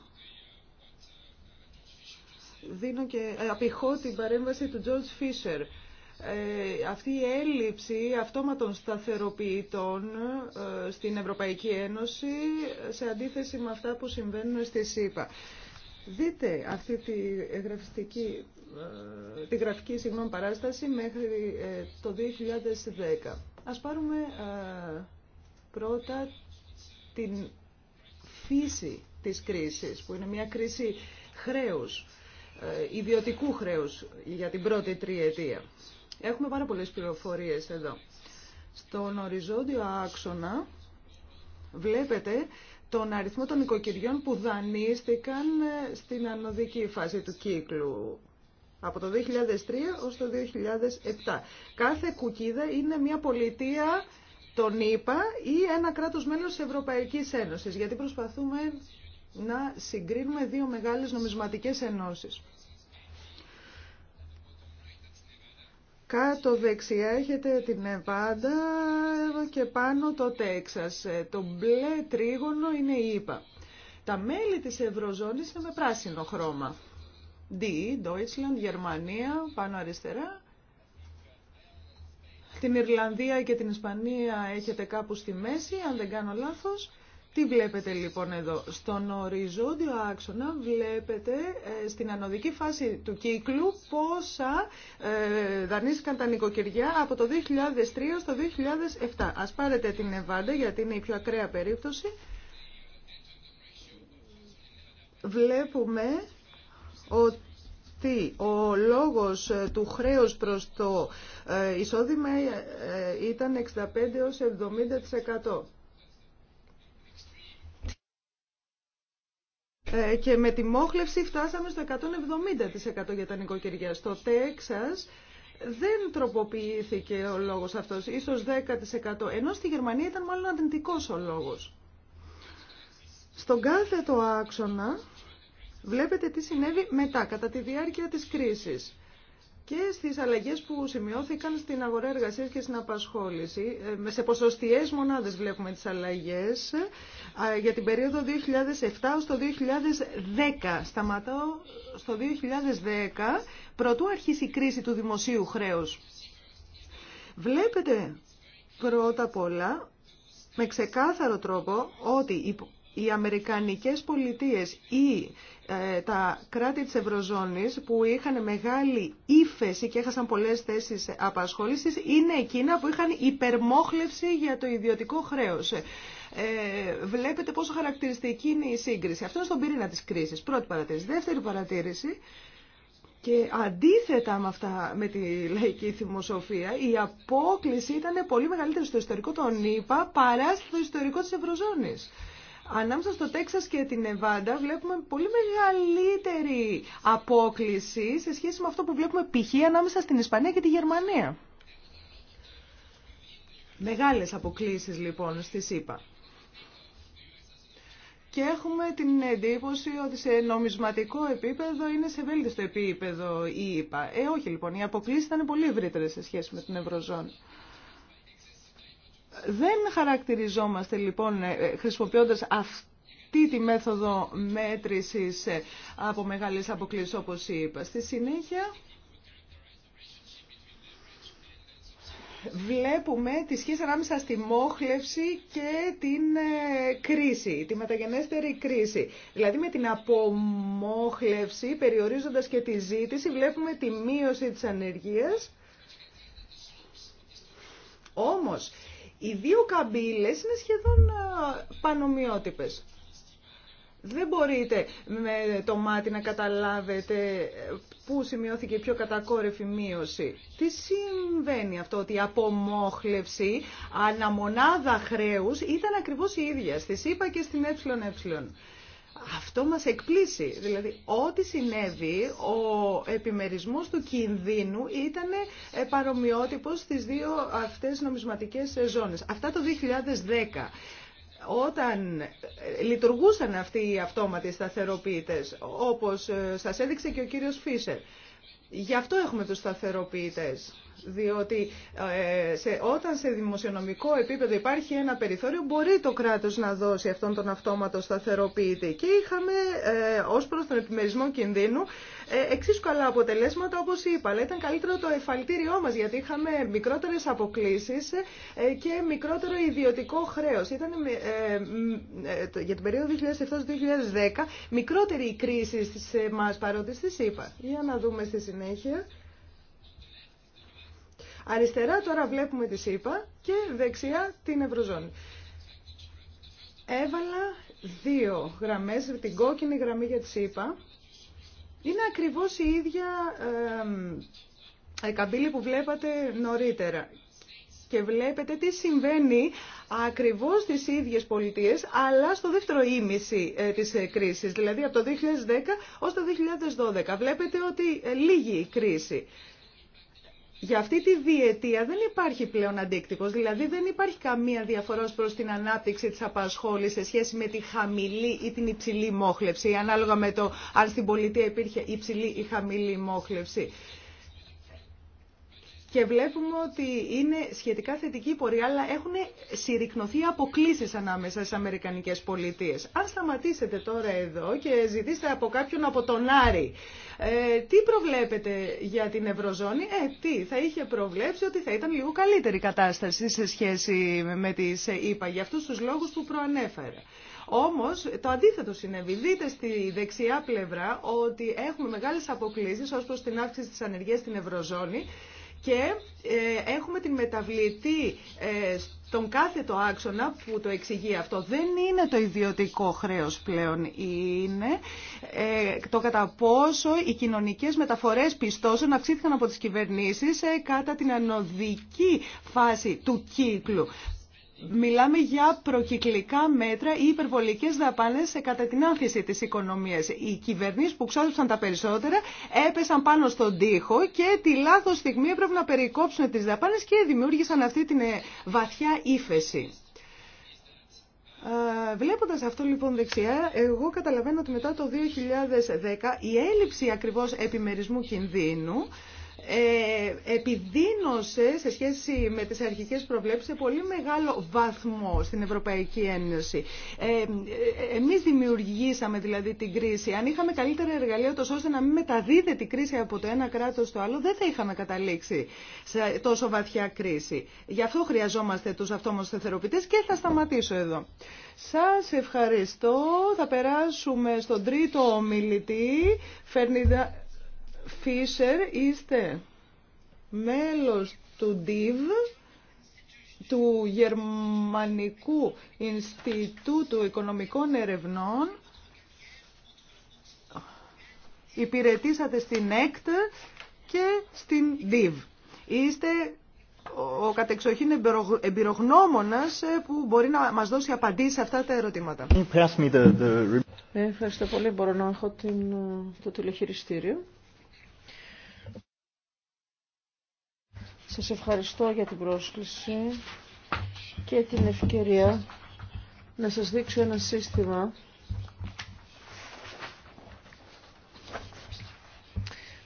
δίνω και, ε, απηχώ την παρέμβαση του George Fisher ε, αυτή η έλλειψη αυτόματων σταθεροποιητών ε, στην Ευρωπαϊκή Ένωση σε αντίθεση με αυτά που συμβαίνουν στη ΣΥΠΑ. Δείτε αυτή τη ε, τη γραφική συγγνώμη, παράσταση μέχρι το 2010. Ας πάρουμε πρώτα την φύση της κρίσης, που είναι μια κρίση χρέους, ιδιωτικού χρέους για την πρώτη τριετία. Έχουμε πάρα πολλές πληροφορίες εδώ. Στον οριζόντιο άξονα βλέπετε τον αριθμό των οικοκυριών που δανείστηκαν ε, στην ανωδική φάση του κύκλου από το 2003 ως το 2007. Κάθε κουκίδα είναι μια πολιτεία τον ΗΠΑ ή ένα κράτος μέλος της Ευρωπαϊκής Ένωσης, γιατί προσπαθούμε να συγκρίνουμε δύο μεγάλες νομισματικές ενώσεις. Κάτω δεξιά έχετε την Εβάντα και πάνω το Τέξας. Το μπλε τρίγωνο είναι η ΙΠΑ. Τα μέλη της Ευρωζώνης είναι με πράσινο χρώμα. D, Deutschland, Γερμανία, πάνω αριστερά. Την Ιρλανδία και την Ισπανία έχετε κάπου στη μέση, αν δεν κάνω λάθος. Τι βλέπετε λοιπόν εδώ. Στον οριζόντιο άξονα βλέπετε ε, στην ανωδική φάση του κύκλου πόσα ε, δανείστηκαν τα νοικοκυριά από το 2003 στο 2007. Ας πάρετε την Εβάντα γιατί είναι η πιο ακραία περίπτωση. Βλέπουμε ότι ο λόγος ε, του χρέους προς το εισόδημα ήταν 65 70%. Ε, και με τη μόχλευση φτάσαμε στο 170% για τα νοικοκυριά. Στο Τέξας δεν τροποποιήθηκε ο λόγος αυτός, ίσως 10%, ενώ στη Γερμανία ήταν μάλλον αντιντικός ο λόγος. Στον κάθετο άξονα βλέπετε τι συνέβη μετά, κατά τη διάρκεια της κρίσης και στις αλλαγές που σημειώθηκαν στην αγορά εργασίας και στην απασχόληση. Ε, σε ποσοστιαίες μονάδες βλέπουμε τις αλλαγές ε, για την περίοδο 2007 ως το 2010. Σταματάω στο 2010, πρωτού αρχίσει η κρίση του δημοσίου χρέους. Βλέπετε πρώτα απ' όλα με ξεκάθαρο τρόπο ότι οι Αμερικανικές πολιτείες ή ε, τα κράτη της Ευρωζώνης που είχαν μεγάλη ύφεση και έχασαν πολλές θέσεις απασχόλησης είναι εκείνα που είχαν υπερμόχλευση για το ιδιωτικό χρέος. Ε, βλέπετε πόσο χαρακτηριστική είναι η σύγκριση. Αυτό είναι στον πυρήνα της κρίσης. Πρώτη παρατήρηση. Δεύτερη παρατήρηση. Και αντίθετα με αυτά με τη λαϊκή θυμοσοφία, η απόκληση ήταν πολύ μεγαλύτερη στο ιστορικό των ΗΠΑ παρά στο ιστορικό της Ευρωζώνης. Ανάμεσα στο Τέξας και την Εβάντα βλέπουμε πολύ μεγαλύτερη απόκληση σε σχέση με αυτό που βλέπουμε π.χ. ανάμεσα στην Ισπανία και τη Γερμανία. Μεγάλες αποκλήσεις λοιπόν στη ΣΥΠΑ. Και έχουμε την εντύπωση ότι σε νομισματικό επίπεδο είναι σε βέλτιστο επίπεδο η ΕΠΑ. Ε, όχι λοιπόν, οι αποκλήσεις ήταν πολύ ευρύτερε σε σχέση με την Ευρωζώνη. Δεν χαρακτηριζόμαστε λοιπόν ε, ε, χρησιμοποιώντας αυτή τη μέθοδο μέτρησης ε, από μεγάλες αποκλήσεις όπως είπα. Στη συνέχεια βλέπουμε τη σχέση ανάμεσα στη μόχλευση και την κρίση, τη μεταγενέστερη κρίση. Δηλαδή με την απομόχλευση, περιορίζοντας και τη ζήτηση, βλέπουμε τη μείωση της ανεργίας. Όμως, οι δύο καμπύλε είναι σχεδόν πανομοιότυπες. Δεν μπορείτε με το μάτι να καταλάβετε ε, πού σημειώθηκε η πιο κατακόρυφη μείωση. Τι συμβαίνει αυτό ότι η απομόχλευση αναμονάδα χρέους ήταν ακριβώς η ίδια στη ΣΥΠΑ και στην ΕΕ. Αυτό μας εκπλήσει. Δηλαδή, ό,τι συνέβη, ο επιμερισμός του κινδύνου ήταν ε, παρομοιότυπος στις δύο αυτές νομισματικές ε, ζώνες. Αυτά το 2010 όταν ε, λειτουργούσαν αυτοί οι αυτόματοι σταθεροποιητές, όπως σας έδειξε και ο κύριος Φίσερ. Γι' αυτό έχουμε τους σταθεροποιητές διότι ε, σε, όταν σε δημοσιονομικό επίπεδο υπάρχει ένα περιθώριο μπορεί το κράτος να δώσει αυτόν τον αυτόματο σταθεροποιητή και είχαμε ε, ως προς τον επιμερισμό κινδύνου ε, εξίσου καλά αποτελέσματα όπως είπα αλλά ήταν καλύτερο το εφαλτήριό μας γιατί είχαμε μικρότερες αποκλήσεις ε, ε, και μικρότερο ιδιωτικό χρέος ήταν ε, για την περίοδο 2007-2010 μικρότερη η κρίση σε εμάς παρότι στη ΣΥΠΑ για να δούμε στη συνέχεια Αριστερά τώρα βλέπουμε τη ΣΥΠΑ και δεξιά την Ευρωζώνη. Έβαλα δύο γραμμές, την κόκκινη γραμμή για τη ΣΥΠΑ. Είναι ακριβώς η ίδια ε, καμπύλη που βλέπατε νωρίτερα. Και βλέπετε τι συμβαίνει ακριβώς στις ίδιες πολιτείες, αλλά στο δεύτερο ήμιση ε, της ε, κρίσης, δηλαδή από το 2010 ως το 2012. Βλέπετε ότι ε, λίγη η κρίση. Για αυτή τη διετία δεν υπάρχει πλέον αντίκτυπο, δηλαδή δεν υπάρχει καμία διαφορά προς την ανάπτυξη της απασχόληση σε σχέση με τη χαμηλή ή την υψηλή μόχλευση, ανάλογα με το αν στην πολιτεία υπήρχε υψηλή ή χαμηλή μόχλευση και βλέπουμε ότι είναι σχετικά θετική πορεία, αλλά έχουν συρρυκνωθεί αποκλήσει ανάμεσα στι Αμερικανικέ πολιτείε. Αν σταματήσετε τώρα εδώ και ζητήσετε από κάποιον από τον Άρη, ε, τι προβλέπετε για την Ευρωζώνη, ε, τι, θα είχε προβλέψει ότι θα ήταν λίγο καλύτερη η κατάσταση σε σχέση με τι ΗΠΑ, ε, για αυτού του λόγου που προανέφερα. Όμω το αντίθετο συνέβη. Δείτε στη δεξιά πλευρά ότι έχουμε μεγάλε αποκλήσει ω προ την αύξηση τη ανεργία στην Ευρωζώνη και ε, έχουμε την μεταβλητή ε, στον κάθετο άξονα που το εξηγεί αυτό. Δεν είναι το ιδιωτικό χρέος πλέον. Είναι ε, το κατά πόσο οι κοινωνικές μεταφορές πιστώσεων αυξήθηκαν από τις κυβερνήσεις κατά την ανωδική φάση του κύκλου μιλάμε για προκυκλικά μέτρα ή υπερβολικές δαπάνες κατά την άνθηση της οικονομίας. Οι κυβερνήσεις που ξόδεψαν τα περισσότερα έπεσαν πάνω στον τοίχο και τη λάθος στιγμή έπρεπε να περικόψουν τις δαπάνες και δημιούργησαν αυτή την ε, βαθιά ύφεση. Ε, βλέποντας αυτό λοιπόν δεξιά, εγώ καταλαβαίνω ότι μετά το 2010 η έλλειψη ακριβώς επιμερισμού κινδύνου ε, επιδίνωσε σε σχέση με τις αρχικές προβλέψεις σε πολύ μεγάλο βαθμό στην Ευρωπαϊκή Ένωση. Ε, ε, εμείς δημιουργήσαμε δηλαδή την κρίση. Αν είχαμε καλύτερα εργαλεία τόσο ώστε να μην μεταδίδεται η κρίση από το ένα κράτος στο άλλο, δεν θα είχαμε καταλήξει σε τόσο βαθιά κρίση. Γι' αυτό χρειαζόμαστε τους αυτόμους θεθεροποιητές και θα σταματήσω εδώ. Σας ευχαριστώ. Θα περάσουμε στον τρίτο ομιλητή, Φίσερ, είστε μέλος του DIV, του Γερμανικού Ινστιτούτου Οικονομικών Ερευνών. Υπηρετήσατε στην ΕΚΤ και στην ΔΙΒ. Είστε ο κατεξοχήν εμπειρογνώμονας ε, που μπορεί να μας δώσει απαντήσεις σε αυτά τα ερωτήματα. Ε, ευχαριστώ πολύ. Μπορώ να έχω την, ε, το τηλεχειριστήριο. Σας ευχαριστώ για την πρόσκληση και την ευκαιρία να σας δείξω ένα σύστημα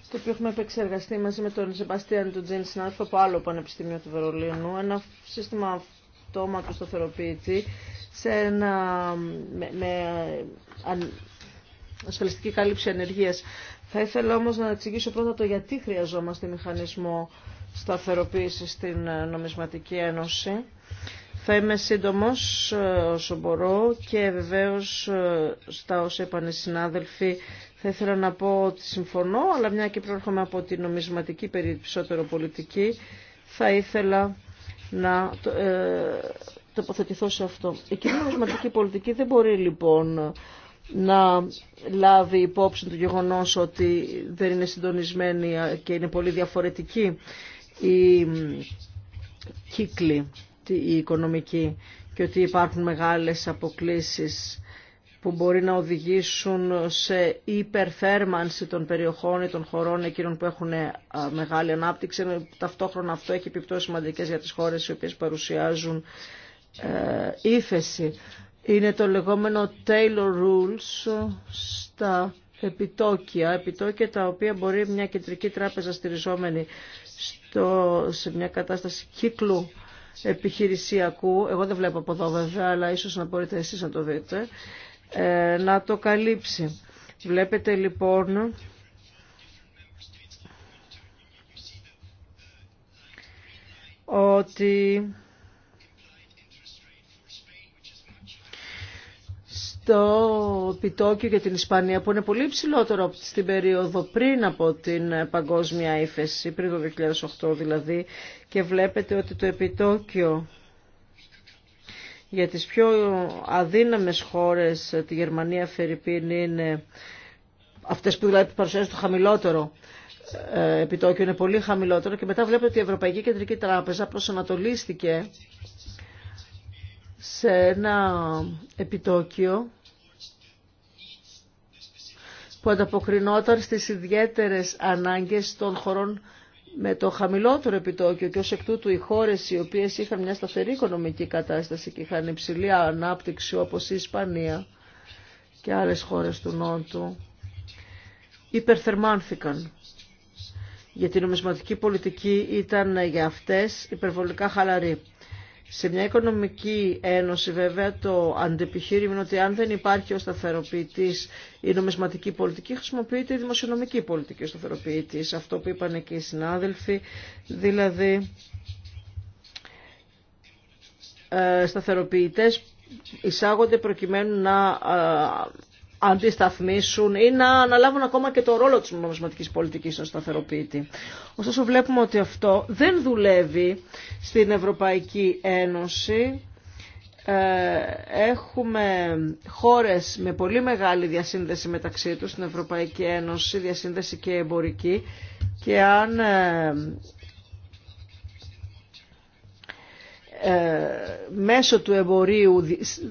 το οποίο έχουμε επεξεργαστεί μαζί με τον Σεμπαστίαν του Τζέιν από άλλο Πανεπιστήμιο του Βερολίνου, ένα σύστημα αυτόματο σταθεροποιητή σε ένα, με, με ασφαλιστική κάλυψη ανεργίας. Θα ήθελα όμως να εξηγήσω πρώτα το γιατί χρειαζόμαστε μηχανισμό σταθεροποίηση στην ε, νομισματική ένωση. Θα είμαι σύντομος ε, όσο μπορώ και βεβαίως ε, στα όσα είπαν οι συνάδελφοι θα ήθελα να πω ότι συμφωνώ, αλλά μια και προέρχομαι από την νομισματική περισσότερο πολιτική, θα ήθελα να τοποθετηθώ σε αυτό. Η κοινή νομισματική πολιτική δεν μπορεί λοιπόν να λάβει υπόψη του γεγονός ότι δεν είναι συντονισμένη και είναι πολύ διαφορετική οι κύκλοι, οι οικονομικοί και ότι υπάρχουν μεγάλες αποκλήσεις που μπορεί να οδηγήσουν σε υπερθέρμανση των περιοχών ή των χωρών εκείνων που έχουν ε, μεγάλη ανάπτυξη, ταυτόχρονα αυτό έχει επιπτώσει σημαντικές για τις χώρες οι οποίες παρουσιάζουν ε, ύφεση. Είναι το λεγόμενο Taylor Rules στα επιτόκια, επιτόκια τα οποία μπορεί μια κεντρική τράπεζα στηριζόμενη στο, σε μια κατάσταση κύκλου επιχειρησιακού, εγώ δεν βλέπω από εδώ βέβαια, αλλά ίσως να μπορείτε εσείς να το δείτε, ε, να το καλύψει. Βλέπετε λοιπόν ότι το επιτόκιο για την Ισπανία που είναι πολύ ψηλότερο στην περίοδο πριν από την παγκόσμια ύφεση, πριν το 2008 δηλαδή, και βλέπετε ότι το επιτόκιο για τις πιο αδύναμες χώρες, τη Γερμανία, Φερρυπίν, είναι αυτές που δηλαδή παρουσιάζουν το χαμηλότερο ε, επιτόκιο, είναι πολύ χαμηλότερο και μετά βλέπετε ότι η Ευρωπαϊκή Κεντρική Τράπεζα προσανατολίστηκε σε ένα επιτόκιο που ανταποκρινόταν στις ιδιαίτερες ανάγκες των χωρών με το χαμηλότερο επιτόκιο και ως εκ τούτου οι χώρες οι οποίες είχαν μια σταθερή οικονομική κατάσταση και είχαν υψηλή ανάπτυξη όπως η Ισπανία και άλλες χώρες του Νότου υπερθερμάνθηκαν. Γιατί η νομισματική πολιτική ήταν για αυτές υπερβολικά χαλαρή. Σε μια οικονομική ένωση βέβαια το αντεπιχείρημα είναι ότι αν δεν υπάρχει ο σταθεροποιητής η νομισματική πολιτική χρησιμοποιείται η δημοσιονομική πολιτική ο σταθεροποιητής. Αυτό που είπαν και οι συνάδελφοι, δηλαδή ε, σταθεροποιητές εισάγονται προκειμένου να ε, αντισταθμίσουν ή να αναλάβουν ακόμα και το ρόλο της νομισματικής πολιτικής ως σταθεροποιητή. Ωστόσο βλέπουμε ότι αυτό δεν δουλεύει στην Ευρωπαϊκή Ένωση. Ε, έχουμε χώρες με πολύ μεγάλη διασύνδεση μεταξύ τους στην Ευρωπαϊκή Ένωση, διασύνδεση και εμπορική και αν ε, Ε, μέσω του εμπορίου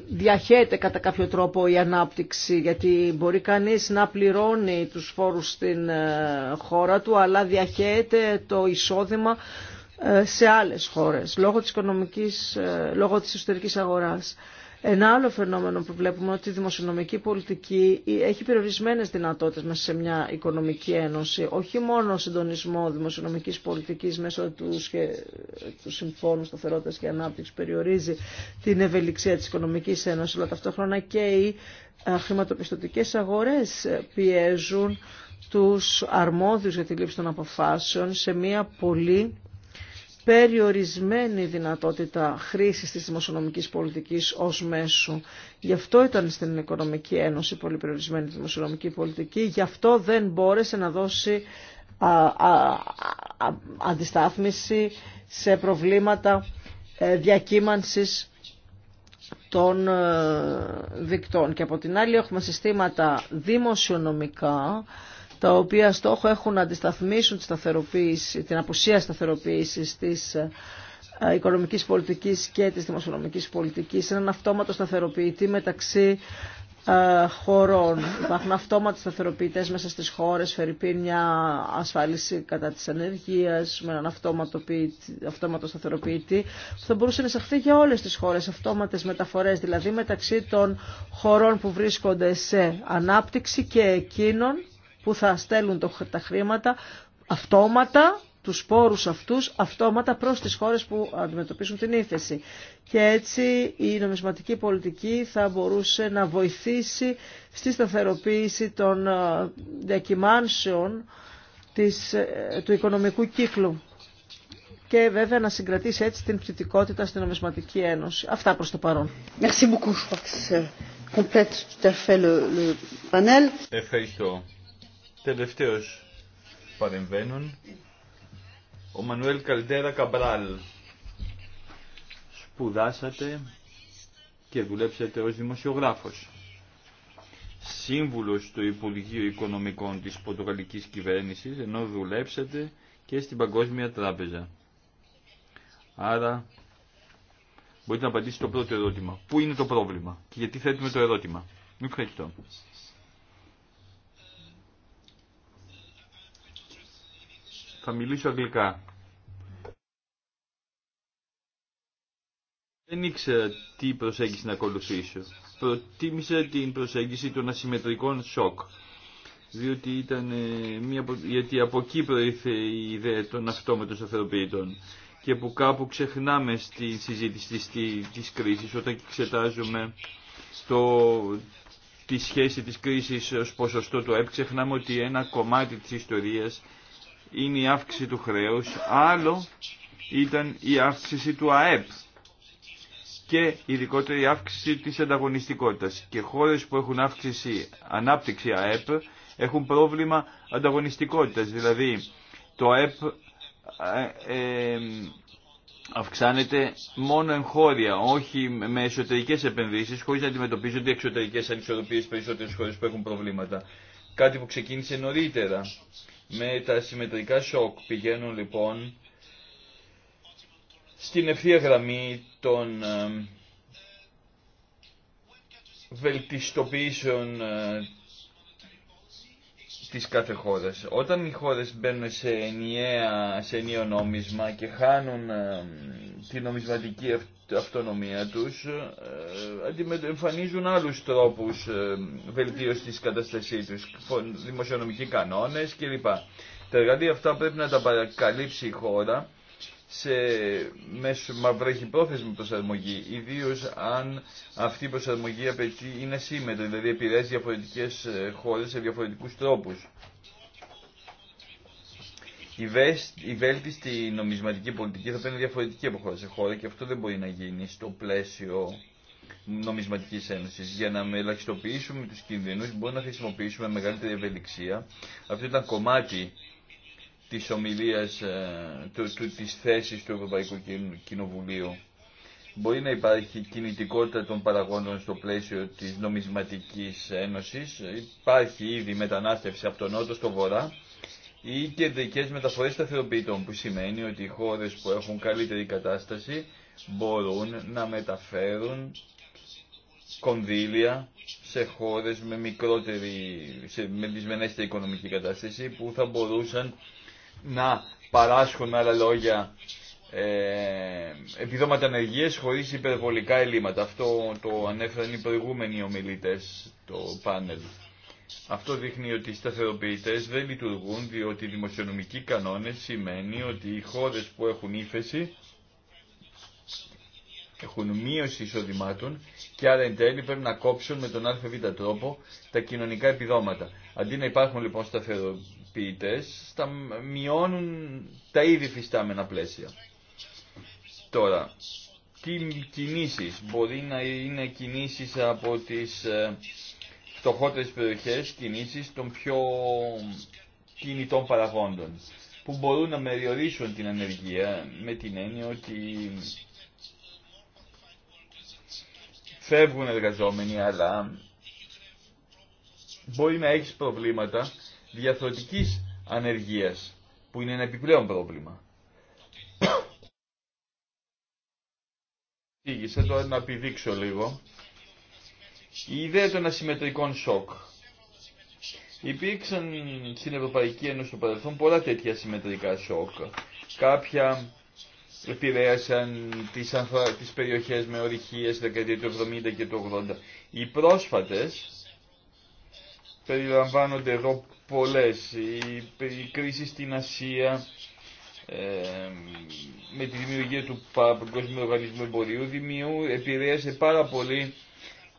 διαχέεται κατά κάποιο τρόπο η ανάπτυξη γιατί μπορεί κανείς να πληρώνει τους φόρους στην ε, χώρα του αλλά διαχέεται το εισόδημα ε, σε άλλες χώρες λόγω της, οικονομικής, λόγω της εσωτερικής αγοράς. Ένα άλλο φαινόμενο που βλέπουμε ότι η δημοσιονομική πολιτική έχει περιορισμένες δυνατότητες μέσα σε μια οικονομική ένωση. Όχι μόνο συντονισμό δημοσιονομικής πολιτικής μέσω του, του Συμφώνου Σταθερότητας και Ανάπτυξης περιορίζει την ευελιξία της οικονομικής ένωσης, αλλά ταυτόχρονα και οι ε, χρηματοπιστωτικές αγορές ε, πιέζουν τους αρμόδιους για τη λήψη των αποφάσεων σε μια πολύ περιορισμένη δυνατότητα χρήσης της δημοσιονομικής πολιτικής ως μέσου. Γι' αυτό ήταν στην Οικονομική Ένωση πολύ περιορισμένη η δημοσιονομική πολιτική, γι' αυτό δεν μπόρεσε να δώσει α, α, α, αντιστάθμιση σε προβλήματα ε, διακύμανσης των ε, δικτών. Και από την άλλη έχουμε συστήματα δημοσιονομικά, τα οποία στόχο έχουν να αντισταθμίσουν τη σταθεροποίηση, την απουσία σταθεροποίηση της ε, οικονομικής πολιτικής και της δημοσιονομικής πολιτικής. Είναι ένα αυτόματο σταθεροποιητή μεταξύ ε, χωρών. Υπάρχουν αυτόματοι σταθεροποιητέ μέσα στι χώρε, φερειπίν μια ασφάλιση κατά τη ανεργία, με έναν αυτόματο σταθεροποιητή, που θα μπορούσε να εισαχθεί για όλε τι χώρε. Αυτόματε μεταφορέ δηλαδή μεταξύ των χωρών που βρίσκονται σε ανάπτυξη και εκείνων που θα στέλνουν τα χρήματα αυτόματα, τους σπόρους αυτούς, αυτόματα προς τις χώρες που αντιμετωπίσουν την ύφεση. Και έτσι η νομισματική πολιτική θα μπορούσε να βοηθήσει στη σταθεροποίηση των ε, διακυμάνσεων της, ε, του οικονομικού κύκλου και βέβαια να συγκρατήσει έτσι την πτυτικότητα στην Νομισματική Ένωση. Αυτά προς το παρόν. Ευχαριστώ. Τελευταίος παρεμβαίνουν ο Μανουέλ Καλτέρα Καμπράλ. Σπουδάσατε και δουλέψατε ως δημοσιογράφος. Σύμβουλος του Υπουργείου Οικονομικών της Πορτογαλικής Κυβέρνησης, ενώ δουλέψατε και στην Παγκόσμια Τράπεζα. Άρα, μπορείτε να απαντήσετε το πρώτο ερώτημα. Πού είναι το πρόβλημα και γιατί θέτουμε το ερώτημα. Ευχαριστώ. Θα μιλήσω αγγλικά. Δεν ήξερα τι προσέγγιση να ακολουθήσω. Προτίμησα την προσέγγιση των ασυμμετρικών σοκ. Διότι, ήταν, ε, μια, γιατί από εκεί προήρθε η ιδέα των αυτόματων σταθεροποιητών και που κάπου ξεχνάμε στη συζήτηση της, της κρίσης όταν εξετάζουμε το, τη σχέση της κρίσης ως ποσοστό του ΕΠ ξεχνάμε ότι ένα κομμάτι της ιστορίας είναι η αύξηση του χρέους, άλλο ήταν η αύξηση του ΑΕΠ και ειδικότερα η αύξηση της ανταγωνιστικότητας. Και χώρες που έχουν αύξηση ανάπτυξη ΑΕΠ έχουν πρόβλημα ανταγωνιστικότητας. Δηλαδή το ΑΕΠ ε, ε, αυξάνεται μόνο εγχώρια, όχι με εσωτερικές επενδύσεις, χωρίς να αντιμετωπίζονται εξωτερικές ανισορροπίες περισσότερες χώρες που έχουν προβλήματα. Κάτι που ξεκίνησε νωρίτερα με τα συμμετρικά σοκ πηγαίνουν λοιπόν στην ευθεία γραμμή των ε, βελτιστοποιήσεων ε, κάθε Όταν οι χώρες μπαίνουν σε, ενιαία, σε ενιαίο νόμισμα και χάνουν την ε, τη νομισματική αυτονομία τους, ε, εμφανίζουν άλλους τρόπους ε, βελτίωσης της καταστασής τους, δημοσιονομικοί κανόνες κλπ. Τα εργαλεία αυτά πρέπει να τα παρακαλύψει η χώρα σε μέσω πρόθεσμη προσαρμογή, ιδίω αν αυτή η προσαρμογή απαιτεί, είναι σύμμετρη, δηλαδή επηρεάζει διαφορετικέ ε, χώρε σε διαφορετικού τρόπου. Η, η βέλτιστη νομισματική πολιτική θα παίρνει διαφορετική από χώρα σε χώρα και αυτό δεν μπορεί να γίνει στο πλαίσιο νομισματική Ένωση. Για να ελαχιστοποιήσουμε του κίνδυνου, μπορούμε να χρησιμοποιήσουμε μεγαλύτερη ευελιξία. Αυτό ήταν κομμάτι της ομιλίας, ε, του, του, της θέσης του Ευρωπαϊκού Κοινοβουλίου. Μπορεί να υπάρχει κινητικότητα των παραγόντων στο πλαίσιο της νομισματικής ένωσης. Υπάρχει ήδη μετανάστευση από τον νότο στο βορρά ή και δικές μεταφορές σταθεροποιητών που σημαίνει ότι οι χώρες που έχουν καλύτερη κατάσταση μπορούν να μεταφέρουν κονδύλια σε χώρες με μικρότερη, σε δυσμενέστερη οικονομική κατάσταση που θα μπορούσαν να παράσχουν με άλλα λόγια ε, επιδόματα ανεργία χωρίς υπερβολικά ελλείμματα. Αυτό το ανέφεραν οι προηγούμενοι ομιλητέ το πάνελ. Αυτό δείχνει ότι οι σταθεροποιητέ δεν λειτουργούν διότι οι δημοσιονομικοί κανόνες σημαίνει ότι οι χώρε που έχουν ύφεση έχουν μείωση εισοδημάτων και άρα εν τέλει πρέπει να κόψουν με τον ΑΒ τρόπο τα κοινωνικά επιδόματα. Αντί να υπάρχουν λοιπόν σταθερο θα στα, μειώνουν τα ήδη φυστάμενα πλαίσια. Τώρα, τι κινήσεις. Μπορεί να είναι κινήσεις από τις ε, φτωχότερες περιοχές, κινήσεις των πιο κινητών παραγόντων που μπορούν να μεριορίσουν την ανεργία με την έννοια ότι φεύγουν εργαζόμενοι αλλά μπορεί να έχεις προβλήματα διαθροτικής ανεργίας, που είναι ένα επιπλέον πρόβλημα. Φύγησε το να επιδείξω λίγο. Η ιδέα των ασυμμετρικών σοκ. Υπήρξαν στην Ευρωπαϊκή Ένωση στο παρελθόν πολλά τέτοια συμμετρικά σοκ. Κάποια επηρέασαν τις, ανθρα... περιοχές με ορυχίες δεκαετία του 70 και του 80. Οι πρόσφατες περιλαμβάνονται εδώ πολλές. Η, κρίση στην Ασία με τη δημιουργία του Παγκόσμιου Οργανισμού Εμπορίου δημιού, επηρέασε πάρα πολύ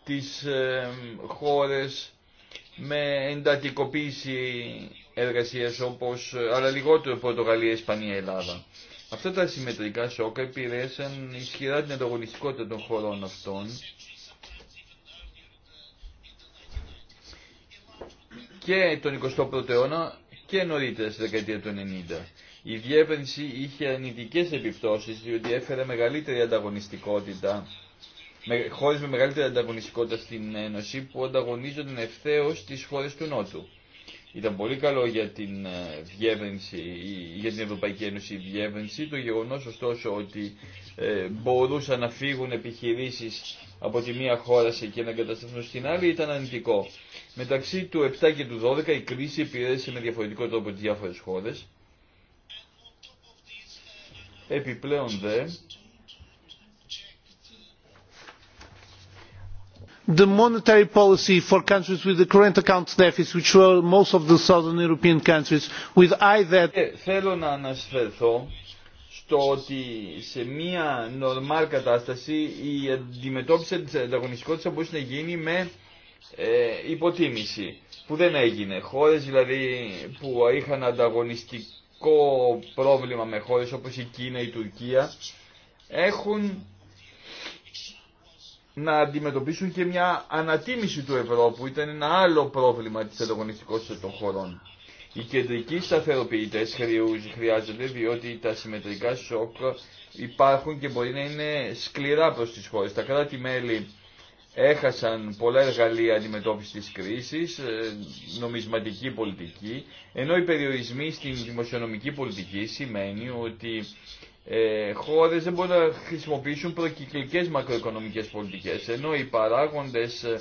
τις ε, χώρες με εντατικοποίηση εργασίας όπως, αλλά λιγότερο Πορτογαλία, Ισπανία, Ελλάδα. Αυτά τα συμμετρικά σοκ επηρέασαν ισχυρά την ανταγωνιστικότητα των χωρών αυτών και τον 21ο αιώνα και νωρίτερα στη δεκαετία του 90. Η διεύρυνση είχε αρνητικές επιπτώσεις διότι έφερε μεγαλύτερη ανταγωνιστικότητα με, χώρες με μεγαλύτερη ανταγωνιστικότητα στην Ένωση που ανταγωνίζονταν ευθέω τις χώρες του Νότου. Ήταν πολύ καλό για την, ε, διεύρυνση, για την Ευρωπαϊκή Ένωση η διεύρυνση, το γεγονός ωστόσο ότι ε, μπορούσαν να φύγουν επιχειρήσεις από τη μία χώρα σε και να εγκατασταθούν στην άλλη ήταν αρνητικό. Μεταξύ του 7 και του 12 η κρίση επηρέασε με διαφορετικό τρόπο τις διάφορες χώρες. Επιπλέον δε... The monetary policy for countries with the current account deficit, which were most of the southern European countries, with either... Ε, θέλω να ανασφερθώ στο ότι σε μια νορμάλ κατάσταση η αντιμετώπιση της ανταγωνιστικότητας μπορεί να γίνει με ε, υποτίμηση που δεν έγινε. Χώρες δηλαδή που είχαν ανταγωνιστικό πρόβλημα με χώρες όπως η Κίνα, η Τουρκία έχουν να αντιμετωπίσουν και μια ανατίμηση του ευρώ που ήταν ένα άλλο πρόβλημα της ανταγωνιστικότητας των χωρών. Οι κεντρικοί σταθεροποιητές χρειάζονται διότι τα συμμετρικά σοκ υπάρχουν και μπορεί να είναι σκληρά προς τις χώρες. Τα κράτη-μέλη έχασαν πολλά εργαλεία αντιμετώπισης της κρίσης, ε, νομισματική πολιτική, ενώ οι περιορισμοί στην δημοσιονομική πολιτική σημαίνει ότι ε, χώρες δεν μπορούν να χρησιμοποιήσουν προκυκλικές μακροοικονομικές πολιτικές, ενώ οι παράγοντες, ε,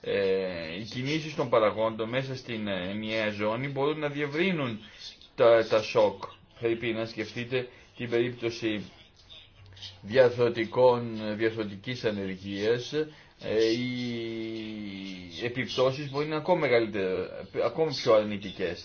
ε, οι κινήσεις των παραγόντων μέσα στην ενιαία ζώνη μπορούν να διευρύνουν τα, τα σοκ. Πρέπει να σκεφτείτε την περίπτωση διαθροτικών, διαθροτικής ανεργίας, ε, οι επιπτώσεις μπορεί να είναι ακόμα, μεγαλύτερα, ακόμα πιο αρνητικές.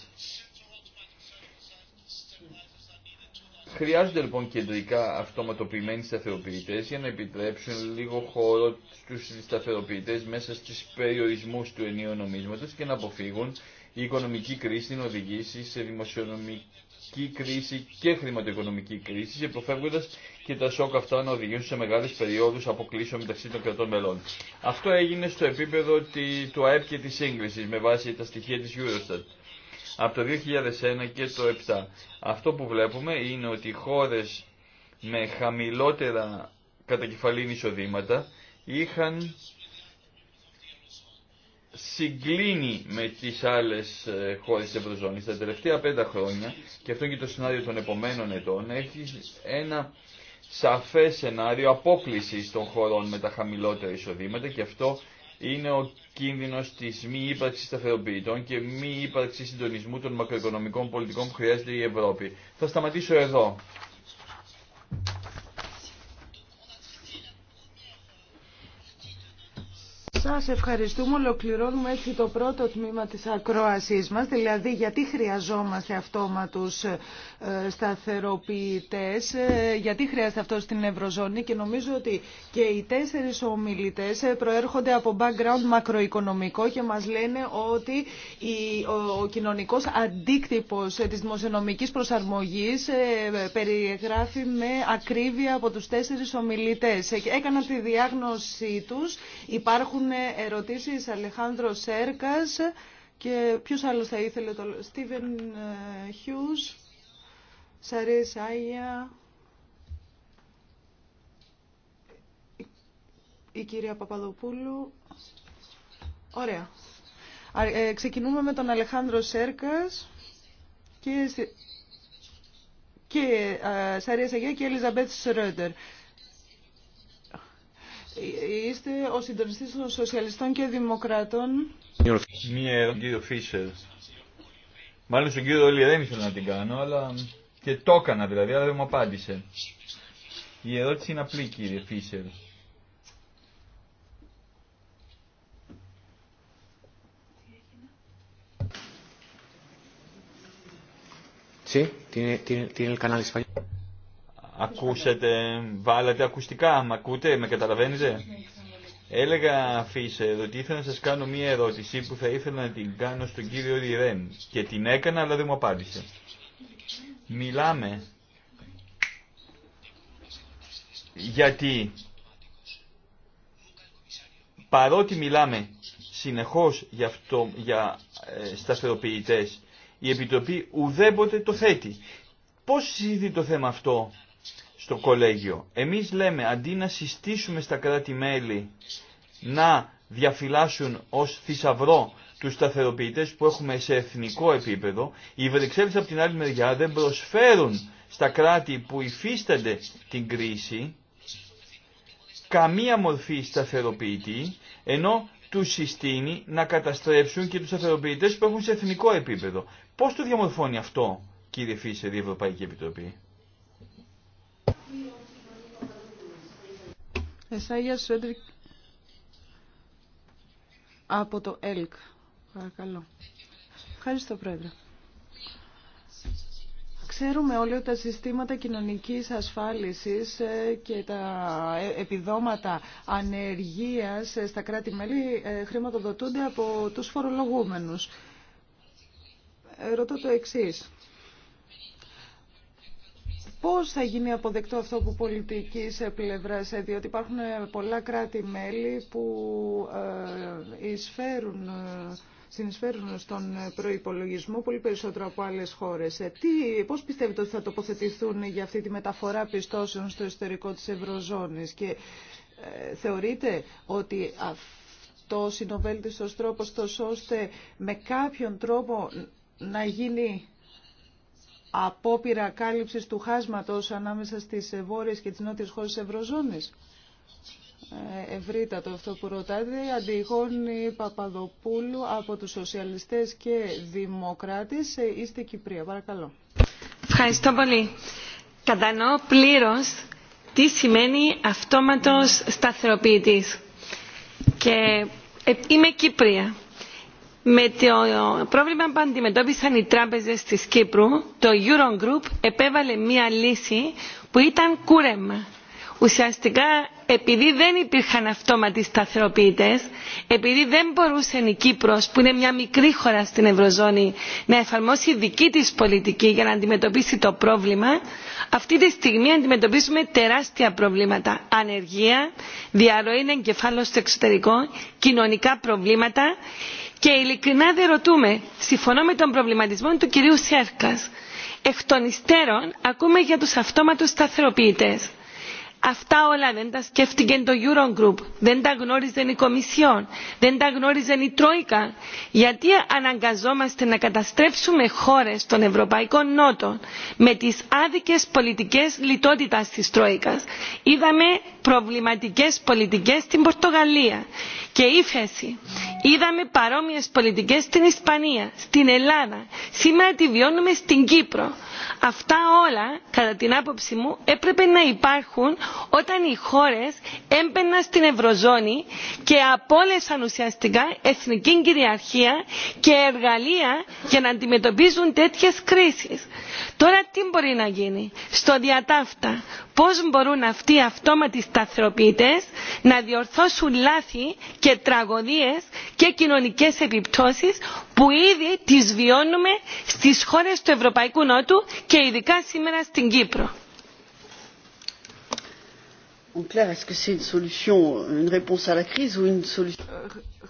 Χρειάζονται λοιπόν κεντρικά αυτοματοποιημένοι σταθεροποιητέ, για να επιτρέψουν λίγο χώρο στους σταθεροποιητέ μέσα στου περιορισμού του ενίου νομίσματο και να αποφύγουν η οικονομική κρίση να οδηγήσει σε δημοσιονομική κρίση και χρηματοοικονομική κρίση, αποφεύγοντας και τα σοκ αυτά να οδηγήσουν σε μεγάλες περιόδους αποκλήσεων μεταξύ των κρατών μελών. Αυτό έγινε στο επίπεδο του ΑΕΠ και της σύγκρισης με βάση τα στοιχεία της Eurostat από το 2001 και το 2007. Αυτό που βλέπουμε είναι ότι οι χώρες με χαμηλότερα κατακεφαλήν εισοδήματα είχαν συγκλίνει με τις άλλες ε, χώρες της Ευρωζώνης τα τελευταία πέντε χρόνια και αυτό και το σενάριο των επομένων ετών έχει ένα Σαφέ σενάριο απόκληση των χωρών με τα χαμηλότερα εισοδήματα και αυτό είναι ο κίνδυνο τη μη ύπαρξη σταθεροποιητών και μη ύπαρξη συντονισμού των μακροοικονομικών πολιτικών που χρειάζεται η Ευρώπη. Θα σταματήσω εδώ. Σας ευχαριστούμε. Ολοκληρώνουμε έτσι το πρώτο τμήμα της ακρόασής μας, δηλαδή γιατί χρειαζόμαστε αυτόματους σταθεροποιητές. Ε, γιατί χρειάζεται αυτό στην Ευρωζώνη και νομίζω ότι και οι τέσσερις ομιλητές ε, προέρχονται από background μακροοικονομικό και μας λένε ότι ο κοινωνικός αντίκτυπος ε, της δημοσιονομικής προσαρμογής περιγράφει με ακρίβεια από τους τέσσερις ομιλητές. Έκανα τη διάγνωσή τους. Υπάρχουν ερωτήσεις Αλεχάνδρο Σέρκας και ποιος άλλος θα ήθελε το... Στίβεν Χιούς. Σαρές Άγια, η κυρία Παπαδοπούλου. Ωραία. Ε, ξεκινούμε με τον Αλεχάνδρο Σέρκας και, και ε, Σαρία Αγία και Ελιζαμπέτ Σρόντερ. Είστε ο συντονιστής των Σοσιαλιστών και Δημοκρατών. Μία, τον κύριο Φίσερ. Μάλιστα ο κύριο Όλια δεν ήθελα να την κάνω, αλλά και το έκανα δηλαδή, αλλά δεν μου απάντησε. Η ερώτηση είναι απλή κύριε Φίσερ. Ακούσατε, βάλατε ακουστικά, με ακούτε, με καταλαβαίνετε. Έλεγα, Φίσερ, ότι ήθελα να σας κάνω μία ερώτηση που θα ήθελα να την κάνω στον κύριο Ριρέν και την έκανα αλλά δεν μου απάντησε. Μιλάμε γιατί παρότι μιλάμε συνεχώς για, αυτό, για ε, σταθεροποιητές, η Επιτροπή ουδέποτε το θέτει. Πώς συζητεί το θέμα αυτό στο κολέγιο. Εμείς λέμε αντί να συστήσουμε στα κράτη-μέλη να διαφυλάσσουν ως θησαυρό τους σταθεροποιητέ που έχουμε σε εθνικό επίπεδο, οι Βρυξέλλε από την άλλη μεριά δεν προσφέρουν στα κράτη που υφίστανται την κρίση καμία μορφή σταθεροποιητή, ενώ του συστήνει να καταστρέψουν και τους σταθεροποιητέ που έχουν σε εθνικό επίπεδο. Πώς το διαμορφώνει αυτό, κύριε Φίσερ, η Ευρωπαϊκή Επιτροπή. Εσάγια Σέντρικ από το ΕΛΚ. Παρακαλώ. Ευχαριστώ, Πρόεδρε. Ξέρουμε όλοι ότι τα συστήματα κοινωνικής ασφάλισης ε, και τα ε, επιδόματα ανεργίας ε, στα κράτη-μέλη χρηματοδοτούνται από τους φορολογούμενους. Ρωτώ το εξής. Πώς θα γίνει αποδεκτό αυτό από πολιτικής πλευράς, διότι υπάρχουν πολλά κράτη-μέλη που εισφέρουν συνεισφέρουν στον προϋπολογισμό πολύ περισσότερο από άλλες χώρες. Ε, τι, πώς πιστεύετε ότι θα τοποθετηθούν για αυτή τη μεταφορά πιστώσεων στο εσωτερικό της Ευρωζώνης και ε, θεωρείτε ότι αυτό συνοβέλεται τρόπο τρόπος ώστε με κάποιον τρόπο να γίνει απόπειρα κάλυψης του χάσματος ανάμεσα στις βόρειες και τις νότιες χώρες της Ευρωζώνης. Ε, ευρύτατο αυτό που ρωτάτε. Αντιγόνη Παπαδοπούλου από τους Σοσιαλιστές και Δημοκράτες. Ε, είστε Κυπρία. Παρακαλώ. Ευχαριστώ πολύ. Κατανοώ πλήρως τι σημαίνει αυτόματος σταθεροποιητής. Και ε, είμαι Κύπρια. Με το πρόβλημα που αντιμετώπισαν οι τράπεζες της Κύπρου, το Eurogroup επέβαλε μία λύση που ήταν κούρεμα ουσιαστικά επειδή δεν υπήρχαν αυτόματοι σταθεροποιητέ, επειδή δεν μπορούσε η Κύπρος που είναι μια μικρή χώρα στην Ευρωζώνη να εφαρμόσει δική της πολιτική για να αντιμετωπίσει το πρόβλημα, αυτή τη στιγμή αντιμετωπίζουμε τεράστια προβλήματα. Ανεργία, διαρροή εγκεφάλων στο εξωτερικό, κοινωνικά προβλήματα και ειλικρινά δεν ρωτούμε, συμφωνώ με τον προβληματισμό του κυρίου Σέρκας, εκ των υστέρων ακούμε για τους αυτόματους σταθεροποιητές Αυτά όλα δεν τα σκέφτηκε το Eurogroup, δεν τα γνώριζε η Κομισιόν, δεν τα γνώριζε η Τρόικα. Γιατί αναγκαζόμαστε να καταστρέψουμε χώρες των Ευρωπαϊκών Νότων με τις άδικες πολιτικές λιτότητας της Τρόικας. Είδαμε προβληματικές πολιτικές στην Πορτογαλία και ύφεση. είδαμε παρόμοιες πολιτικές στην ισπανία στην ελλάδα σήμερα τη βιώνουμε στην κύπρο. αυτά όλα κατά την άποψή μου έπρεπε να υπάρχουν όταν οι χώρες έμπαιναν στην ευρωζώνη και απόλυσαν ουσιαστικά εθνική κυριαρχία και εργαλεία για να αντιμετωπίζουν τέτοιες κρίσεις. τώρα τι μπορεί να γίνει; στο διατάφτα πώς μπορούν αυτοί οι αυτόματοι σταθεροποιητές να διορθώσουν λάθη και τραγωδίες και κοινωνικές επιπτώσεις που ήδη τις βιώνουμε στις χώρες του Ευρωπαϊκού Νότου και ειδικά σήμερα στην Κύπρο.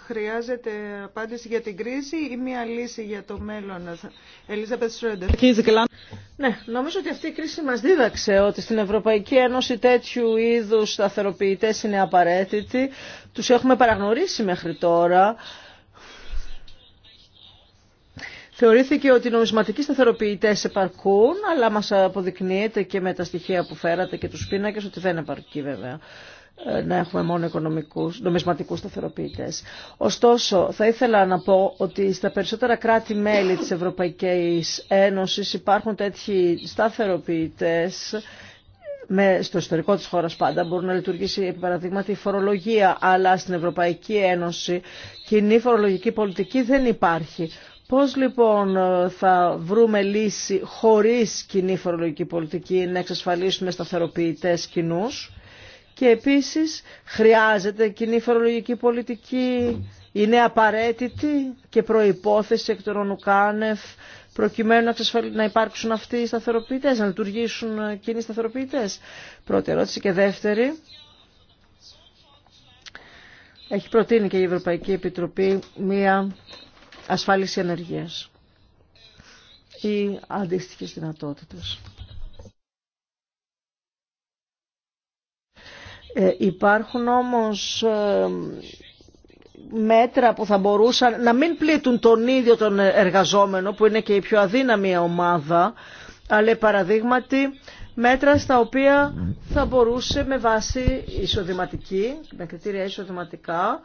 Χρειάζεται απάντηση για την κρίση ή μία λύση για το μέλλον. Ναι, νομίζω ότι αυτή η κρίση μας δίδαξε ότι στην Ευρωπαϊκή Ένωση τέτοιου είδους σταθεροποιητές είναι απαραίτητοι. Τους έχουμε παραγνωρίσει μέχρι τώρα. Θεωρήθηκε ότι οι νομισματικοί σταθεροποιητέ επαρκούν, αλλά μα αποδεικνύεται και με τα στοιχεία που φέρατε και του πίνακε ότι δεν επαρκεί βέβαια ε, να έχουμε μόνο οικονομικούς, νομισματικούς σταθεροποιητές. Ωστόσο, θα ήθελα να πω ότι στα περισσότερα κράτη-μέλη της Ευρωπαϊκής Ένωσης υπάρχουν τέτοιοι σταθεροποιητές με, στο ιστορικό της χώρας πάντα μπορούν να λειτουργήσει επί παραδείγματι η φορολογία αλλά στην Ευρωπαϊκή Ένωση κοινή φορολογική πολιτική δεν υπάρχει Πώς λοιπόν ε, θα βρούμε λύση χωρίς κοινή φορολογική πολιτική να εξασφαλίσουμε σταθεροποιητές κοινού. και επίσης χρειάζεται κοινή φορολογική πολιτική, είναι απαραίτητη και προϋπόθεση εκ των προκειμένου να, να υπάρξουν αυτοί οι σταθεροποιητές, να λειτουργήσουν ε, κοινοί σταθεροποιητές. Πρώτη ερώτηση και δεύτερη. Έχει προτείνει και η Ευρωπαϊκή Επιτροπή μία ασφάλιση ενεργείας ή αντίστοιχες δυνατότητες. Ε, υπάρχουν όμως ε, μέτρα που θα μπορούσαν να μην πλήττουν τον ίδιο τον εργαζόμενο που είναι και η πιο αδύναμη ομάδα αλλά παραδείγματι μέτρα στα οποία θα μπορούσε με βάση εισοδηματική, με κριτήρια εισοδηματικά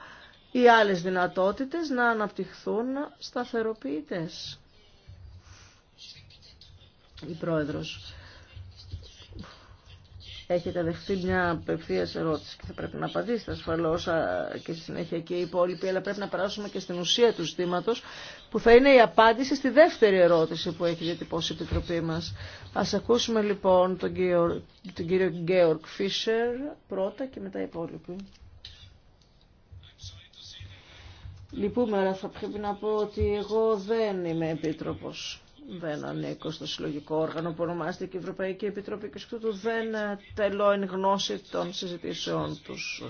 οι άλλες δυνατότητες να αναπτυχθούν σταθεροποιητές. Η Πρόεδρος. Έχετε δεχτεί μια απευθεία ερώτηση και θα πρέπει να απαντήσετε ασφαλώ και στη συνέχεια και οι υπόλοιποι, αλλά πρέπει να περάσουμε και στην ουσία του ζητήματο, που θα είναι η απάντηση στη δεύτερη ερώτηση που έχει διατυπώσει η Επιτροπή μα. Α ακούσουμε λοιπόν τον κύριο, τον κύριο Γκέορκ Φίσερ πρώτα και μετά οι υπόλοιποι. Λυπούμε, αλλά θα πρέπει να πω ότι εγώ δεν είμαι επίτροπος. Δεν ανήκω στο συλλογικό όργανο που ονομάζεται και η Ευρωπαϊκή Επιτροπή και του δεν τελώ εν γνώση των συζητήσεών τους.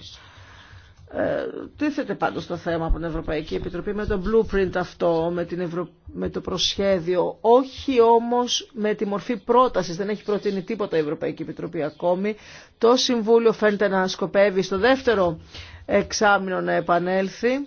Ε, τίθεται πάντως το θέμα από την Ευρωπαϊκή Επιτροπή με το blueprint αυτό, με, την με το προσχέδιο, όχι όμως με τη μορφή πρότασης, δεν έχει προτείνει τίποτα η Ευρωπαϊκή Επιτροπή ακόμη. Το Συμβούλιο φαίνεται να σκοπεύει στο δεύτερο εξάμεινο να επανέλθει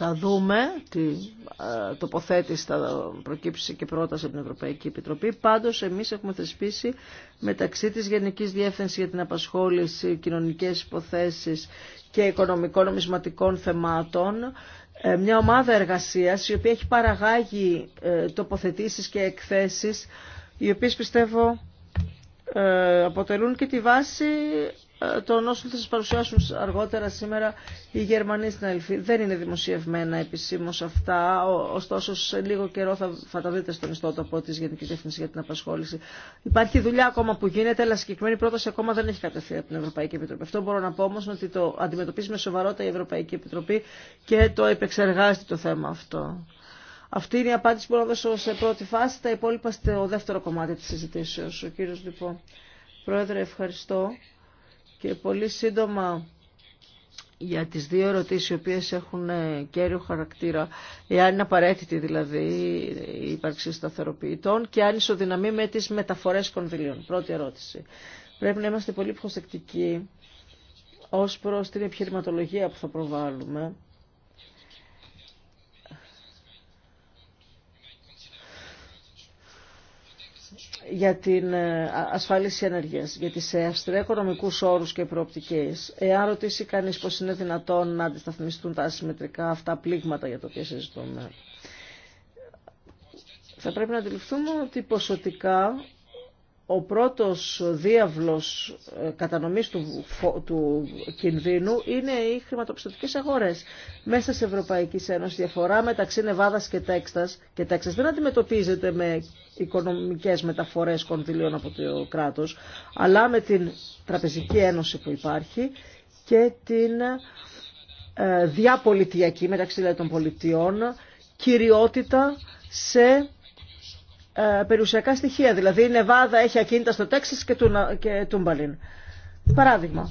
θα δούμε τι ε, τοποθέτηση θα προκύψει και πρόταση από την Ευρωπαϊκή Επιτροπή. Πάντως εμείς έχουμε θεσπίσει μεταξύ της Γενικής Διεύθυνσης για την Απασχόληση, Κοινωνικές Υποθέσεις και Οικονομικών Νομισματικών Θεμάτων ε, μια ομάδα εργασίας η οποία έχει παραγάγει ε, τοποθετήσεις και εκθέσεις οι οποίες πιστεύω αποτελούν και τη βάση ε, τον όσο θα σας παρουσιάσουν αργότερα σήμερα οι Γερμανοί στην Αλφή. Δεν είναι δημοσιευμένα επισήμως αυτά, ωστόσο σε λίγο καιρό θα, θα τα δείτε στον ιστότοπο της Γενικής Διεύθυνσης για την Απασχόληση. Υπάρχει δουλειά ακόμα που γίνεται, αλλά συγκεκριμένη πρόταση ακόμα δεν έχει κατευθεί από την Ευρωπαϊκή Επιτροπή. Αυτό μπορώ να πω όμως ότι το αντιμετωπίζει με σοβαρότητα η Ευρωπαϊκή Επιτροπή και το επεξεργάζεται το θέμα αυτό. Αυτή είναι η απάντηση που μπορώ να δώσω σε πρώτη φάση. Τα υπόλοιπα στο δεύτερο κομμάτι της συζητήσεως. Ο κύριος λοιπόν. Πρόεδρε, ευχαριστώ και πολύ σύντομα για τις δύο ερωτήσεις οι οποίες έχουν ε, κέριο χαρακτήρα, εάν είναι απαραίτητη δηλαδή η ύπαρξη σταθεροποιητών και αν ισοδυναμεί με τις μεταφορές κονδυλίων. Πρώτη ερώτηση. Πρέπει να είμαστε πολύ προσεκτικοί ως προς την επιχειρηματολογία που θα προβάλλουμε για την ε, ασφάλιση ενέργειας, για τι αυστηρά οικονομικού όρους και προοπτικές, εάν ρωτήσει κανείς πώς είναι δυνατόν να αντισταθμιστούν τα ασυμμετρικά αυτά πλήγματα για τα οποία συζητούμε, θα πρέπει να αντιληφθούμε ότι ποσοτικά ο πρώτος διάβλος ε, κατανομής του, του κινδύνου είναι οι χρηματοπιστωτικές αγορές. Μέσα σε Ευρωπαϊκή Ένωση διαφορά μεταξύ Νεβάδας και Τέξτας και Τέξας δεν αντιμετωπίζεται με οικονομικές μεταφορές κονδυλίων από το κράτος, αλλά με την τραπεζική ένωση που υπάρχει και την ε, διαπολιτιακή μεταξύ δηλαδή των πολιτιών κυριότητα σε ε, περιουσιακά στοιχεία. Δηλαδή η Νεβάδα έχει ακίνητα στο Τέξας και, και Τούμπαλιν. Παράδειγμα.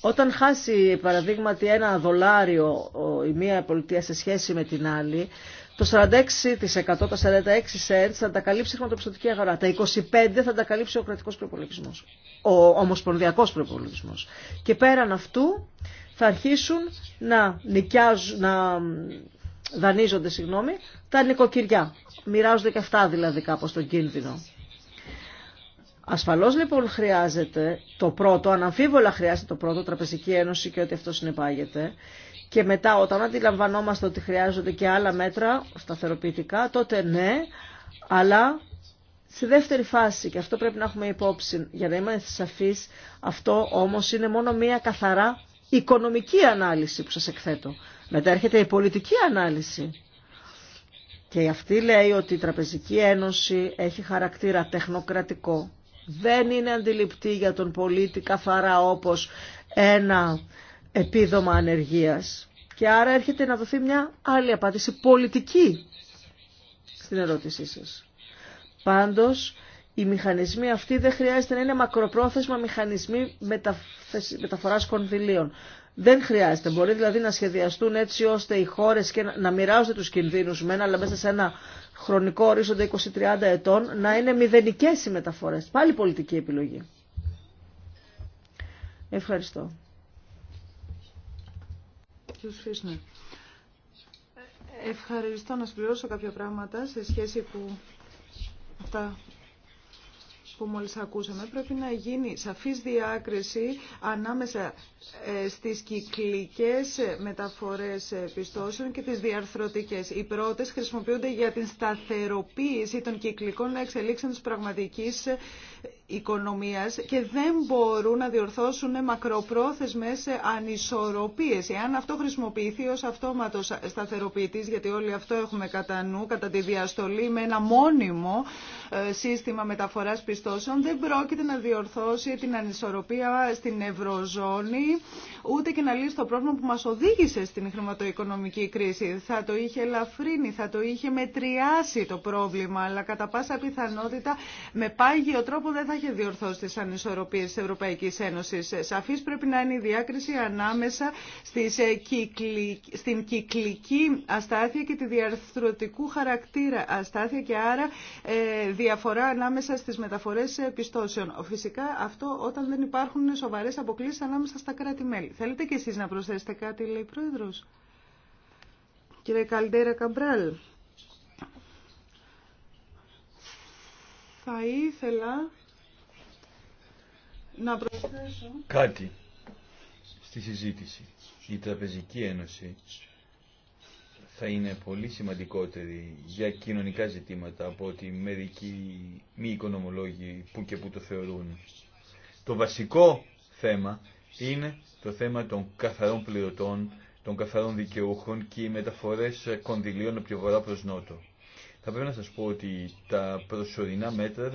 Όταν χάσει παραδείγματι ένα δολάριο η μία πολιτεία σε σχέση με την άλλη, το 46%, τα 46 cents θα τα καλύψει η χρηματοπιστωτική αγορά. Τα 25 θα τα καλύψει ο κρατικό προπολογισμό. Ο ομοσπονδιακό προπολογισμό. Και πέραν αυτού θα αρχίσουν να νοικιάζουν, να δανείζονται συγγνώμη, τα νοικοκυριά. Μοιράζονται και αυτά δηλαδή κάπως τον κίνδυνο. Ασφαλώς λοιπόν χρειάζεται το πρώτο, αναμφίβολα χρειάζεται το πρώτο, τραπεζική ένωση και ό,τι αυτό συνεπάγεται. Και μετά όταν αντιλαμβανόμαστε ότι χρειάζονται και άλλα μέτρα σταθεροποιητικά, τότε ναι, αλλά στη δεύτερη φάση, και αυτό πρέπει να έχουμε υπόψη για να είμαστε σαφείς, αυτό όμως είναι μόνο μία καθαρά οικονομική ανάλυση που σας εκθέτω. Μετά έρχεται η πολιτική ανάλυση. Και αυτή λέει ότι η Τραπεζική Ένωση έχει χαρακτήρα τεχνοκρατικό. Δεν είναι αντιληπτή για τον πολίτη καθαρά όπως ένα επίδομα ανεργίας. Και άρα έρχεται να δοθεί μια άλλη απάντηση πολιτική στην ερώτησή σας. Πάντως, οι μηχανισμοί αυτοί δεν χρειάζεται να είναι μακροπρόθεσμα μηχανισμοί μεταφοράς κονδυλίων. Δεν χρειάζεται. Μπορεί δηλαδή να σχεδιαστούν έτσι ώστε οι χώρε και να μοιράζονται του κινδύνου μένα, αλλά μέσα σε ένα χρονικό ορίζοντα 20-30 ετών να είναι μηδενικέ οι μεταφορέ. Πάλι πολιτική επιλογή. Ευχαριστώ. Ε, ευχαριστώ να συμπληρώσω κάποια πράγματα σε σχέση που αυτά που μόλις ακούσαμε, πρέπει να γίνει σαφής διάκριση ανάμεσα ε, στις κυκλικές ε, μεταφορές ε, πιστώσεων και τις διαρθρωτικές. Οι πρώτες χρησιμοποιούνται για την σταθεροποίηση των κυκλικών εξελίξεων της πραγματικής οικονομίας και δεν μπορούν να διορθώσουν μακροπρόθεσμες ανισορροπίες. Εάν αυτό χρησιμοποιηθεί ως αυτόματος σταθεροποιητής, γιατί όλοι αυτό έχουμε κατά νου, κατά τη διαστολή με ένα μόνιμο ε, σύστημα μεταφοράς πιστώσεων, δεν πρόκειται να διορθώσει την ανισορροπία στην Ευρωζώνη, ούτε και να λύσει το πρόβλημα που μας οδήγησε στην χρηματοοικονομική κρίση. Θα το είχε ελαφρύνει, θα το είχε μετριάσει το πρόβλημα, αλλά κατά πάσα πιθανότητα με πάγιο τρόπο δεν θα είχε διορθώσει τι ανισορροπίε τη Ευρωπαϊκή Ένωση. Σαφή πρέπει να είναι η διάκριση ανάμεσα στις, ε, στην κυκλική αστάθεια και τη διαρθρωτικού χαρακτήρα αστάθεια και άρα ε, διαφορά ανάμεσα στις μεταφορές ε, πιστώσεων. Φυσικά αυτό όταν δεν υπάρχουν σοβαρέ αποκλήσει ανάμεσα στα κράτη-μέλη. Θέλετε κι εσεί να προσθέσετε κάτι, λέει η Πρόεδρος. Κύριε Καλντέρα Καμπράλ, θα ήθελα να προσθέσω κάτι στη συζήτηση. Η Τραπεζική Ένωση θα είναι πολύ σημαντικότερη για κοινωνικά ζητήματα από ότι μερικοί μη οικονομολόγοι που και που το θεωρούν. Το βασικό θέμα είναι το θέμα των καθαρών πληρωτών, των καθαρών δικαιούχων και οι μεταφορές κονδυλίων από βορρά προς νότο. Θα πρέπει να σας πω ότι τα προσωρινά μέτρα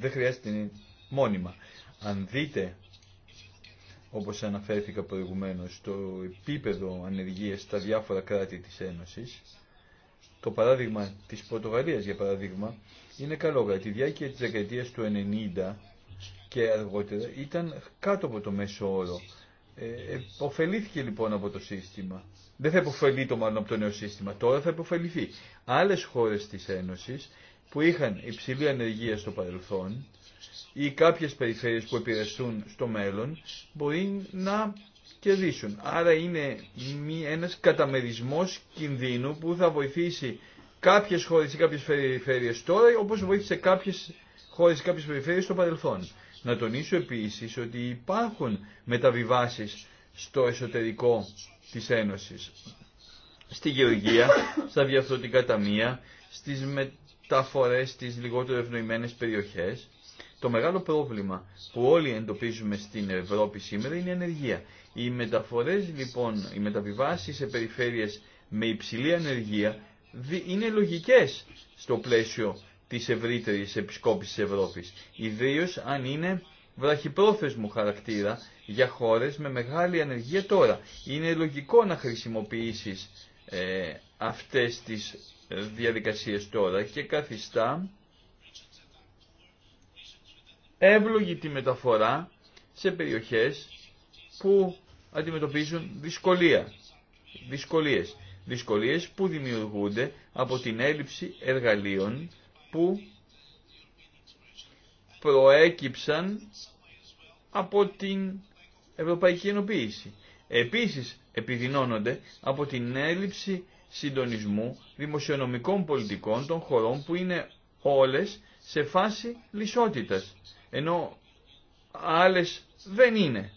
δεν χρειάζεται μόνιμα. Αν δείτε, όπως αναφέρθηκα προηγουμένως, το επίπεδο ανεργίας στα διάφορα κράτη της Ένωσης, το παράδειγμα της Πορτογαλίας, για παράδειγμα, είναι καλό. γιατί τη διάρκεια της δεκαετίας του 90 και αργότερα ήταν κάτω από το μέσο όρο. Ε, λοιπόν από το σύστημα. Δεν θα υποφελεί το μάλλον από το νέο σύστημα. Τώρα θα υποφεληθεί. Άλλες χώρες της Ένωσης που είχαν υψηλή ανεργία στο παρελθόν ή κάποιες περιφέρειες που επηρεαστούν στο μέλλον μπορεί να κερδίσουν. Άρα είναι ένας καταμερισμός κινδύνου που θα βοηθήσει κάποιες χώρες ή κάποιες περιφέρειες τώρα όπως βοήθησε κάποιες χώρες ή κάποιες περιφέρειες στο παρελθόν. Να τονίσω επίσης ότι υπάρχουν μεταβιβάσεις στο εσωτερικό της Ένωσης. Στη γεωργία, στα διαφθορτικά ταμεία, στις μεταφορές στις λιγότερο ευνοημένες περιοχές το μεγάλο πρόβλημα που όλοι εντοπίζουμε στην Ευρώπη σήμερα είναι η ανεργία. Οι μεταφορές λοιπόν, οι μεταβιβάσεις σε περιφέρειες με υψηλή ανεργία είναι λογικές στο πλαίσιο της ευρύτερης επισκόπησης της Ευρώπης. Ιδίως αν είναι βραχυπρόθεσμο χαρακτήρα για χώρες με μεγάλη ανεργία τώρα. Είναι λογικό να χρησιμοποιήσεις ε, αυτές τις διαδικασίες τώρα και καθιστά εύλογη τη μεταφορά σε περιοχές που αντιμετωπίζουν δυσκολία, δυσκολίες. Δυσκολίες που δημιουργούνται από την έλλειψη εργαλείων που προέκυψαν από την Ευρωπαϊκή Ενοποίηση. Επίσης επιδεινώνονται από την έλλειψη συντονισμού δημοσιονομικών πολιτικών των χωρών που είναι όλες σε φάση λυσότητας, ενώ άλλες δεν είναι.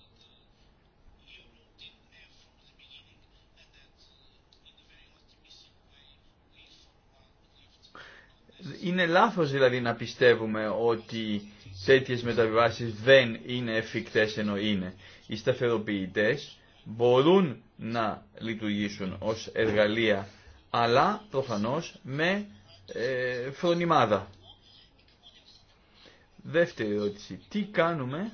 Είναι λάθος δηλαδή να πιστεύουμε ότι τέτοιες μεταβιβάσεις δεν είναι εφικτές ενώ είναι. Οι σταθεροποιητές μπορούν να λειτουργήσουν ως εργαλεία αλλά προφανώς με ε, Δεύτερη ερώτηση. Τι κάνουμε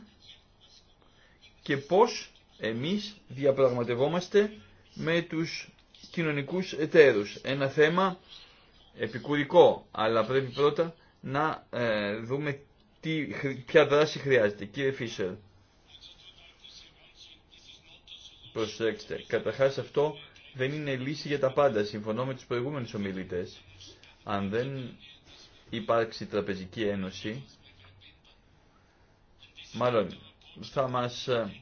και πώς εμείς διαπραγματευόμαστε με τους κοινωνικούς εταίρους. Ένα θέμα επικουρικό, αλλά πρέπει πρώτα να ε, δούμε τι, ποια δράση χρειάζεται. Κύριε Φίσερ, προσέξτε, καταρχάς αυτό δεν είναι λύση για τα πάντα. Συμφωνώ με τους προηγούμενους ομιλητές. Αν δεν υπάρξει τραπεζική ένωση, μάλλον θα μας ε,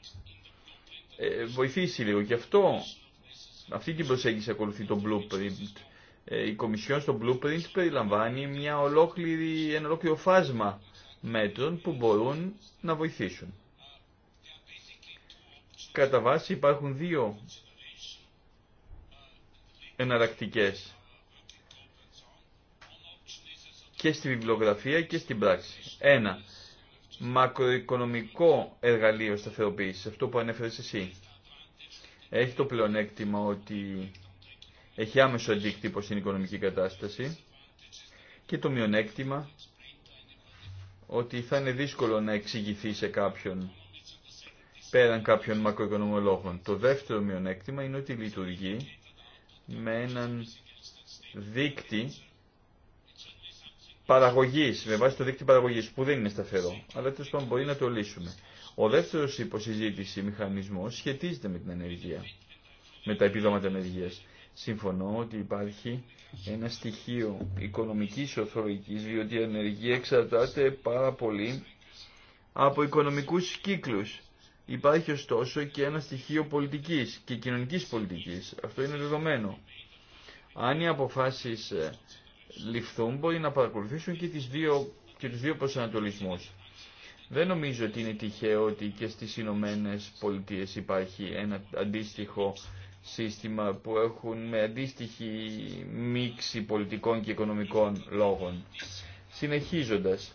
ε, βοηθήσει λίγο. Και αυτό, αυτή την προσέγγιση ακολουθεί το blueprint. Ε, η Κομισιόν στο blueprint περιλαμβάνει μια ολόκληρη, ένα ολόκληρο φάσμα μέτρων που μπορούν να βοηθήσουν. Κατά βάση υπάρχουν δύο εναλλακτικέ και στη βιβλιογραφία και στην πράξη. Ένα, μακροοικονομικό εργαλείο σταθεροποίησης, αυτό που ανέφερε εσύ. Έχει το πλεονέκτημα ότι έχει άμεσο αντίκτυπο στην οικονομική κατάσταση και το μειονέκτημα ότι θα είναι δύσκολο να εξηγηθεί σε κάποιον πέραν κάποιων μακροοικονομολόγων. Το δεύτερο μειονέκτημα είναι ότι λειτουργεί με έναν δίκτυ παραγωγή, με βάση το δίκτυο παραγωγή, που δεν είναι σταθερό, αλλά τέλο πάντων μπορεί να το λύσουμε. Ο δεύτερο υποσυζήτηση μηχανισμό σχετίζεται με την ενεργεία, με τα επιδόματα ενεργεία. Συμφωνώ ότι υπάρχει ένα στοιχείο οικονομική ορθολογική, διότι η πάρα εξαρτάται πάρα πολύ από οικονομικού κύκλου. Υπάρχει ωστόσο και ένα στοιχείο πολιτική και κοινωνική πολιτική. Αυτό είναι δεδομένο. Αν οι αποφάσεις ε, ληφθούν μπορεί να παρακολουθήσουν και, τις δύο, και τους δύο προσανατολισμούς. Δεν νομίζω ότι είναι τυχαίο ότι και στις Ηνωμένε Πολιτείες υπάρχει ένα αντίστοιχο σύστημα που έχουν με αντίστοιχη μίξη πολιτικών και οικονομικών λόγων. Συνεχίζοντας,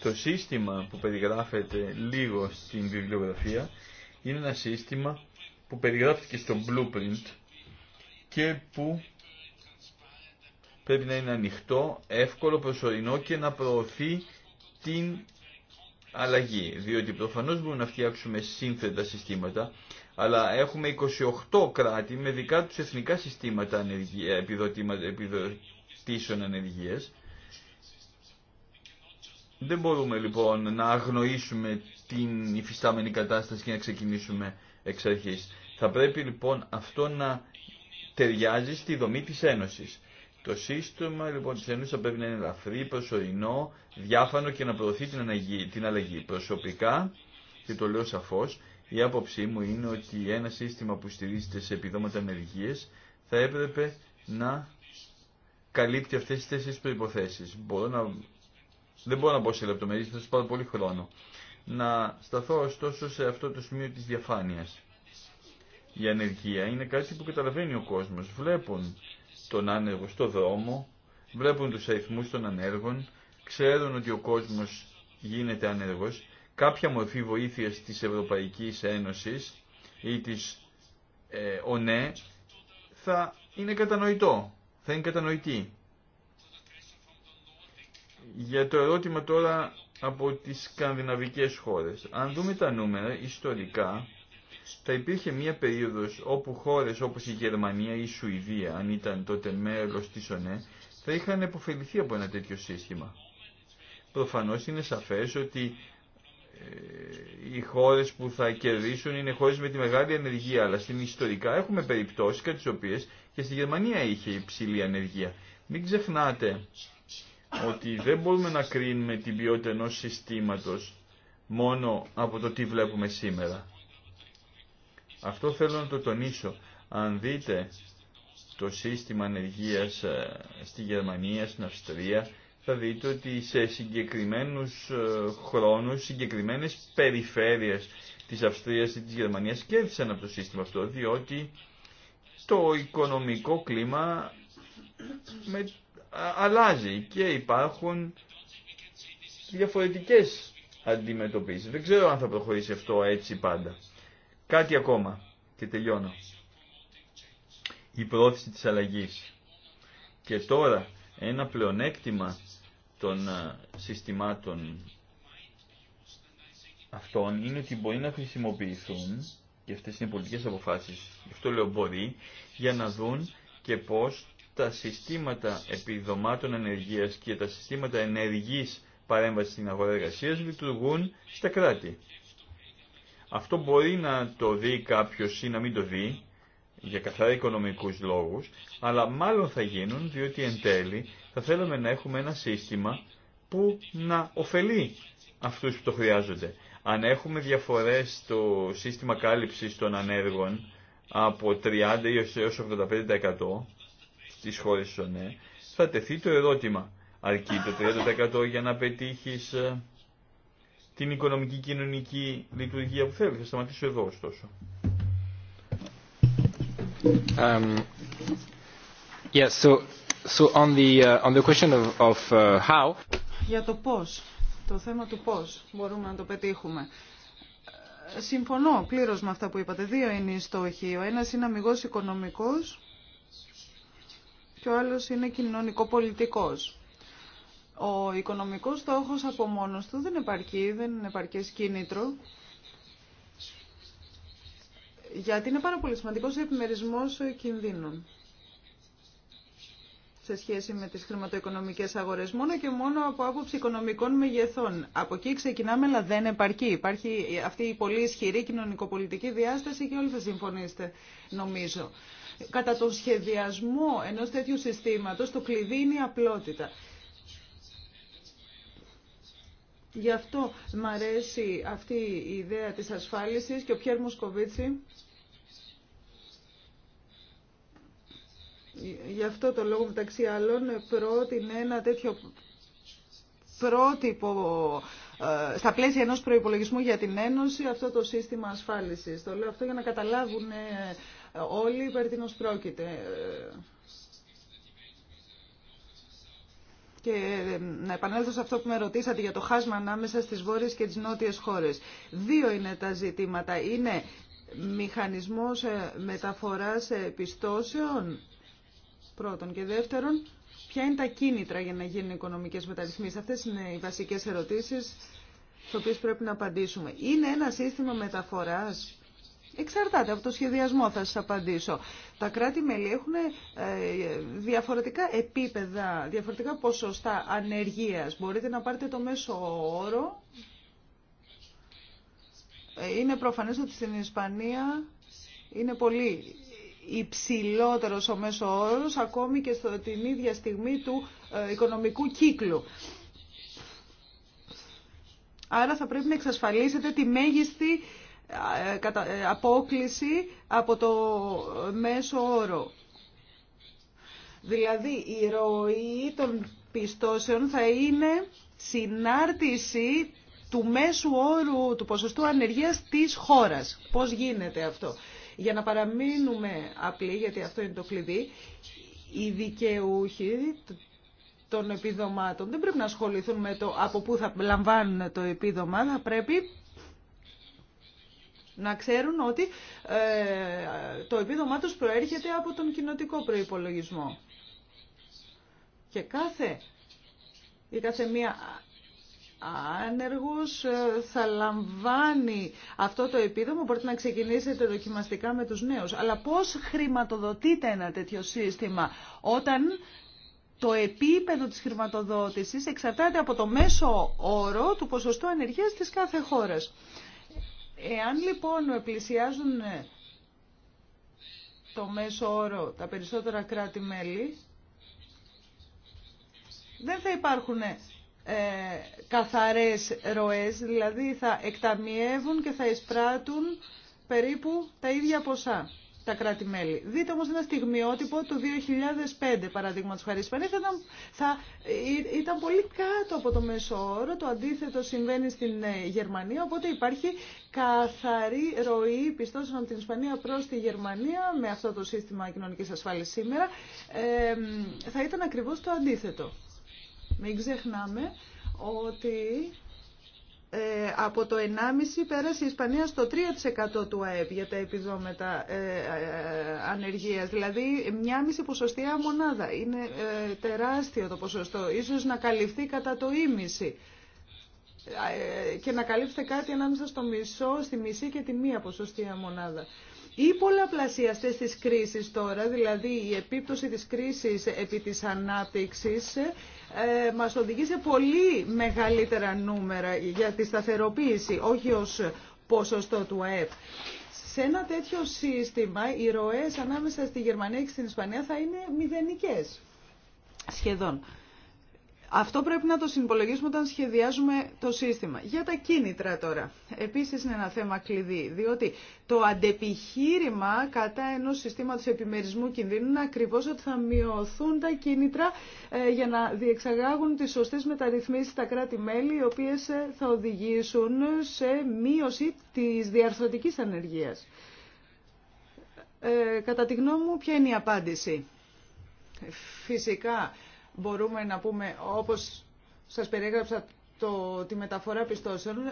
το σύστημα που περιγράφεται λίγο στην βιβλιογραφία είναι ένα σύστημα που περιγράφεται και στο blueprint και που πρέπει να είναι ανοιχτό, εύκολο, προσωρινό και να προωθεί την αλλαγή. Διότι προφανώς μπορούμε να φτιάξουμε σύνθετα συστήματα, αλλά έχουμε 28 κράτη με δικά τους εθνικά συστήματα επιδοτήσεων ανεργίας. Δεν μπορούμε λοιπόν να αγνοήσουμε την υφιστάμενη κατάσταση και να ξεκινήσουμε εξ αρχής. Θα πρέπει λοιπόν αυτό να ταιριάζει στη δομή της Ένωσης. Το σύστημα λοιπόν της Ένωσης θα πρέπει να είναι ελαφρύ, προσωρινό, διάφανο και να προωθεί την, αλλαγή, την Προσωπικά, και το λέω σαφώς, η άποψή μου είναι ότι ένα σύστημα που στηρίζεται σε επιδόματα ενεργείες θα έπρεπε να καλύπτει αυτές τις τέσσερις προϋποθέσεις. Μπορώ να... Δεν μπορώ να μπω σε λεπτομέρειες, θα σας πάρω πολύ χρόνο. Να σταθώ ωστόσο σε αυτό το σημείο της διαφάνειας η ανεργία είναι κάτι που καταλαβαίνει ο κόσμος. Βλέπουν τον άνεργο στο δρόμο, βλέπουν τους αριθμούς των ανέργων, ξέρουν ότι ο κόσμος γίνεται ανέργος. Κάποια μορφή βοήθειας της Ευρωπαϊκής Ένωσης ή της ε, ΟΝΕ θα είναι κατανοητό, θα είναι κατανοητή. Για το ερώτημα τώρα από τις σκανδιναβικές χώρες. Αν δούμε τα νούμερα, ιστορικά, θα υπήρχε μία περίοδος όπου χώρες όπως η Γερμανία ή η Σουηδία, αν ήταν τότε μέλος της ΟΝΕ, θα είχαν επωφεληθεί από ένα τέτοιο σύστημα. Προφανώς είναι σαφές ότι ε, οι χώρες που θα κερδίσουν είναι χώρες με τη μεγάλη ανεργία, αλλά στην ιστορικά έχουμε περιπτώσεις κατά τις οποίες και στη Γερμανία είχε υψηλή ανεργία. Μην ξεχνάτε ότι δεν μπορούμε να κρίνουμε την ποιότητα ενός συστήματος μόνο από το τι βλέπουμε σήμερα. Αυτό θέλω να το τονίσω. Αν δείτε το σύστημα ανεργίας ε, στη Γερμανία, στην Αυστρία, θα δείτε ότι σε συγκεκριμένους ε, χρόνους, συγκεκριμένες περιφέρειες της Αυστρίας ή της Γερμανίας κέρδισαν από το σύστημα αυτό, διότι το οικονομικό κλίμα με, αλλάζει και υπάρχουν διαφορετικές αντιμετωπίσεις. Δεν ξέρω αν θα προχωρήσει αυτό έτσι πάντα. Κάτι ακόμα και τελειώνω. Η πρόθεση της αλλαγής. Και τώρα ένα πλεονέκτημα των ε, συστημάτων αυτών είναι ότι μπορεί να χρησιμοποιηθούν και αυτές είναι πολιτικές αποφάσεις, γι' αυτό λέω μπορεί, για να δουν και πώς τα συστήματα επιδομάτων ενεργείας και τα συστήματα ενεργής παρέμβασης στην αγορά εργασίας λειτουργούν στα κράτη. Αυτό μπορεί να το δει κάποιος ή να μην το δει για καθαρά οικονομικούς λόγους, αλλά μάλλον θα γίνουν διότι εν τέλει θα θέλαμε να έχουμε ένα σύστημα που να ωφελεί αυτούς που το χρειάζονται. Αν έχουμε διαφορές στο σύστημα κάλυψης των ανέργων από 30% έως 85% στις χώρες ΩΝΕ, θα τεθεί το ερώτημα, αρκεί το 30% για να πετύχεις ε, την οικονομική κοινωνική λειτουργία που θέλει. Θα σταματήσω εδώ ωστόσο. Um, Yes, so, so on the, uh, on the question of, of uh, how... Για το πώς, το θέμα του πώς μπορούμε να το πετύχουμε. Συμφωνώ πλήρως με αυτά που είπατε. Δύο είναι οι στόχοι. Ο ένας είναι αμυγός οικονομικός και ο άλλος είναι κοινωνικό-πολιτικός. Ο οικονομικός στόχος από μόνος του δεν επαρκεί, δεν είναι επαρκές κίνητρο. Γιατί είναι πάρα πολύ σημαντικός ο επιμερισμός κινδύνων σε σχέση με τις χρηματοοικονομικές αγορές, μόνο και μόνο από άποψη οικονομικών μεγεθών. Από εκεί ξεκινάμε, αλλά δεν επαρκεί. Υπάρχει αυτή η πολύ ισχυρή κοινωνικοπολιτική διάσταση και όλοι θα συμφωνήσετε, νομίζω. Κατά τον σχεδιασμό ενός τέτοιου συστήματος, το κλειδί είναι η απλότητα. Γι' αυτό μ' αρέσει αυτή η ιδέα της ασφάλισης και ο Πιέρ Μουσκοβίτσι γι' αυτό το λόγο μεταξύ άλλων πρότεινε ένα τέτοιο πρότυπο ε, στα πλαίσια ενός προϋπολογισμού για την Ένωση αυτό το σύστημα ασφάλισης. Το λέω αυτό για να καταλάβουν όλοι περί τίνος πρόκειται. και ε, να επανέλθω σε αυτό που με ρωτήσατε για το χάσμα ανάμεσα στις βόρειες και τις νότιες χώρες. Δύο είναι τα ζητήματα. Είναι μηχανισμός ε, μεταφοράς ε, πιστώσεων πρώτον και δεύτερον. Ποια είναι τα κίνητρα για να γίνουν οικονομικές μεταρρυθμίσεις. Αυτές είναι οι βασικές ερωτήσεις στις οποίες πρέπει να απαντήσουμε. Είναι ένα σύστημα μεταφοράς Εξαρτάται από το σχεδιασμό θα σας απαντήσω. Τα κράτη-μέλη έχουν ε, διαφορετικά επίπεδα, διαφορετικά ποσοστά ανεργίας. Μπορείτε να πάρετε το μέσο όρο. Ε, είναι προφανές ότι στην Ισπανία είναι πολύ υψηλότερος ο μέσο όρος ακόμη και στο, την ίδια στιγμή του ε, οικονομικού κύκλου. Άρα θα πρέπει να εξασφαλίσετε τη μέγιστη απόκληση από το μέσο όρο. Δηλαδή η ροή των πιστώσεων θα είναι συνάρτηση του μέσου όρου του ποσοστού ανεργίας της χώρας. Πώς γίνεται αυτό. Για να παραμείνουμε απλοί, γιατί αυτό είναι το κλειδί, οι δικαιούχοι των επιδομάτων δεν πρέπει να ασχοληθούν με το από πού θα λαμβάνουν το επίδομα, θα πρέπει να ξέρουν ότι ε, το επίδομά τους προέρχεται από τον κοινοτικό προϋπολογισμό. Και κάθε ή κάθε μία άνεργος ε, θα λαμβάνει αυτό το επίδομα μπορείτε να ξεκινήσετε δοκιμαστικά με τους νέους. Αλλά πώς χρηματοδοτείται ένα τέτοιο σύστημα όταν το επίπεδο της χρηματοδότησης εξαρτάται από το μέσο όρο του ποσοστού ανεργίας της κάθε χώρας. Εάν λοιπόν πλησιάζουν ε, το μέσο όρο τα περισσότερα κράτη-μέλη, δεν θα υπάρχουν ε, καθαρές ροές, δηλαδή θα εκταμιεύουν και θα εισπράττουν περίπου τα ίδια ποσά τα κράτη-μέλη. Δείτε όμως ένα στιγμιότυπο του 2005, παραδείγματος χάρη. θα, ήταν πολύ κάτω από το μέσο όρο, το αντίθετο συμβαίνει στην ε, Γερμανία, οπότε υπάρχει καθαρή ροή πιστώσεων από την Ισπανία προς τη Γερμανία με αυτό το σύστημα κοινωνικής ασφάλισης σήμερα ε, θα ήταν ακριβώς το αντίθετο. Μην ξεχνάμε ότι ε, από το 1,5 πέρασε η Ισπανία στο 3% του ΑΕΠ για τα επιδόμετα ε, ε, ε, ανεργίας. Δηλαδή, μια μισή μονάδα. Είναι τεράστιο το ποσοστό. Ίσως να καλυφθεί κατά το ίμιση. Ε, και να καλύψετε κάτι ανάμεσα στο μισό, στη μισή και τη μία ποσοστία μονάδα. Η πολλαπλασιαστές της κρίση τώρα, δηλαδή η επίπτωση της κρίσης επί της ανάπτυξης, ε, μας οδηγεί σε πολύ μεγαλύτερα νούμερα για τη σταθεροποίηση, όχι ως ποσοστό του ΑΕΠ. Σε ένα τέτοιο σύστημα, οι ροές ανάμεσα στη Γερμανία και στην Ισπανία θα είναι μηδενικέ σχεδόν. Αυτό πρέπει να το συμπολογίσουμε όταν σχεδιάζουμε το σύστημα. Για τα κίνητρα τώρα. Επίσης είναι ένα θέμα κλειδί, διότι το αντεπιχείρημα κατά ενός συστήματος επιμερισμού κινδύνου είναι ακριβώς ότι θα μειωθούν τα κίνητρα ε, για να διεξαγάγουν τις σωστές μεταρρυθμίσεις στα κράτη-μέλη, οι οποίες ε, θα οδηγήσουν σε μείωση της διαρθρωτικής ανεργίας. Ε, κατά τη γνώμη μου, ποια είναι η απάντηση. Φυσικά, μπορούμε να πούμε, όπως σας περιέγραψα το, τη μεταφορά πιστώσεων, ε,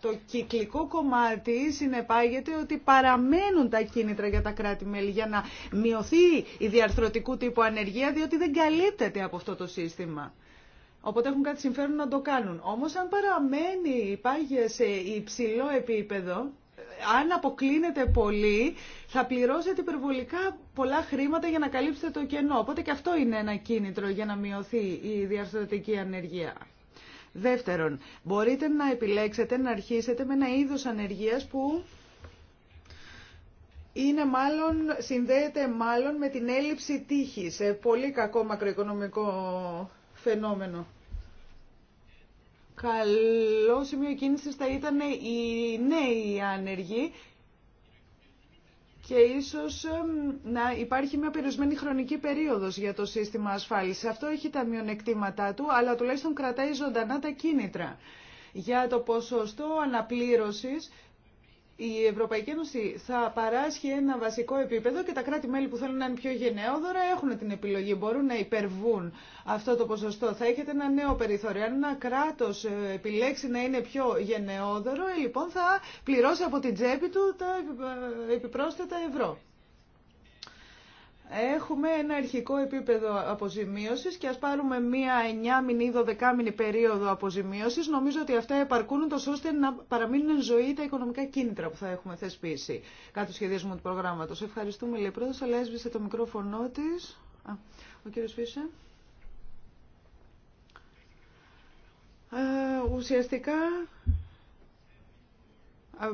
το κυκλικό κομμάτι συνεπάγεται ότι παραμένουν τα κίνητρα για τα κράτη-μέλη για να μειωθεί η διαρθρωτικού τύπου ανεργία, διότι δεν καλύπτεται από αυτό το σύστημα. Οπότε έχουν κάτι συμφέρον να το κάνουν. Όμως αν παραμένει, πάγια σε υψηλό επίπεδο, αν αποκλίνετε πολύ, θα πληρώσετε υπερβολικά πολλά χρήματα για να καλύψετε το κενό. Οπότε και αυτό είναι ένα κίνητρο για να μειωθεί η διαρθρωτική ανεργία. Δεύτερον, μπορείτε να επιλέξετε να αρχίσετε με ένα είδος ανεργίας που είναι μάλλον, συνδέεται μάλλον με την έλλειψη τύχης, ε, πολύ κακό μακροοικονομικό φαινόμενο. Καλό σημείο κίνησης θα ήταν οι νέοι άνεργοι και ίσως να υπάρχει μια περιορισμένη χρονική περίοδος για το σύστημα ασφάλισης. Αυτό έχει τα μειονεκτήματά του, αλλά τουλάχιστον κρατάει ζωντανά τα κίνητρα. Για το ποσοστό αναπλήρωσης η Ευρωπαϊκή Ένωση θα παράσχει ένα βασικό επίπεδο και τα κράτη-μέλη που θέλουν να είναι πιο γενναιόδωρα έχουν την επιλογή, μπορούν να υπερβούν αυτό το ποσοστό. Θα έχετε ένα νέο περιθώριο. Αν ένα κράτο ε, επιλέξει να είναι πιο γενναιόδωρο, ε, λοιπόν θα πληρώσει από την τσέπη του τα ε, επιπρόσθετα ευρώ. Έχουμε ένα αρχικό επίπεδο αποζημίωσης και ας πάρουμε μία 9 μηνή ή 12 περίοδο αποζημίωσης. Νομίζω ότι αυτά επαρκούν τόσο ώστε να παραμείνουν εν ζωή τα οικονομικά κίνητρα που θα έχουμε θεσπίσει κάτω το του προγράμματος. Ευχαριστούμε λέει αλλά έσβησε το μικρόφωνο της. ο κύριος Φίσε. Ε, ουσιαστικά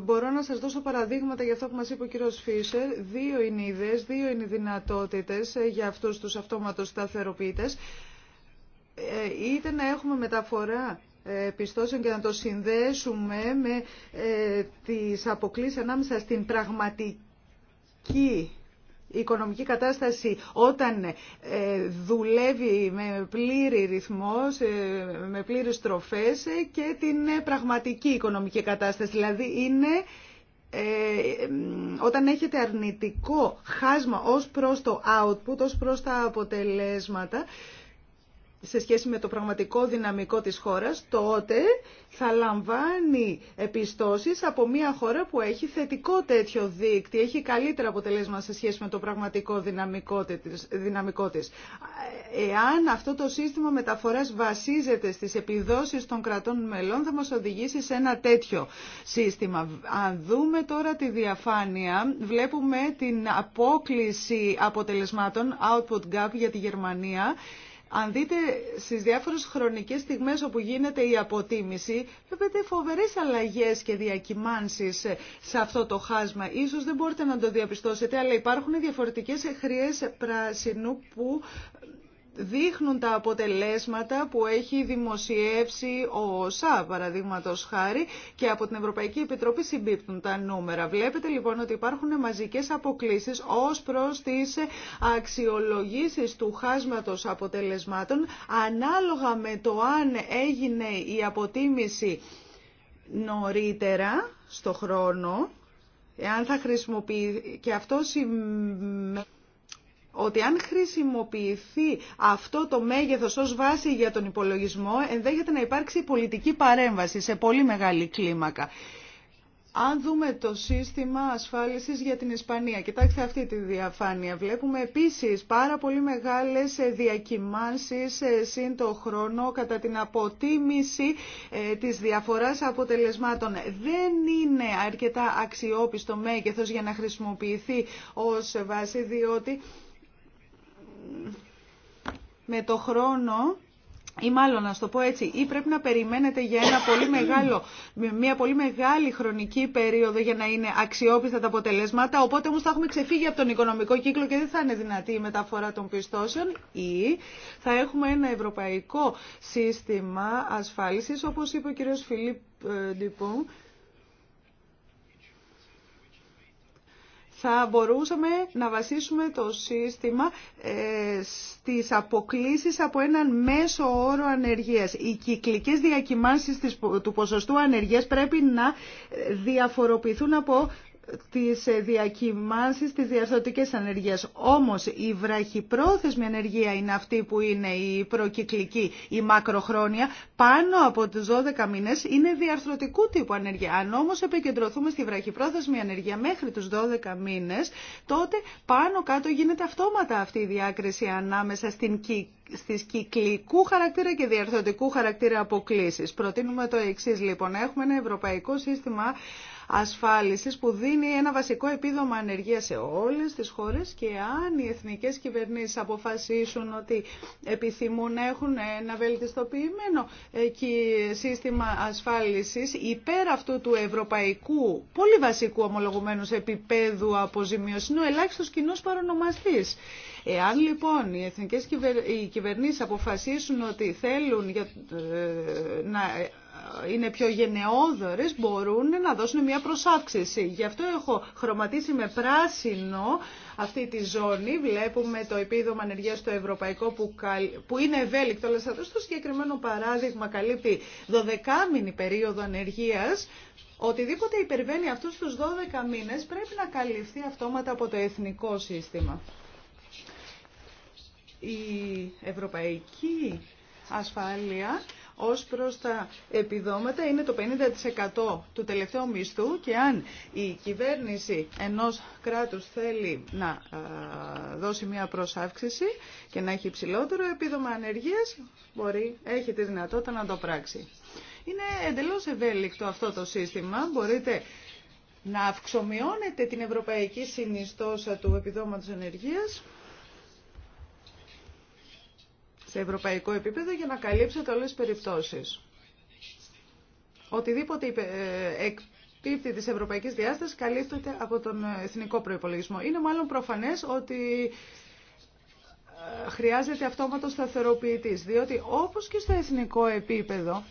Μπορώ να σας δώσω παραδείγματα για αυτό που μας είπε ο κύριος Φίσερ. Δύο είναι οι ιδέες, δύο είναι οι δυνατότητες ε, για αυτούς τους αυτόματος σταθεροποιητές. Ε, είτε να έχουμε μεταφορά ε, πιστώσεων και να το συνδέσουμε με τις αποκλήσεις ανάμεσα στην πραγματική η οικονομική κατάσταση όταν ε, δουλεύει με πλήρη ρυθμό, ε, με πλήρες τροφές ε, και την πραγματική οικονομική κατάσταση. Δηλαδή είναι όταν έχετε αρνητικό χάσμα ως προς το output, ως προς τα αποτελέσματα σε σχέση με το πραγματικό δυναμικό της χώρας, τότε θα λαμβάνει επιστώσεις από μια χώρα που έχει θετικό τέτοιο δίκτυο, έχει καλύτερα αποτελέσματα σε σχέση με το πραγματικό δυναμικό της. Εάν αυτό το σύστημα μεταφοράς βασίζεται στις επιδόσεις των κρατών μελών, θα μας οδηγήσει σε ένα τέτοιο σύστημα. Αν δούμε τώρα τη διαφάνεια, βλέπουμε την απόκληση αποτελεσμάτων, output gap για τη Γερμανία, αν δείτε στις διάφορες χρονικές στιγμές όπου γίνεται η αποτίμηση, βλέπετε φοβερές αλλαγές και διακυμάνσεις σε αυτό το χάσμα. Ίσως δεν μπορείτε να το διαπιστώσετε, αλλά υπάρχουν διαφορετικές χρειές πράσινου που δείχνουν τα αποτελέσματα που έχει δημοσιεύσει ο ΩΣΑ, παραδείγματο χάρη, και από την Ευρωπαϊκή Επιτροπή συμπίπτουν τα νούμερα. Βλέπετε λοιπόν ότι υπάρχουν μαζικέ αποκλήσει ω προ τι αξιολογήσει του χάσματο αποτελεσμάτων, ανάλογα με το αν έγινε η αποτίμηση νωρίτερα στο χρόνο, εάν θα και αυτό ότι αν χρησιμοποιηθεί αυτό το μέγεθος ως βάση για τον υπολογισμό, ενδέχεται να υπάρξει πολιτική παρέμβαση σε πολύ μεγάλη κλίμακα. Αν δούμε το σύστημα ασφάλισης για την Ισπανία, κοιτάξτε αυτή τη διαφάνεια, βλέπουμε επίσης πάρα πολύ μεγάλες διακυμάνσεις ε, σύν το χρόνο κατά την αποτίμηση ε, της διαφοράς αποτελεσμάτων. Δεν είναι αρκετά αξιόπιστο μέγεθος για να χρησιμοποιηθεί ως βάση, διότι με το χρόνο ή μάλλον να το πω έτσι, ή πρέπει να περιμένετε για ένα πολύ μεγάλο, μια πολύ μεγάλη χρονική περίοδο για να είναι αξιόπιστα τα αποτελέσματα, οπότε όμως θα έχουμε ξεφύγει από τον οικονομικό κύκλο και δεν θα είναι δυνατή η μεταφορά των πιστώσεων, ή θα έχουμε ένα ευρωπαϊκό σύστημα ασφάλισης, όπως είπε ο κ. Φιλίπ ε, Ντυπού, θα μπορούσαμε να βασίσουμε το σύστημα ε, στις αποκλήσεις από έναν μέσο όρο ανεργίας. Οι κυκλικές διακυμάνσεις του ποσοστού ανεργίας πρέπει να διαφοροποιηθούν από τις ε, διακυμάνσεις, τις διαρθρωτικές ανεργίες. Όμως η βραχυπρόθεσμη ανεργία είναι αυτή που είναι η προκυκλική, η μακροχρόνια. Πάνω από τους 12 μήνες είναι διαρθρωτικού τύπου ανεργία. Αν όμως επικεντρωθούμε στη βραχυπρόθεσμη ανεργία μέχρι τους 12 μήνες, τότε πάνω κάτω γίνεται αυτόματα αυτή η διάκριση ανάμεσα στην στις κυκλικού χαρακτήρα και διαρθρωτικού χαρακτήρα αποκλήσεις. Προτείνουμε το εξής λοιπόν. Έχουμε ένα ευρωπαϊκό σύστημα ασφάλισης που δίνει ένα βασικό επίδομα ανεργία σε όλες τις χώρες και αν οι εθνικές κυβερνήσεις αποφασίσουν ότι επιθυμούν να έχουν ένα βελτιστοποιημένο ε, σύστημα ασφάλισης υπέρ αυτού του ευρωπαϊκού, πολύ βασικού ομολογουμένου επίπεδου αποζημίωση, είναι ο ελάχιστος κοινός παρονομαστής. Εάν λοιπόν οι εθνικές κυβερ... κυβερνήσεις αποφασίσουν ότι θέλουν για... Ε, να είναι πιο γενναιόδορες μπορούν να δώσουν μια προσάυξηση. Γι' αυτό έχω χρωματίσει με πράσινο αυτή τη ζώνη. Βλέπουμε το επίδομα ανεργία στο ευρωπαϊκό που, που είναι ευέλικτο, αλλά το συγκεκριμένο παράδειγμα καλύπτει 12 μήνη περίοδο ανεργίας. Οτιδήποτε υπερβαίνει αυτούς τους 12 μήνες πρέπει να καλυφθεί αυτόματα από το εθνικό σύστημα. Η ευρωπαϊκή ασφάλεια ως προς τα επιδόματα είναι το 50% του τελευταίου μισθού και αν η κυβέρνηση ενός κράτους θέλει να ε, δώσει μια προσάυξηση και να έχει υψηλότερο επίδομα ανεργίας, μπορεί, έχει τη δυνατότητα να το πράξει. Είναι εντελώς ευέλικτο αυτό το σύστημα. Μπορείτε να αυξομειώνετε την ευρωπαϊκή συνιστόσα του επιδόματος ενεργείας σε ευρωπαϊκό επίπεδο για να καλύψετε όλες τις περιπτώσεις. Οτιδήποτε ε, εκπίπτει της ευρωπαϊκής διάστασης καλύπτεται από τον εθνικό προϋπολογισμό. Είναι μάλλον προφανές ότι ε, χρειάζεται αυτόματο σταθεροποιητή, διότι όπως και στο εθνικό επίπεδο,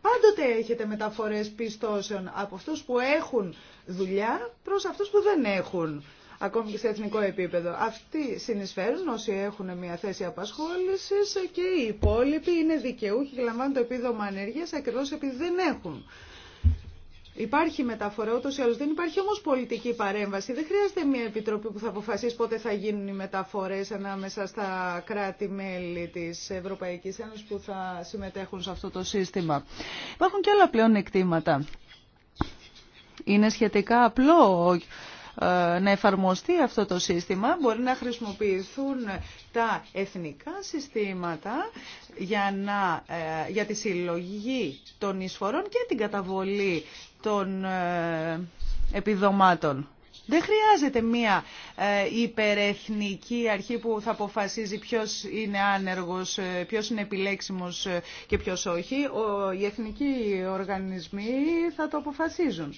πάντοτε έχετε μεταφορές πιστώσεων από αυτού που έχουν δουλειά προς αυτούς που δεν έχουν ακόμη και σε εθνικό επίπεδο. Αυτοί συνεισφέρουν όσοι έχουν μια θέση απασχόληση και οι υπόλοιποι είναι δικαιούχοι και λαμβάνουν το επίδομα ανεργία ακριβώ επειδή δεν έχουν. Υπάρχει μεταφορά ούτω ή άλλω. Δεν υπάρχει όμω πολιτική παρέμβαση. Δεν χρειάζεται μια επιτροπή που θα αποφασίσει πότε θα γίνουν οι μεταφορέ ανάμεσα στα κράτη-μέλη τη Ευρωπαϊκή Ένωση που θα συμμετέχουν σε αυτό το σύστημα. Υπάρχουν και άλλα πλέον εκτήματα. Είναι σχετικά απλό ε, να εφαρμοστεί αυτό το σύστημα. Μπορεί να χρησιμοποιηθούν τα εθνικά συστήματα για, να, ε, για τη συλλογή των εισφορών και την καταβολή των ε, επιδομάτων. Δεν χρειάζεται μία υπερεθνική αρχή που θα αποφασίζει ποιος είναι άνεργος, ποιος είναι επιλέξιμος και ποιος όχι. Οι εθνικοί οργανισμοί θα το αποφασίζουν.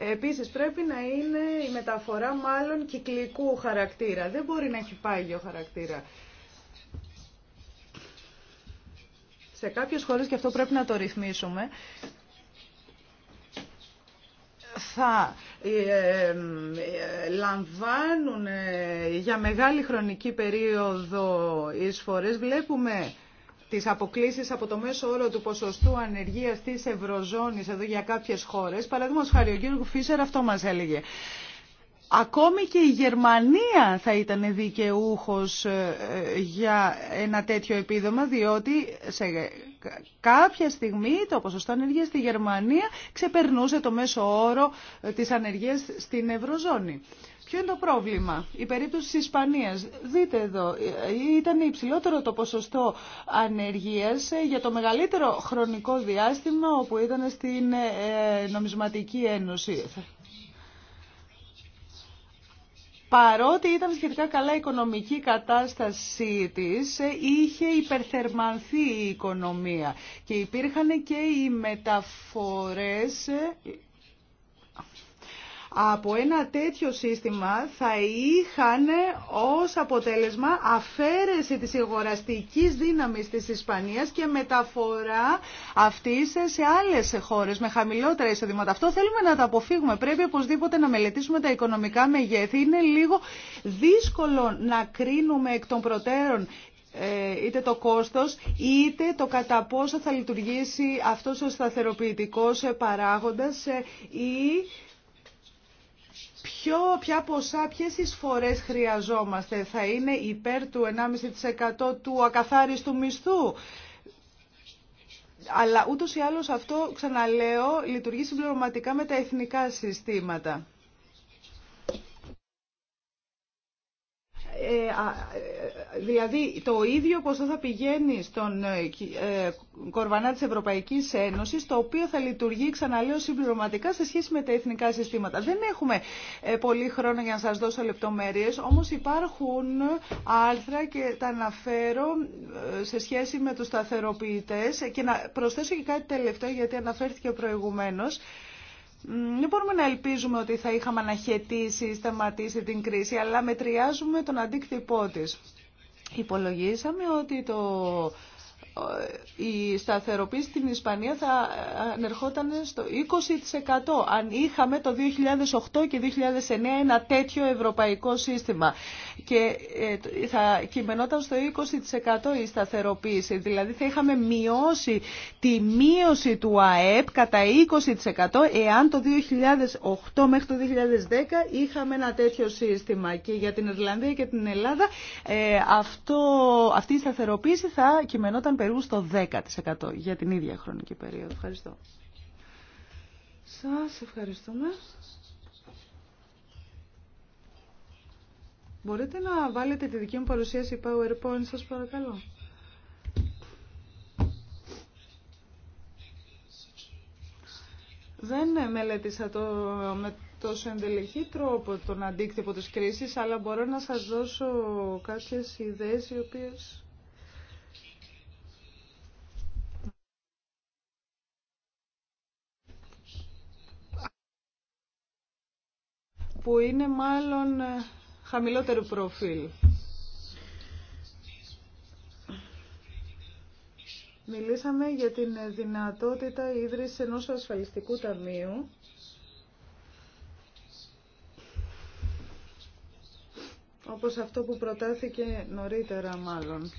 Επίσης πρέπει να είναι η μεταφορά μάλλον κυκλικού χαρακτήρα. Δεν μπορεί να έχει πάγιο χαρακτήρα. Σε κάποιες χώρες, και αυτό πρέπει να το ρυθμίσουμε, θα ε, ε, λαμβάνουν ε, για μεγάλη χρονική περίοδο εισφορές. Βλέπουμε τις αποκλήσεις από το μέσο όρο του ποσοστού ανεργίας της Ευρωζώνης εδώ για κάποιες χώρες. παράδειγμα χάρη, ο κύριο Φίσερ αυτό μας έλεγε. Ακόμη και η Γερμανία θα ήταν δικαιούχος ε, για ένα τέτοιο επίδομα, διότι σε κάποια στιγμή το ποσοστό ανεργίας στη Γερμανία ξεπερνούσε το μέσο όρο ε, της ανεργίας στην Ευρωζώνη. Ποιο είναι το πρόβλημα. Η περίπτωση της Ισπανίας. Δείτε εδώ, ήταν υψηλότερο το ποσοστό ανεργίας ε, για το μεγαλύτερο χρονικό διάστημα όπου ήταν στην ε, νομισματική ένωση. Παρότι ήταν σχετικά καλά η οικονομική κατάστασή της, ε, είχε υπερθερμανθεί η οικονομία και υπήρχαν και οι μεταφορές από ένα τέτοιο σύστημα θα είχαν ως αποτέλεσμα αφαίρεση της αγοραστικής δύναμης της Ισπανίας και μεταφορά αυτής σε άλλες χώρες με χαμηλότερα εισοδήματα. Αυτό θέλουμε να τα αποφύγουμε. Πρέπει οπωσδήποτε να μελετήσουμε τα οικονομικά μεγέθη. Είναι λίγο δύσκολο να κρίνουμε εκ των προτέρων ε, είτε το κόστος είτε το κατά πόσο θα λειτουργήσει αυτός ο σταθεροποιητικός παράγοντας ε, ή Ποιο, ποια ποσά, ποιες εισφορές χρειαζόμαστε, θα είναι υπέρ του 1,5% του ακαθάριστου μισθού. Αλλά ούτως ή άλλως αυτό, ξαναλέω, λειτουργεί συμπληρωματικά με τα εθνικά συστήματα. Ε, ε, δηλαδή το ίδιο ποσό θα πηγαίνει στον ε, κορβανά της Ευρωπαϊκής Ένωσης, το οποίο θα λειτουργεί, ξαναλέω, συμπληρωματικά σε σχέση με τα εθνικά συστήματα. Δεν έχουμε πολύ χρόνο για να σας δώσω λεπτομέρειες, όμως υπάρχουν άρθρα και τα αναφέρω σε σχέση με τους σταθεροποιητές και να προσθέσω και κάτι τελευταίο γιατί αναφέρθηκε προηγουμένως. Δεν μπορούμε να ελπίζουμε ότι θα είχαμε αναχαιτήσει ή σταματήσει την κρίση, αλλά μετριάζουμε τον αντίκτυπό της. Υπολογίσαμε ότι το η σταθεροποίηση στην Ισπανία θα ανερχόταν στο 20% αν είχαμε το 2008 και 2009 ένα τέτοιο ευρωπαϊκό σύστημα και ε, θα κειμενόταν στο 20% η σταθεροποίηση δηλαδή θα είχαμε μειώσει τη μείωση του ΑΕΠ κατά 20% εάν το 2008 μέχρι το 2010 είχαμε ένα τέτοιο σύστημα και για την Ιρλανδία και την Ελλάδα ε, αυτό, αυτή η σταθεροποίηση θα κειμενόταν περίπου περίπου στο 10% για την ίδια χρονική περίοδο. Ευχαριστώ. Σας ευχαριστούμε. Μπορείτε να βάλετε τη δική μου παρουσίαση PowerPoint, σας παρακαλώ. Δεν μελέτησα το, με τόσο εντελεχή τρόπο τον αντίκτυπο της κρίσης, αλλά μπορώ να σας δώσω κάποιες ιδέες οι οποίες που είναι μάλλον ε, χαμηλότερο προφίλ. Μιλήσαμε για την δυνατότητα ίδρυσης ενός ασφαλιστικού ταμείου. Όπως αυτό που προτάθηκε νωρίτερα μάλλον.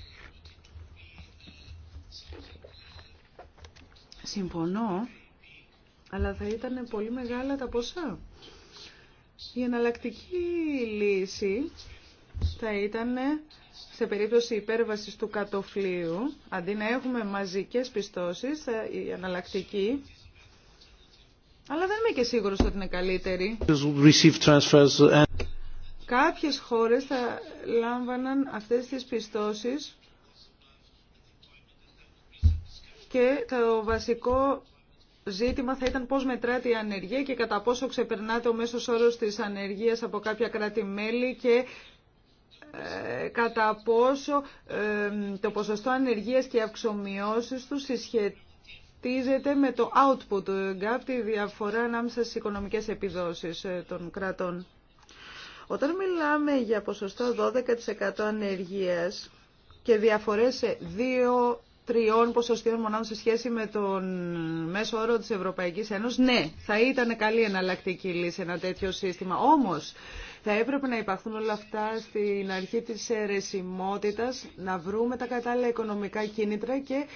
Συμφωνώ, αλλά θα ήταν πολύ μεγάλα τα ποσά. Η εναλλακτική λύση θα ήταν σε περίπτωση υπέρβασης του κατοφλίου, αντί να έχουμε μαζικές πιστώσεις, η αναλλακτική, αλλά δεν είμαι και σίγουρος ότι είναι καλύτερη. Κάποιες χώρες θα λάμβαναν αυτές τις πιστώσεις και το βασικό ζήτημα θα ήταν πώς μετράτε η ανεργία και κατά πόσο ξεπερνάτε ο μέσος όρος της ανεργίας από κάποια κράτη-μέλη και ε, κατά πόσο το ποσοστό ανεργίας και αυξομοιώσεις του συσχετίζεται με το output gap, τη διαφορά ανάμεσα στις οικονομικές επιδόσεις ε, των κρατών. Όταν μιλάμε για ποσοστό 12% ανεργίας και διαφορές σε δύο τριών ποσοστίων μονάδων σε σχέση με τον μέσο όρο της Ευρωπαϊκής Ένωσης, ναι, θα ήταν καλή εναλλακτική λύση ένα τέτοιο σύστημα. Όμως, θα έπρεπε να υπάρχουν όλα αυτά στην αρχή της αιρεσιμότητας, να βρούμε τα κατάλληλα οικονομικά κίνητρα και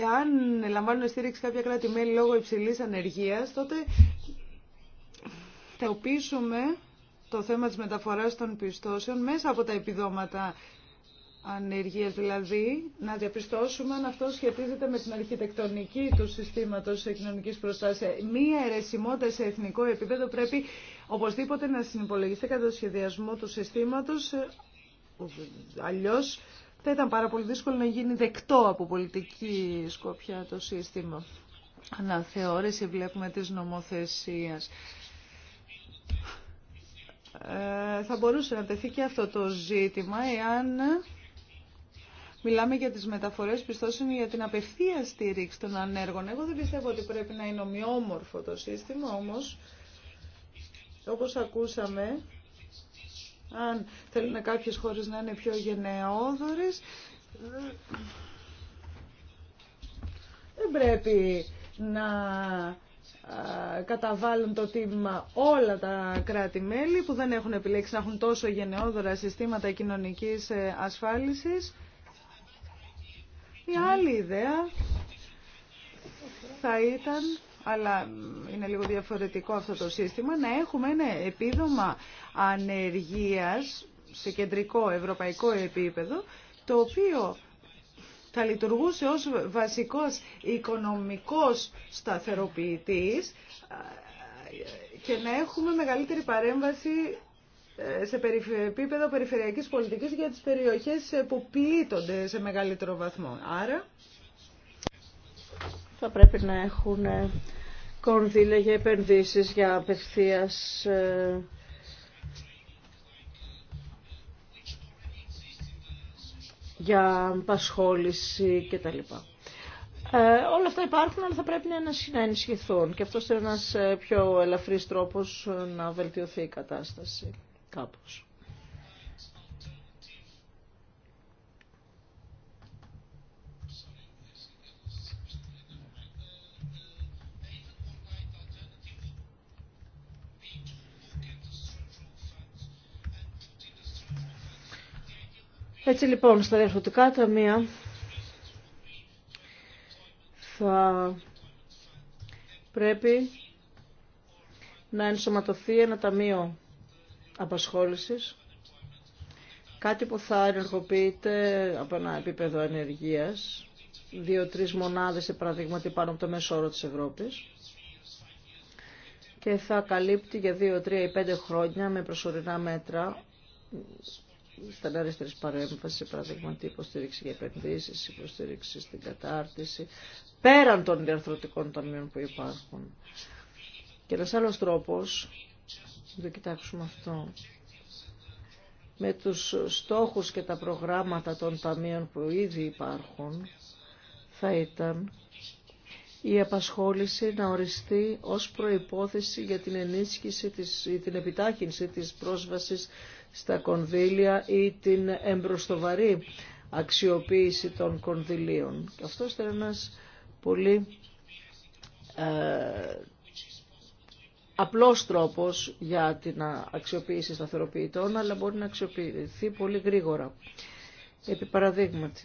εάν λαμβάνουν στήριξη κάποια κράτη-μέλη λόγω υψηλής ανεργίας, τότε θα οπίσουμε το θέμα της μεταφοράς των πιστώσεων μέσα από τα επιδόματα ανεργία, δηλαδή να διαπιστώσουμε αν αυτό σχετίζεται με την αρχιτεκτονική του συστήματος κοινωνική προστασία. Μία αιρεσιμότητα σε εθνικό επίπεδο πρέπει οπωσδήποτε να συνυπολογιστεί κατά το σχεδιασμό του συστήματος, Αλλιώ θα ήταν πάρα πολύ δύσκολο να γίνει δεκτό από πολιτική σκοπιά το σύστημα. Αναθεώρηση βλέπουμε της νομοθεσίας. Ε, θα μπορούσε να τεθεί και αυτό το ζήτημα εάν Μιλάμε για τις μεταφορές πιστώσεων για την απευθεία στήριξη των ανέργων. Εγώ δεν πιστεύω ότι πρέπει να είναι ομοιόμορφο το σύστημα, όμως, όπως ακούσαμε, αν θέλουν κάποιες χώρες να είναι πιο γενναιόδορες, δεν πρέπει να καταβάλουν το τίμημα όλα τα κράτη-μέλη που δεν έχουν επιλέξει να έχουν τόσο γενναιόδορα συστήματα κοινωνικής ε, ασφάλισης. Μια άλλη ιδέα θα ήταν, αλλά είναι λίγο διαφορετικό αυτό το σύστημα, να έχουμε ένα επίδομα ανεργίας σε κεντρικό ευρωπαϊκό επίπεδο, το οποίο θα λειτουργούσε ως βασικός οικονομικός σταθεροποιητής ε, και να έχουμε μεγαλύτερη παρέμβαση σε επίπεδο περιφερειακής πολιτικής για τις περιοχές που πλήττονται σε μεγαλύτερο βαθμό. Άρα θα πρέπει να έχουν κονδύλια για επενδύσεις, για απευθείας ε, για απασχόληση κτλ. Ε, όλα αυτά υπάρχουν, αλλά θα πρέπει να ενισχυθούν και αυτός είναι ένας ε, πιο ελαφρύς τρόπος να βελτιωθεί η κατάσταση κάπως. Έτσι λοιπόν, στα διαφορετικά ταμεία θα πρέπει να ενσωματωθεί ένα ταμείο απασχόλησης, κάτι που θα ενεργοποιείται από ένα επίπεδο ανεργίας, δύο-τρεις μονάδες, σε παραδείγματι, πάνω από το μέσο όρο της Ευρώπης, και θα καλύπτει για δύο, τρία ή πέντε χρόνια με προσωρινά μέτρα στην αριστερή παρέμβαση, παραδείγματι υποστήριξη για επενδύσει, υποστήριξη στην κατάρτιση, πέραν των διαρθρωτικών ταμείων που υπάρχουν. Και ένα άλλο τρόπο το κοιτάξουμε αυτό. Με τους στόχους και τα προγράμματα των ταμείων που ήδη υπάρχουν, θα ήταν η απασχόληση να οριστεί ως προϋπόθεση για την ενίσχυση της, ή την επιτάχυνση της πρόσβασης στα κονδύλια ή την εμπροστοβαρή αξιοποίηση των κονδυλίων. Και αυτό ήταν ένας πολύ ε, απλός τρόπος για την αξιοποίηση σταθεροποιητών, αλλά μπορεί να αξιοποιηθεί πολύ γρήγορα. Επί παραδείγματι,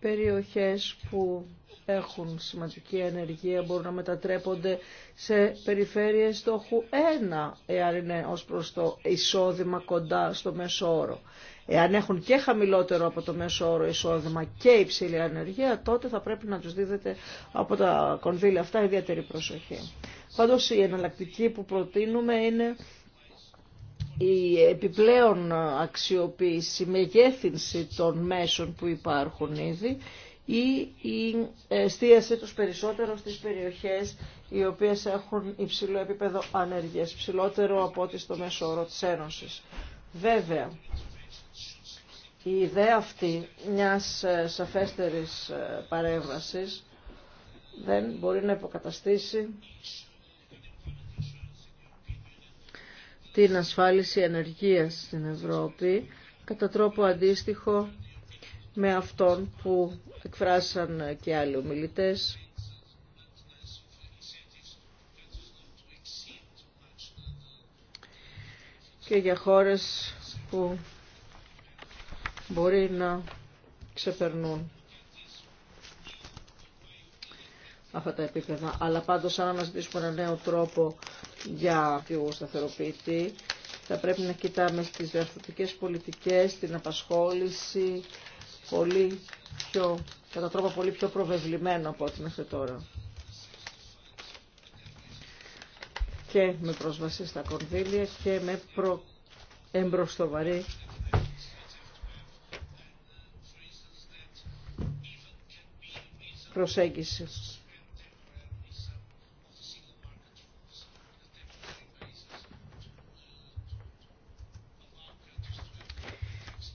περιοχές που έχουν σημαντική ενεργεία μπορούν να μετατρέπονται σε περιφέρειες στόχου 1, εάν είναι ως προς το εισόδημα κοντά στο μέσο όρο. Εάν έχουν και χαμηλότερο από το μέσο όρο εισόδημα και υψηλή ανεργία, τότε θα πρέπει να τους δίδεται από τα κονδύλια αυτά ιδιαίτερη προσοχή. Πάντως η εναλλακτική που προτείνουμε είναι η επιπλέον αξιοποίηση, η μεγέθυνση των μέσων που υπάρχουν ήδη ή η εστίαση τους περισσότερο στις περιοχές οι οποίες έχουν υψηλό επίπεδο ανεργίας, ψηλότερο από ό,τι στο μέσο όρο της Ένωσης. Βέβαια, η ιδέα αυτή μιας ε, σαφέστερης ε, παρέμβασης δεν μπορεί να υποκαταστήσει την ασφάλιση ενεργείας στην Ευρώπη κατά τρόπο αντίστοιχο με αυτόν που εκφράσαν και άλλοι ομιλητές. και για χώρες που μπορεί να ξεπερνούν αυτά τα επίπεδα. Αλλά πάντως αν αναζητήσουμε έναν νέο τρόπο για του σταθεροποιητή. Θα πρέπει να κοιτάμε στις διαρθρωτικές πολιτικές, την απασχόληση, πολύ πιο, κατά τρόπο πολύ πιο προβεβλημένο από ό,τι μέχρι τώρα. Και με πρόσβαση στα κονδύλια και με προ... εμπροστοβαρή προσέγγιση.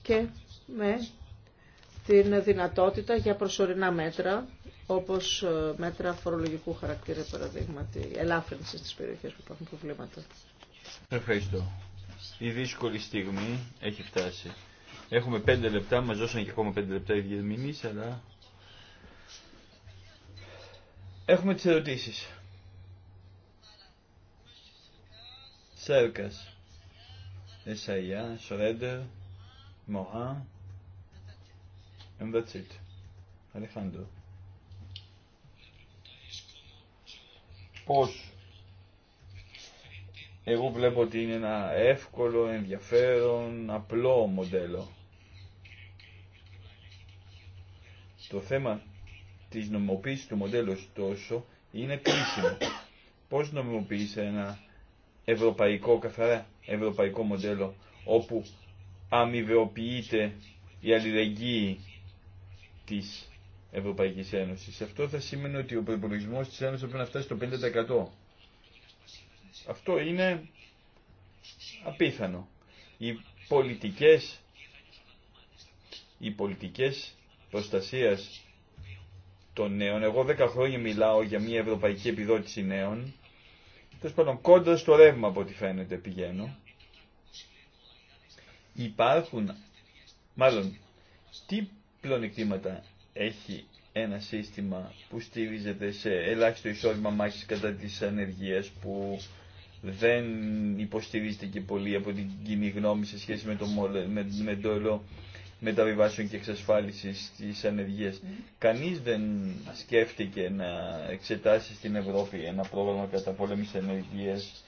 και με την δυνατότητα για προσωρινά μέτρα, όπως ε, μέτρα φορολογικού χαρακτήρα, παραδείγματι, ελάφρυνση στις περιοχές που υπάρχουν προβλήματα. Ευχαριστώ. Η δύσκολη στιγμή έχει φτάσει. Έχουμε πέντε λεπτά, μας δώσαν και ακόμα πέντε λεπτά οι διερμηνείς, αλλά έχουμε τις ερωτήσεις. Σέρκας, Εσάγια, Σορέντερ and Πώς εγώ βλέπω ότι είναι ένα εύκολο, ενδιαφέρον, απλό μοντέλο. Το θέμα της νομιμοποίησης του μοντέλου, ωστόσο, είναι κρίσιμο. Πώς νομιμοποιείς ένα ευρωπαϊκό, καθαρά ευρωπαϊκό μοντέλο, όπου αμοιβεοποιείται η αλληλεγγύη της Ευρωπαϊκής Ένωσης. Αυτό θα σημαίνει ότι ο προπολογισμό της Ένωσης πρέπει να φτάσει στο 50%. Αυτό είναι απίθανο. Οι πολιτικές, οι πολιτικές προστασίας των νέων, εγώ 10 χρόνια μιλάω για μια ευρωπαϊκή επιδότηση νέων, τέλος πάντων κόντρα στο ρεύμα από ό,τι φαίνεται πηγαίνω, Υπάρχουν, μάλλον, τι πλονεκτήματα έχει ένα σύστημα που στηρίζεται σε ελάχιστο εισόδημα μάχης κατά της ανεργίας που δεν υποστηρίζεται και πολύ από την κοινή γνώμη σε σχέση με το με, με το μεταβιβάσεων και εξασφάλισης της ανεργίας. Mm-hmm. Κανείς δεν σκέφτηκε να εξετάσει στην Ευρώπη ένα πρόγραμμα κατά πολέμης ανεργίας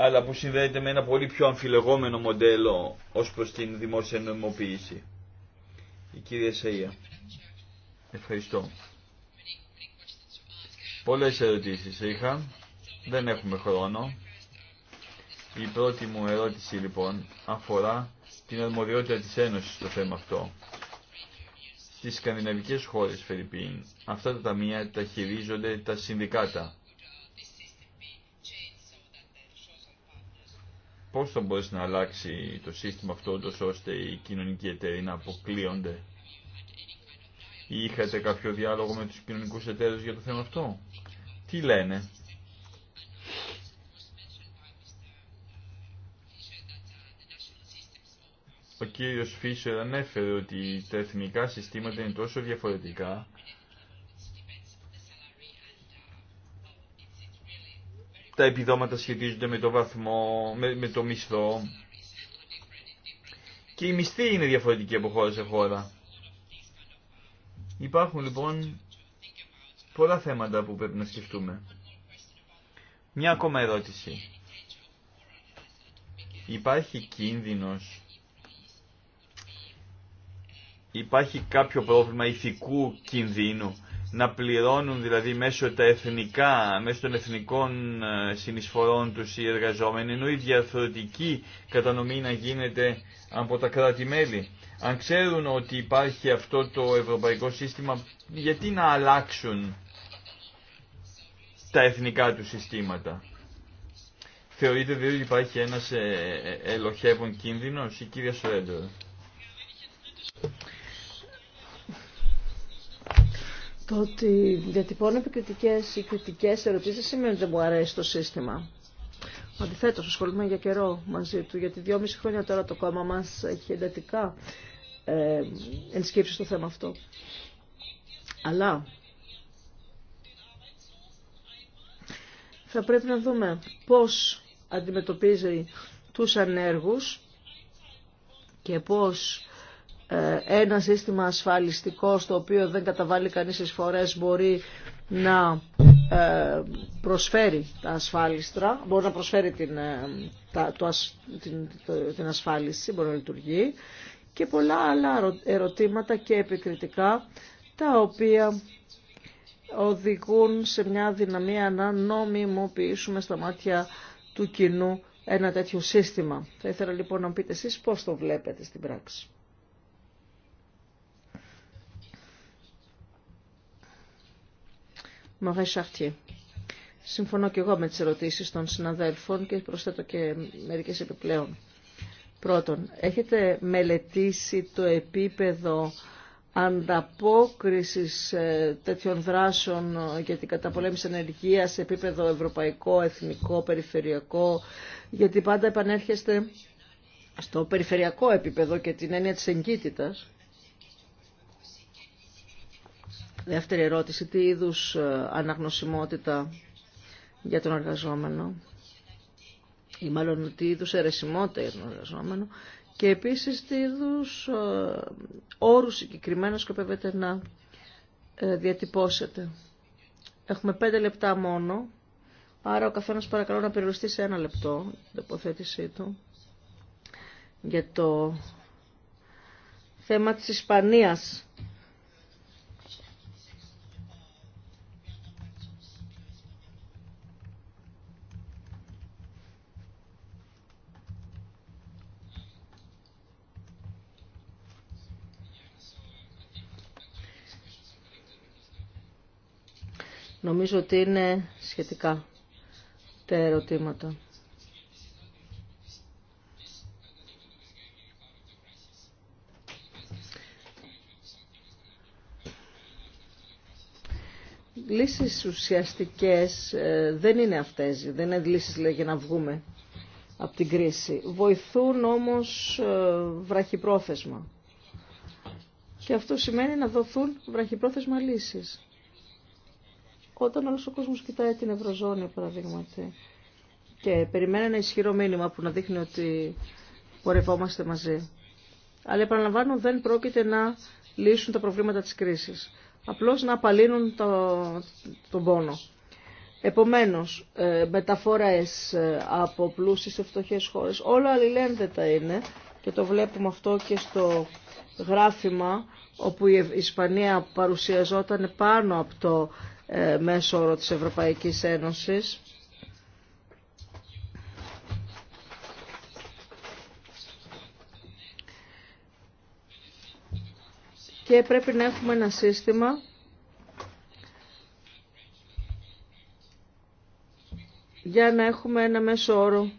αλλά που συνδέεται με ένα πολύ πιο αμφιλεγόμενο μοντέλο ως προς την δημόσια νομιμοποίηση. Η κυρία Σαΐα. Ευχαριστώ. Πολλές ερωτήσεις είχα. Δεν έχουμε χρόνο. Η πρώτη μου ερώτηση λοιπόν αφορά την αρμοδιότητα της Ένωσης στο θέμα αυτό. Στις σκανδιναβικές χώρες, Φερρυπίν, αυτά τα ταμεία τα χειρίζονται τα συνδικάτα. πώς θα μπορέσει να αλλάξει το σύστημα αυτό ώστε οι κοινωνικοί εταίροι να αποκλείονται. Είχατε κάποιο διάλογο με τους κοινωνικούς εταίρους για το θέμα αυτό. Τι λένε. Ο κύριος Φίσερ ανέφερε ότι τα εθνικά συστήματα είναι τόσο διαφορετικά τα επιδόματα σχετίζονται με το βαθμό, με, το μισθό. Και οι μισθοί είναι διαφορετικοί από χώρα σε χώρα. Υπάρχουν λοιπόν πολλά θέματα που πρέπει να σκεφτούμε. Μια ακόμα ερώτηση. Υπάρχει κίνδυνος, υπάρχει κάποιο πρόβλημα ηθικού κινδύνου να πληρώνουν δηλαδή μέσω, τα εθνικά, μέσω των εθνικών ε, συνεισφορών τους οι εργαζόμενοι, ενώ η διαφορετική κατανομή να γίνεται από τα κράτη-μέλη. Αν ξέρουν ότι υπάρχει αυτό το ευρωπαϊκό σύστημα, γιατί να αλλάξουν τα εθνικά του συστήματα. Θεωρείτε δηλαδή ότι υπάρχει ένας ε, ε, ελοχεύων κίνδυνος, η κυρία Σρέντορ. Το ότι διατυπώνω επικριτικές ή κριτικές ερωτήσεις σημαίνει ότι δεν μου αρέσει το σύστημα. Αντιθέτως, ασχολούμαι για καιρό μαζί του, γιατί δυόμιση χρόνια τώρα το κόμμα μας έχει εντατικά ε, ενσκύψει στο θέμα αυτό. Αλλά θα πρέπει να δούμε πώς αντιμετωπίζει τους ανέργους και πώς ε, ένα σύστημα ασφαλιστικό στο οποίο δεν καταβάλει κανείς φορές μπορεί να ε, προσφέρει τα ασφάλιστρα, μπορεί να προσφέρει την, ε, τα, το, την, την ασφάλιση, μπορεί να λειτουργεί και πολλά άλλα ερωτήματα και επικριτικά τα οποία οδηγούν σε μια δυναμία να νομιμοποιήσουμε στα μάτια του κοινού ένα τέτοιο σύστημα. Θα ήθελα λοιπόν να πείτε εσείς πώς το βλέπετε στην πράξη. Μαρέ Σαχτιέ, Συμφωνώ και εγώ με τις ερωτήσεις των συναδέλφων και προσθέτω και μερικές επιπλέον. Πρώτον, έχετε μελετήσει το επίπεδο ανταπόκρισης ε, τέτοιων δράσεων για την καταπολέμηση ενεργεία σε επίπεδο ευρωπαϊκό, εθνικό, περιφερειακό, γιατί πάντα επανέρχεστε στο περιφερειακό επίπεδο και την έννοια της εγκύτητας. Δεύτερη ερώτηση, τι είδους ε, αναγνωσιμότητα για τον εργαζόμενο ή μάλλον τι είδους αιρεσιμότητα για τον εργαζόμενο και επίσης τι είδους ε, όρους συγκεκριμένα σκοπεύετε να ε, διατυπώσετε. Έχουμε πέντε λεπτά μόνο, άρα ο καθένας παρακαλώ να περιοριστεί σε ένα λεπτό την τοποθέτησή του για το θέμα της Ισπανίας Νομίζω ότι είναι σχετικά τα ερωτήματα. Λύσεις ουσιαστικές ε, δεν είναι αυτές, δεν είναι λύσεις λέει, για να βγούμε από την κρίση. Βοηθούν όμως ε, βραχυπρόθεσμα. Και αυτό σημαίνει να δοθούν βραχυπρόθεσμα λύσεις όταν όλο ο κόσμο κοιτάει την Ευρωζώνη, παραδείγματι, και περιμένει ένα ισχυρό μήνυμα που να δείχνει ότι πορευόμαστε μαζί. Αλλά επαναλαμβάνω δεν πρόκειται να λύσουν τα προβλήματα της κρίσης. Απλώς να απαλύνουν το, τον πόνο. Επομένως, ε, μεταφορές ε, από πλούσιες σε φτωχέ χώρες, όλα αλληλένδετα είναι και το βλέπουμε αυτό και στο γράφημα όπου η Ισπανία παρουσιαζόταν πάνω από το ε, μέσο όρο της Ευρωπαϊκής Ένωσης. Και πρέπει να έχουμε ένα σύστημα για να έχουμε ένα μέσο όρο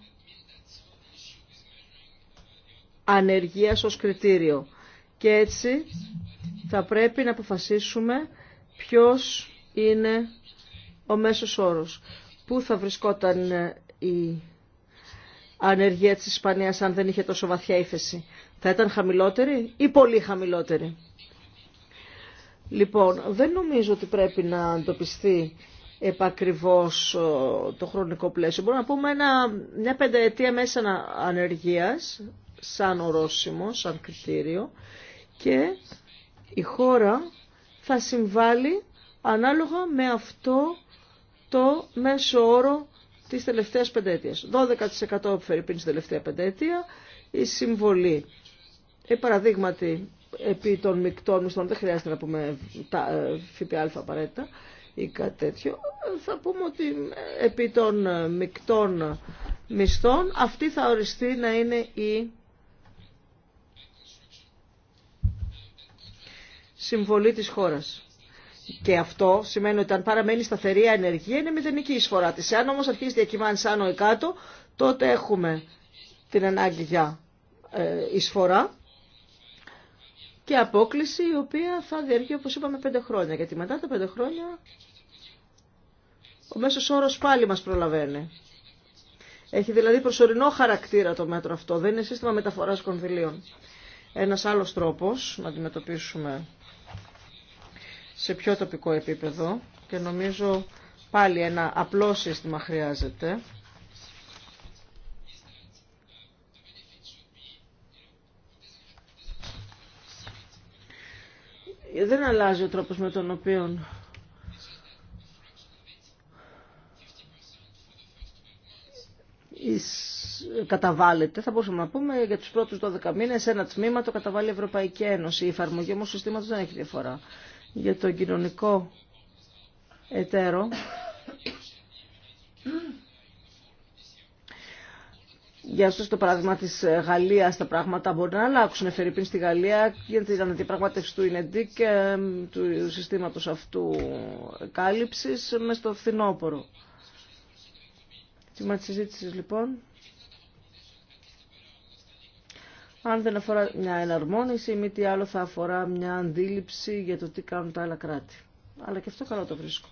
ανεργίας ως κριτήριο. Και έτσι θα πρέπει να αποφασίσουμε ποιος είναι ο μέσος όρος. Πού θα βρισκόταν ε, η ανεργία της Ισπανίας αν δεν είχε τόσο βαθιά ύφεση. Θα ήταν χαμηλότερη ή πολύ χαμηλότερη. Λοιπόν, δεν νομίζω ότι πρέπει να αντοπιστεί επακριβώς ε, το χρονικό πλαίσιο. Μπορούμε να πούμε ένα, μια πενταετία μέσα ανεργίας, σαν ορόσημο, σαν κριτήριο, και η χώρα θα συμβάλλει ανάλογα με αυτό το μέσο όρο της τελευταίας πεντέτειας. 12% πριν στην τελευταία πεντέτεια, η συμβολή. Ε, παραδείγματι, επί των μεικτών μισθών, δεν χρειάζεται να πούμε τα, ε, ΦΠΑ απαραίτητα ή κάτι τέτοιο, θα πούμε ότι ε, επί των ε, μεικτών μισθών αυτή θα οριστεί να είναι η συμβολή της χώρας. Και αυτό σημαίνει ότι αν παραμένει σταθερή ανεργία είναι μηδενική εισφορά της. Αν όμως αρχίζει διακυμάνεις άνω ή κάτω, τότε έχουμε την ανάγκη για ε, εισφορά και απόκληση η οποία θα διαρκεί όπως είπαμε πέντε χρόνια. Γιατί μετά τα πέντε χρόνια ο μέσος όρος πάλι μας προλαβαίνει. Έχει δηλαδή προσωρινό χαρακτήρα το μέτρο αυτό, δεν είναι σύστημα μεταφοράς κονδυλίων. Ένας άλλος τρόπος να αντιμετωπίσουμε σε πιο τοπικό επίπεδο και νομίζω πάλι ένα απλό σύστημα χρειάζεται. Δεν αλλάζει ο τρόπος με τον οποίο καταβάλλεται, θα μπορούσαμε να πούμε για τους πρώτους 12 μήνες ένα τμήμα το καταβάλει η Ευρωπαϊκή Ένωση. Η εφαρμογή όμως του συστήματος δεν έχει διαφορά για τον κοινωνικό εταίρο για αυτό το παράδειγμα της Γαλλίας τα πράγματα μπορεί να αλλάξουν. Εφερειπίν στη Γαλλία γιατί την αντιπραγμάτευση του ΙΝΕΝΤΙΚ και του συστήματος αυτού κάλυψης με στο φθινόπωρο. τι της συζήτησης λοιπόν. αν δεν αφορά μια εναρμόνιση ή τι άλλο θα αφορά μια αντίληψη για το τι κάνουν τα άλλα κράτη. Αλλά και αυτό καλό το βρίσκω.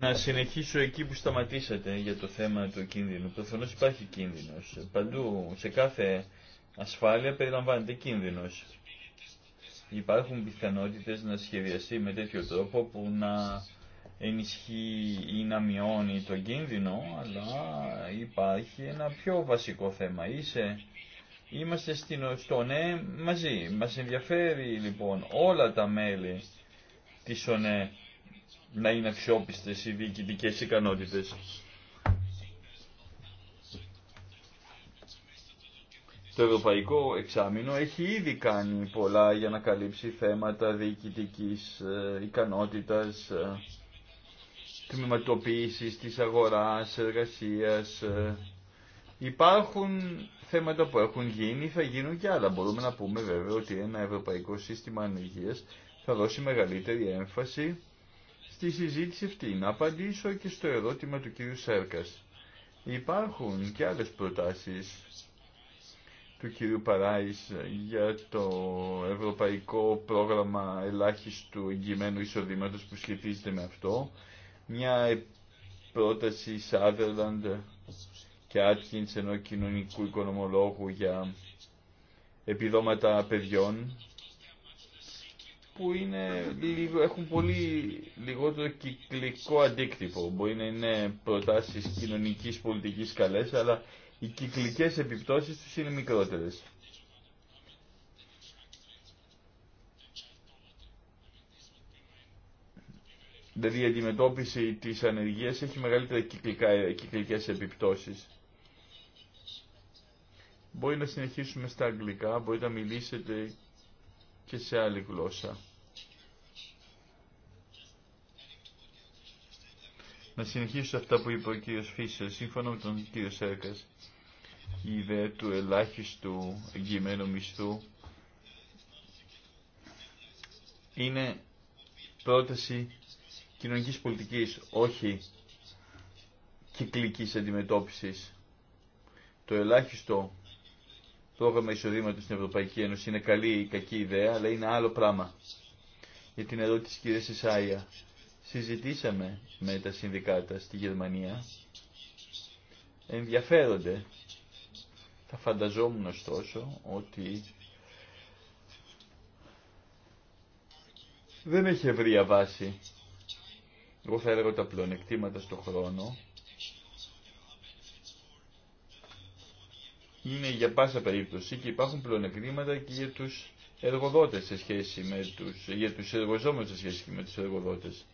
Να συνεχίσω εκεί που σταματήσατε για το θέμα του κίνδυνου. Προφανώς υπάρχει κίνδυνος. Παντού, σε κάθε ασφάλεια περιλαμβάνεται κίνδυνος. Υπάρχουν πιθανότητες να σχεδιαστεί με τέτοιο τρόπο που να ενισχύει ή να μειώνει το κίνδυνο, αλλά υπάρχει ένα πιο βασικό θέμα. Είσαι, είμαστε στην, στο ΝΕ ναι μαζί. Μας ενδιαφέρει λοιπόν όλα τα μέλη της ΟΝΕ ναι να είναι αξιόπιστες οι διοικητικές ικανότητες. Το Ευρωπαϊκό Εξάμεινο έχει ήδη κάνει πολλά για να καλύψει θέματα διοικητικής ε, ικανότητας, ε, τμηματοποίησης της αγοράς, εργασίας. Ε, υπάρχουν θέματα που έχουν γίνει, θα γίνουν και άλλα. Μπορούμε να πούμε βέβαια ότι ένα ευρωπαϊκό σύστημα ανεργίας θα δώσει μεγαλύτερη έμφαση στη συζήτηση αυτή. Να απαντήσω και στο ερώτημα του κύριου Σέρκας. Υπάρχουν και άλλες προτάσεις του κυρίου Παράης για το ευρωπαϊκό πρόγραμμα ελάχιστου εγγυημένου εισοδήματος που σχετίζεται με αυτό μια πρόταση Σάδερλαντ και Άτκινς ενώ κοινωνικού οικονομολόγου για επιδόματα παιδιών που είναι, έχουν πολύ λιγότερο κυκλικό αντίκτυπο. Μπορεί να είναι προτάσεις κοινωνικής πολιτικής καλές, αλλά οι κυκλικές επιπτώσεις τους είναι μικρότερες. Δηλαδή η αντιμετώπιση της ανεργίας έχει μεγαλύτερα κυκλικά, κυκλικές επιπτώσεις. Μπορεί να συνεχίσουμε στα αγγλικά, μπορεί να μιλήσετε και σε άλλη γλώσσα. Να συνεχίσω αυτά που είπε ο κύριος Φίσερ, σύμφωνα με τον κύριο Σέρκας. Η ιδέα του ελάχιστου εγγυημένου μισθού είναι πρόταση κοινωνικής πολιτικής, όχι κυκλικής αντιμετώπισης. Το ελάχιστο πρόγραμμα εισοδήματος στην Ευρωπαϊκή Ένωση είναι καλή ή κακή ιδέα, αλλά είναι άλλο πράγμα. Για την ερώτηση της κυρίας Ισάια, συζητήσαμε με τα συνδικάτα στη Γερμανία, ενδιαφέρονται. Θα φανταζόμουν ωστόσο ότι δεν έχει ευρεία βάση εγώ θα έλεγα ότι τα πλεονεκτήματα στον χρόνο είναι για πάσα περίπτωση και υπάρχουν πλεονεκτήματα και για τους εργοδότες σε σχέση με τους, για τους εργοζόμενους σε σχέση με τους εργοδότες.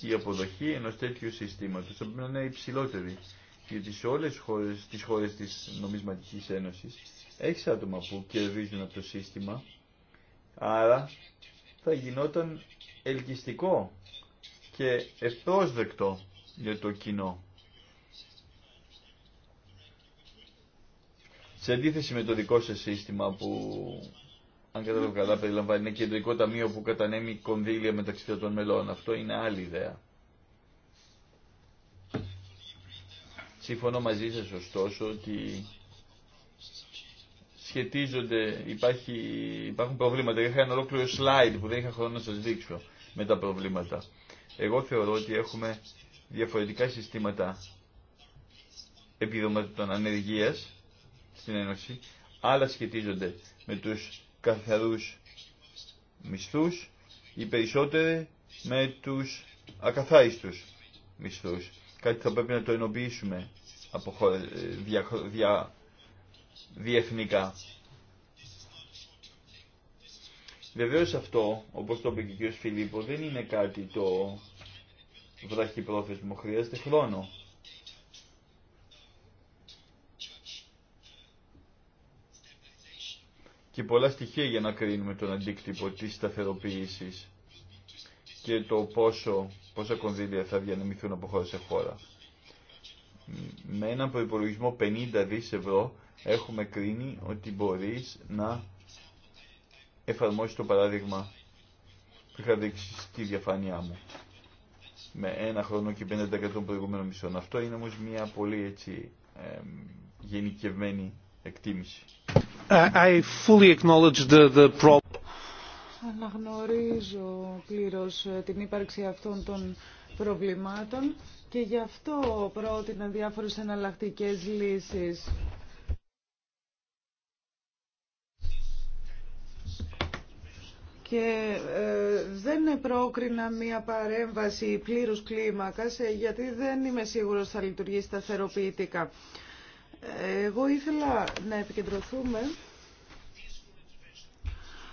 Η αποδοχή ενός τέτοιου συστήματος θα πρέπει να είναι υψηλότερη, γιατί σε όλες τις χώρες, τις χώρες της Νομισματικής Ένωσης έχει άτομα που κερδίζουν από το σύστημα, άρα θα γινόταν ελκυστικό και ευπρόσδεκτο για το κοινό. Σε αντίθεση με το δικό σας σύστημα που, αν καταλαβαίνω καλά, περιλαμβάνει ένα κεντρικό ταμείο που κατανέμει κονδύλια μεταξύ των μελών. Αυτό είναι άλλη ιδέα. Συμφωνώ μαζί σας ωστόσο ότι σχετίζονται, υπάρχει, υπάρχουν προβλήματα. Είχα ένα ολόκληρο slide που δεν είχα χρόνο να σας δείξω με τα προβλήματα. Εγώ θεωρώ ότι έχουμε διαφορετικά συστήματα επιδοματών ανεργίας στην Ένωση. Άλλα σχετίζονται με τους καθαρούς μισθούς, ή περισσότεροι με τους ακαθάριστους μισθούς. Κάτι θα πρέπει να το ενοποιήσουμε από διεθνικά. Βεβαίω αυτό, όπω το είπε και ο κ. Φιλίππο, δεν είναι κάτι το βραχυπρόθεσμο, χρειάζεται χρόνο. και πολλά στοιχεία για να κρίνουμε τον αντίκτυπο της σταθεροποίηση και το πόσο, πόσα κονδύλια θα διανεμηθούν από χώρα σε χώρα. Με έναν προπολογισμό 50 δις ευρώ έχουμε κρίνει ότι μπορείς να εφαρμόσεις το παράδειγμα που είχα δείξει στη διαφάνειά μου με ένα χρόνο και 50% των προηγούμενων μισών. Αυτό είναι όμως μια πολύ έτσι γενικευμένη εκτίμηση. I fully acknowledge the, the problem. Αναγνωρίζω πλήρως ε, την ύπαρξη αυτών των προβλημάτων και γι' αυτό πρότεινα διάφορες εναλλακτικές λύσεις. και ε, δεν πρόκρινα μία παρέμβαση πλήρους κλίμακας ε, γιατί δεν είμαι σίγουρος θα λειτουργήσει σταθεροποιητικά. Εγώ ήθελα να επικεντρωθούμε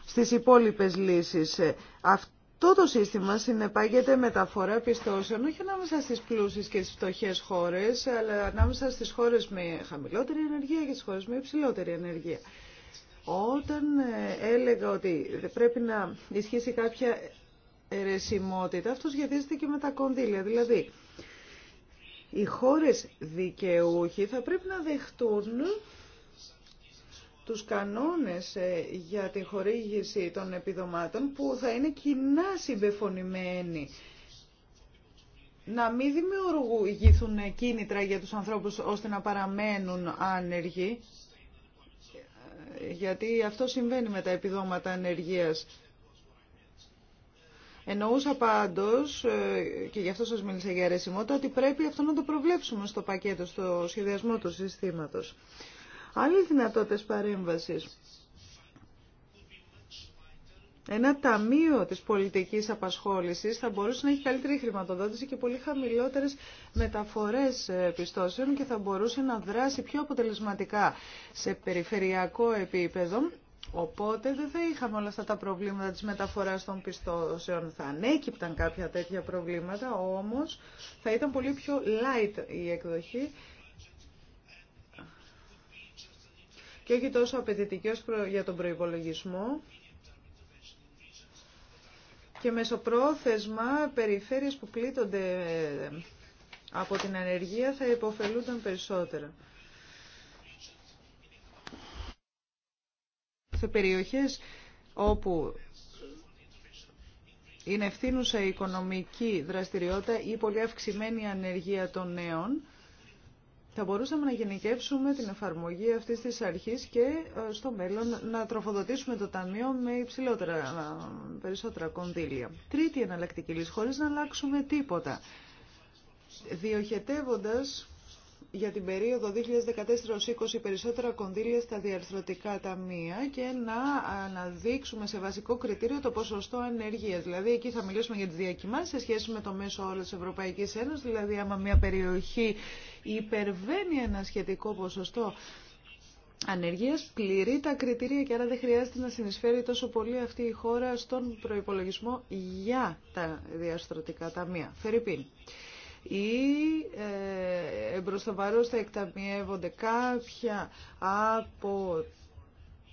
στις υπόλοιπες λύσεις. Αυτό το σύστημα συνεπάγεται μεταφορά πιστώσεων όχι ανάμεσα στις πλούσιες και στις φτωχές χώρες, αλλά ανάμεσα στις χώρες με χαμηλότερη ενεργεία και στις χώρες με υψηλότερη ενεργεία. Όταν ε, έλεγα ότι πρέπει να ισχύσει κάποια ερεσιμότητα, αυτό σχετίζεται και με τα κονδύλια. Δηλαδή, οι χώρες δικαιούχοι θα πρέπει να δεχτούν τους κανόνες ε, για τη χορήγηση των επιδομάτων που θα είναι κοινά συμπεφωνημένοι. Να μην δημιουργηθούν κίνητρα για τους ανθρώπους ώστε να παραμένουν άνεργοι γιατί αυτό συμβαίνει με τα επιδόματα ενεργείας. Εννοούσα πάντως, ε, και γι' αυτό σας μίλησα για αρεσιμότητα, ότι πρέπει αυτό να το προβλέψουμε στο πακέτο, στο σχεδιασμό του συστήματος. Άλλες δυνατότητες παρέμβασης. Ένα ταμείο της πολιτικής απασχόλησης θα μπορούσε να έχει καλύτερη χρηματοδότηση και πολύ χαμηλότερες μεταφορές ε, πιστώσεων και θα μπορούσε να δράσει πιο αποτελεσματικά σε περιφερειακό επίπεδο Οπότε δεν θα είχαμε όλα αυτά τα προβλήματα της μεταφοράς των πιστώσεων. Θα ανέκυπταν κάποια τέτοια προβλήματα, όμως θα ήταν πολύ πιο light η εκδοχή και όχι τόσο απαιτητική για τον προϋπολογισμό και μεσοπρόθεσμα περιφέρειες που πλήττονται από την ανεργία θα υποφελούνταν περισσότερα. Σε περιοχές όπου είναι ευθύνουσα η οικονομική δραστηριότητα ή πολύ αυξημένη ανεργία των νέων, θα μπορούσαμε να γενικεύσουμε την εφαρμογή αυτής της αρχής και ε, στο μέλλον να τροφοδοτήσουμε το Ταμείο με υψηλότερα, ε, περισσότερα κονδύλια. Τρίτη εναλλακτική λύση, χωρίς να αλλάξουμε τίποτα. Διοχετεύοντας για την περίοδο 2014-2020 περισσότερα κονδύλια στα διαρθρωτικά ταμεία και να αναδείξουμε σε βασικό κριτήριο το ποσοστό ανεργίας. Δηλαδή εκεί θα μιλήσουμε για τις διακοιμάνσεις σε σχέση με το μέσο όλο της Ευρωπαϊκής Ένωσης, δηλαδή άμα μια περιοχή υπερβαίνει ένα σχετικό ποσοστό ανεργίας πληρεί τα κριτήρια και άρα δεν χρειάζεται να συνεισφέρει τόσο πολύ αυτή η χώρα στον προϋπολογισμό για τα διαρθρωτικά ταμεία. Φερρυπίν ή ε, θα εκταμιεύονται κάποια από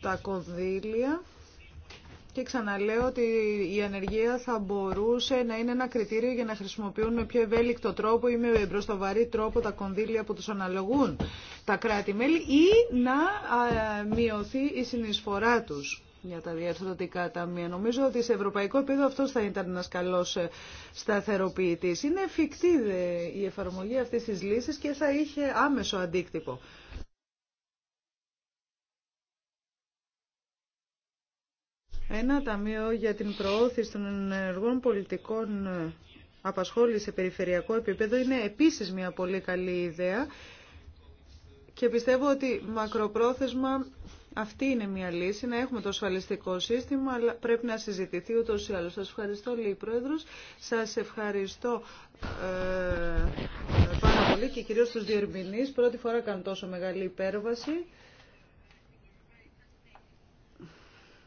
τα κονδύλια και ξαναλέω ότι η ανεργία θα μπορούσε να είναι ένα κριτήριο για να χρησιμοποιούν με πιο ευέλικτο τρόπο ή με μπροστοβαρή τρόπο τα κονδύλια που τους αναλογούν τα κράτη-μέλη ή να ε, μειωθεί η συνεισφορά τους για τα διαρθρωτικά ταμεία. Νομίζω ότι σε ευρωπαϊκό επίπεδο αυτό θα ήταν ένα καλό ε, σταθεροποιητή. Είναι εφικτή η εφαρμογή αυτή τη λύση και θα είχε άμεσο αντίκτυπο. Ένα ταμείο για την προώθηση των ενεργών πολιτικών ε, απασχόληση σε περιφερειακό επίπεδο είναι επίσης μια πολύ καλή ιδέα και πιστεύω ότι μακροπρόθεσμα αυτή είναι μια λύση, να έχουμε το ασφαλιστικό σύστημα, αλλά πρέπει να συζητηθεί ούτως ή άλλως. Σας ευχαριστώ, Λύη Πρόεδρος. Σας ευχαριστώ ε, πάρα πολύ και κυρίως τους διερμηνεί. Πρώτη φορά κάνω τόσο μεγάλη υπέρβαση.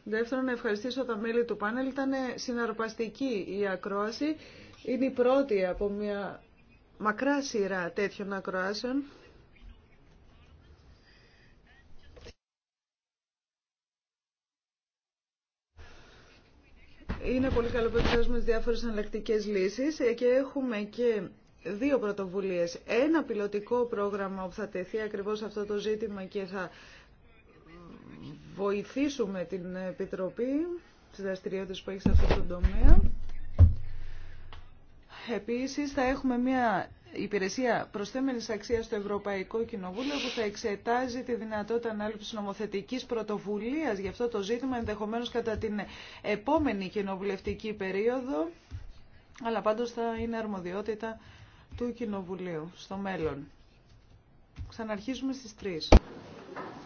Δεύτερον, να ευχαριστήσω τα μέλη του πάνελ. Ήταν συναρπαστική η αλλω σας ευχαριστω λυη προεδρος σας ευχαριστω ε παρα πολυ και κυριως του διερμηνεις πρωτη Είναι η πρώτη από μια μακρά σειρά τέτοιων ακροάσεων. Είναι πολύ καλό που εξετάζουμε διάφορες εναλλακτικέ λύσεις ε, και έχουμε και δύο πρωτοβουλίες. Ένα πιλωτικό πρόγραμμα που θα τεθεί ακριβώς αυτό το ζήτημα και θα βοηθήσουμε την Επιτροπή της δραστηριότητε που έχει σε αυτό το τομέα. Επίσης θα έχουμε μια υπηρεσία προσθέμενη αξία στο Ευρωπαϊκό Κοινοβούλιο που θα εξετάζει τη δυνατότητα ανάληψη νομοθετική πρωτοβουλία για αυτό το ζήτημα ενδεχομένως κατά την επόμενη κοινοβουλευτική περίοδο αλλά πάντως θα είναι αρμοδιότητα του Κοινοβουλίου στο μέλλον. Ξαναρχίζουμε στις 3.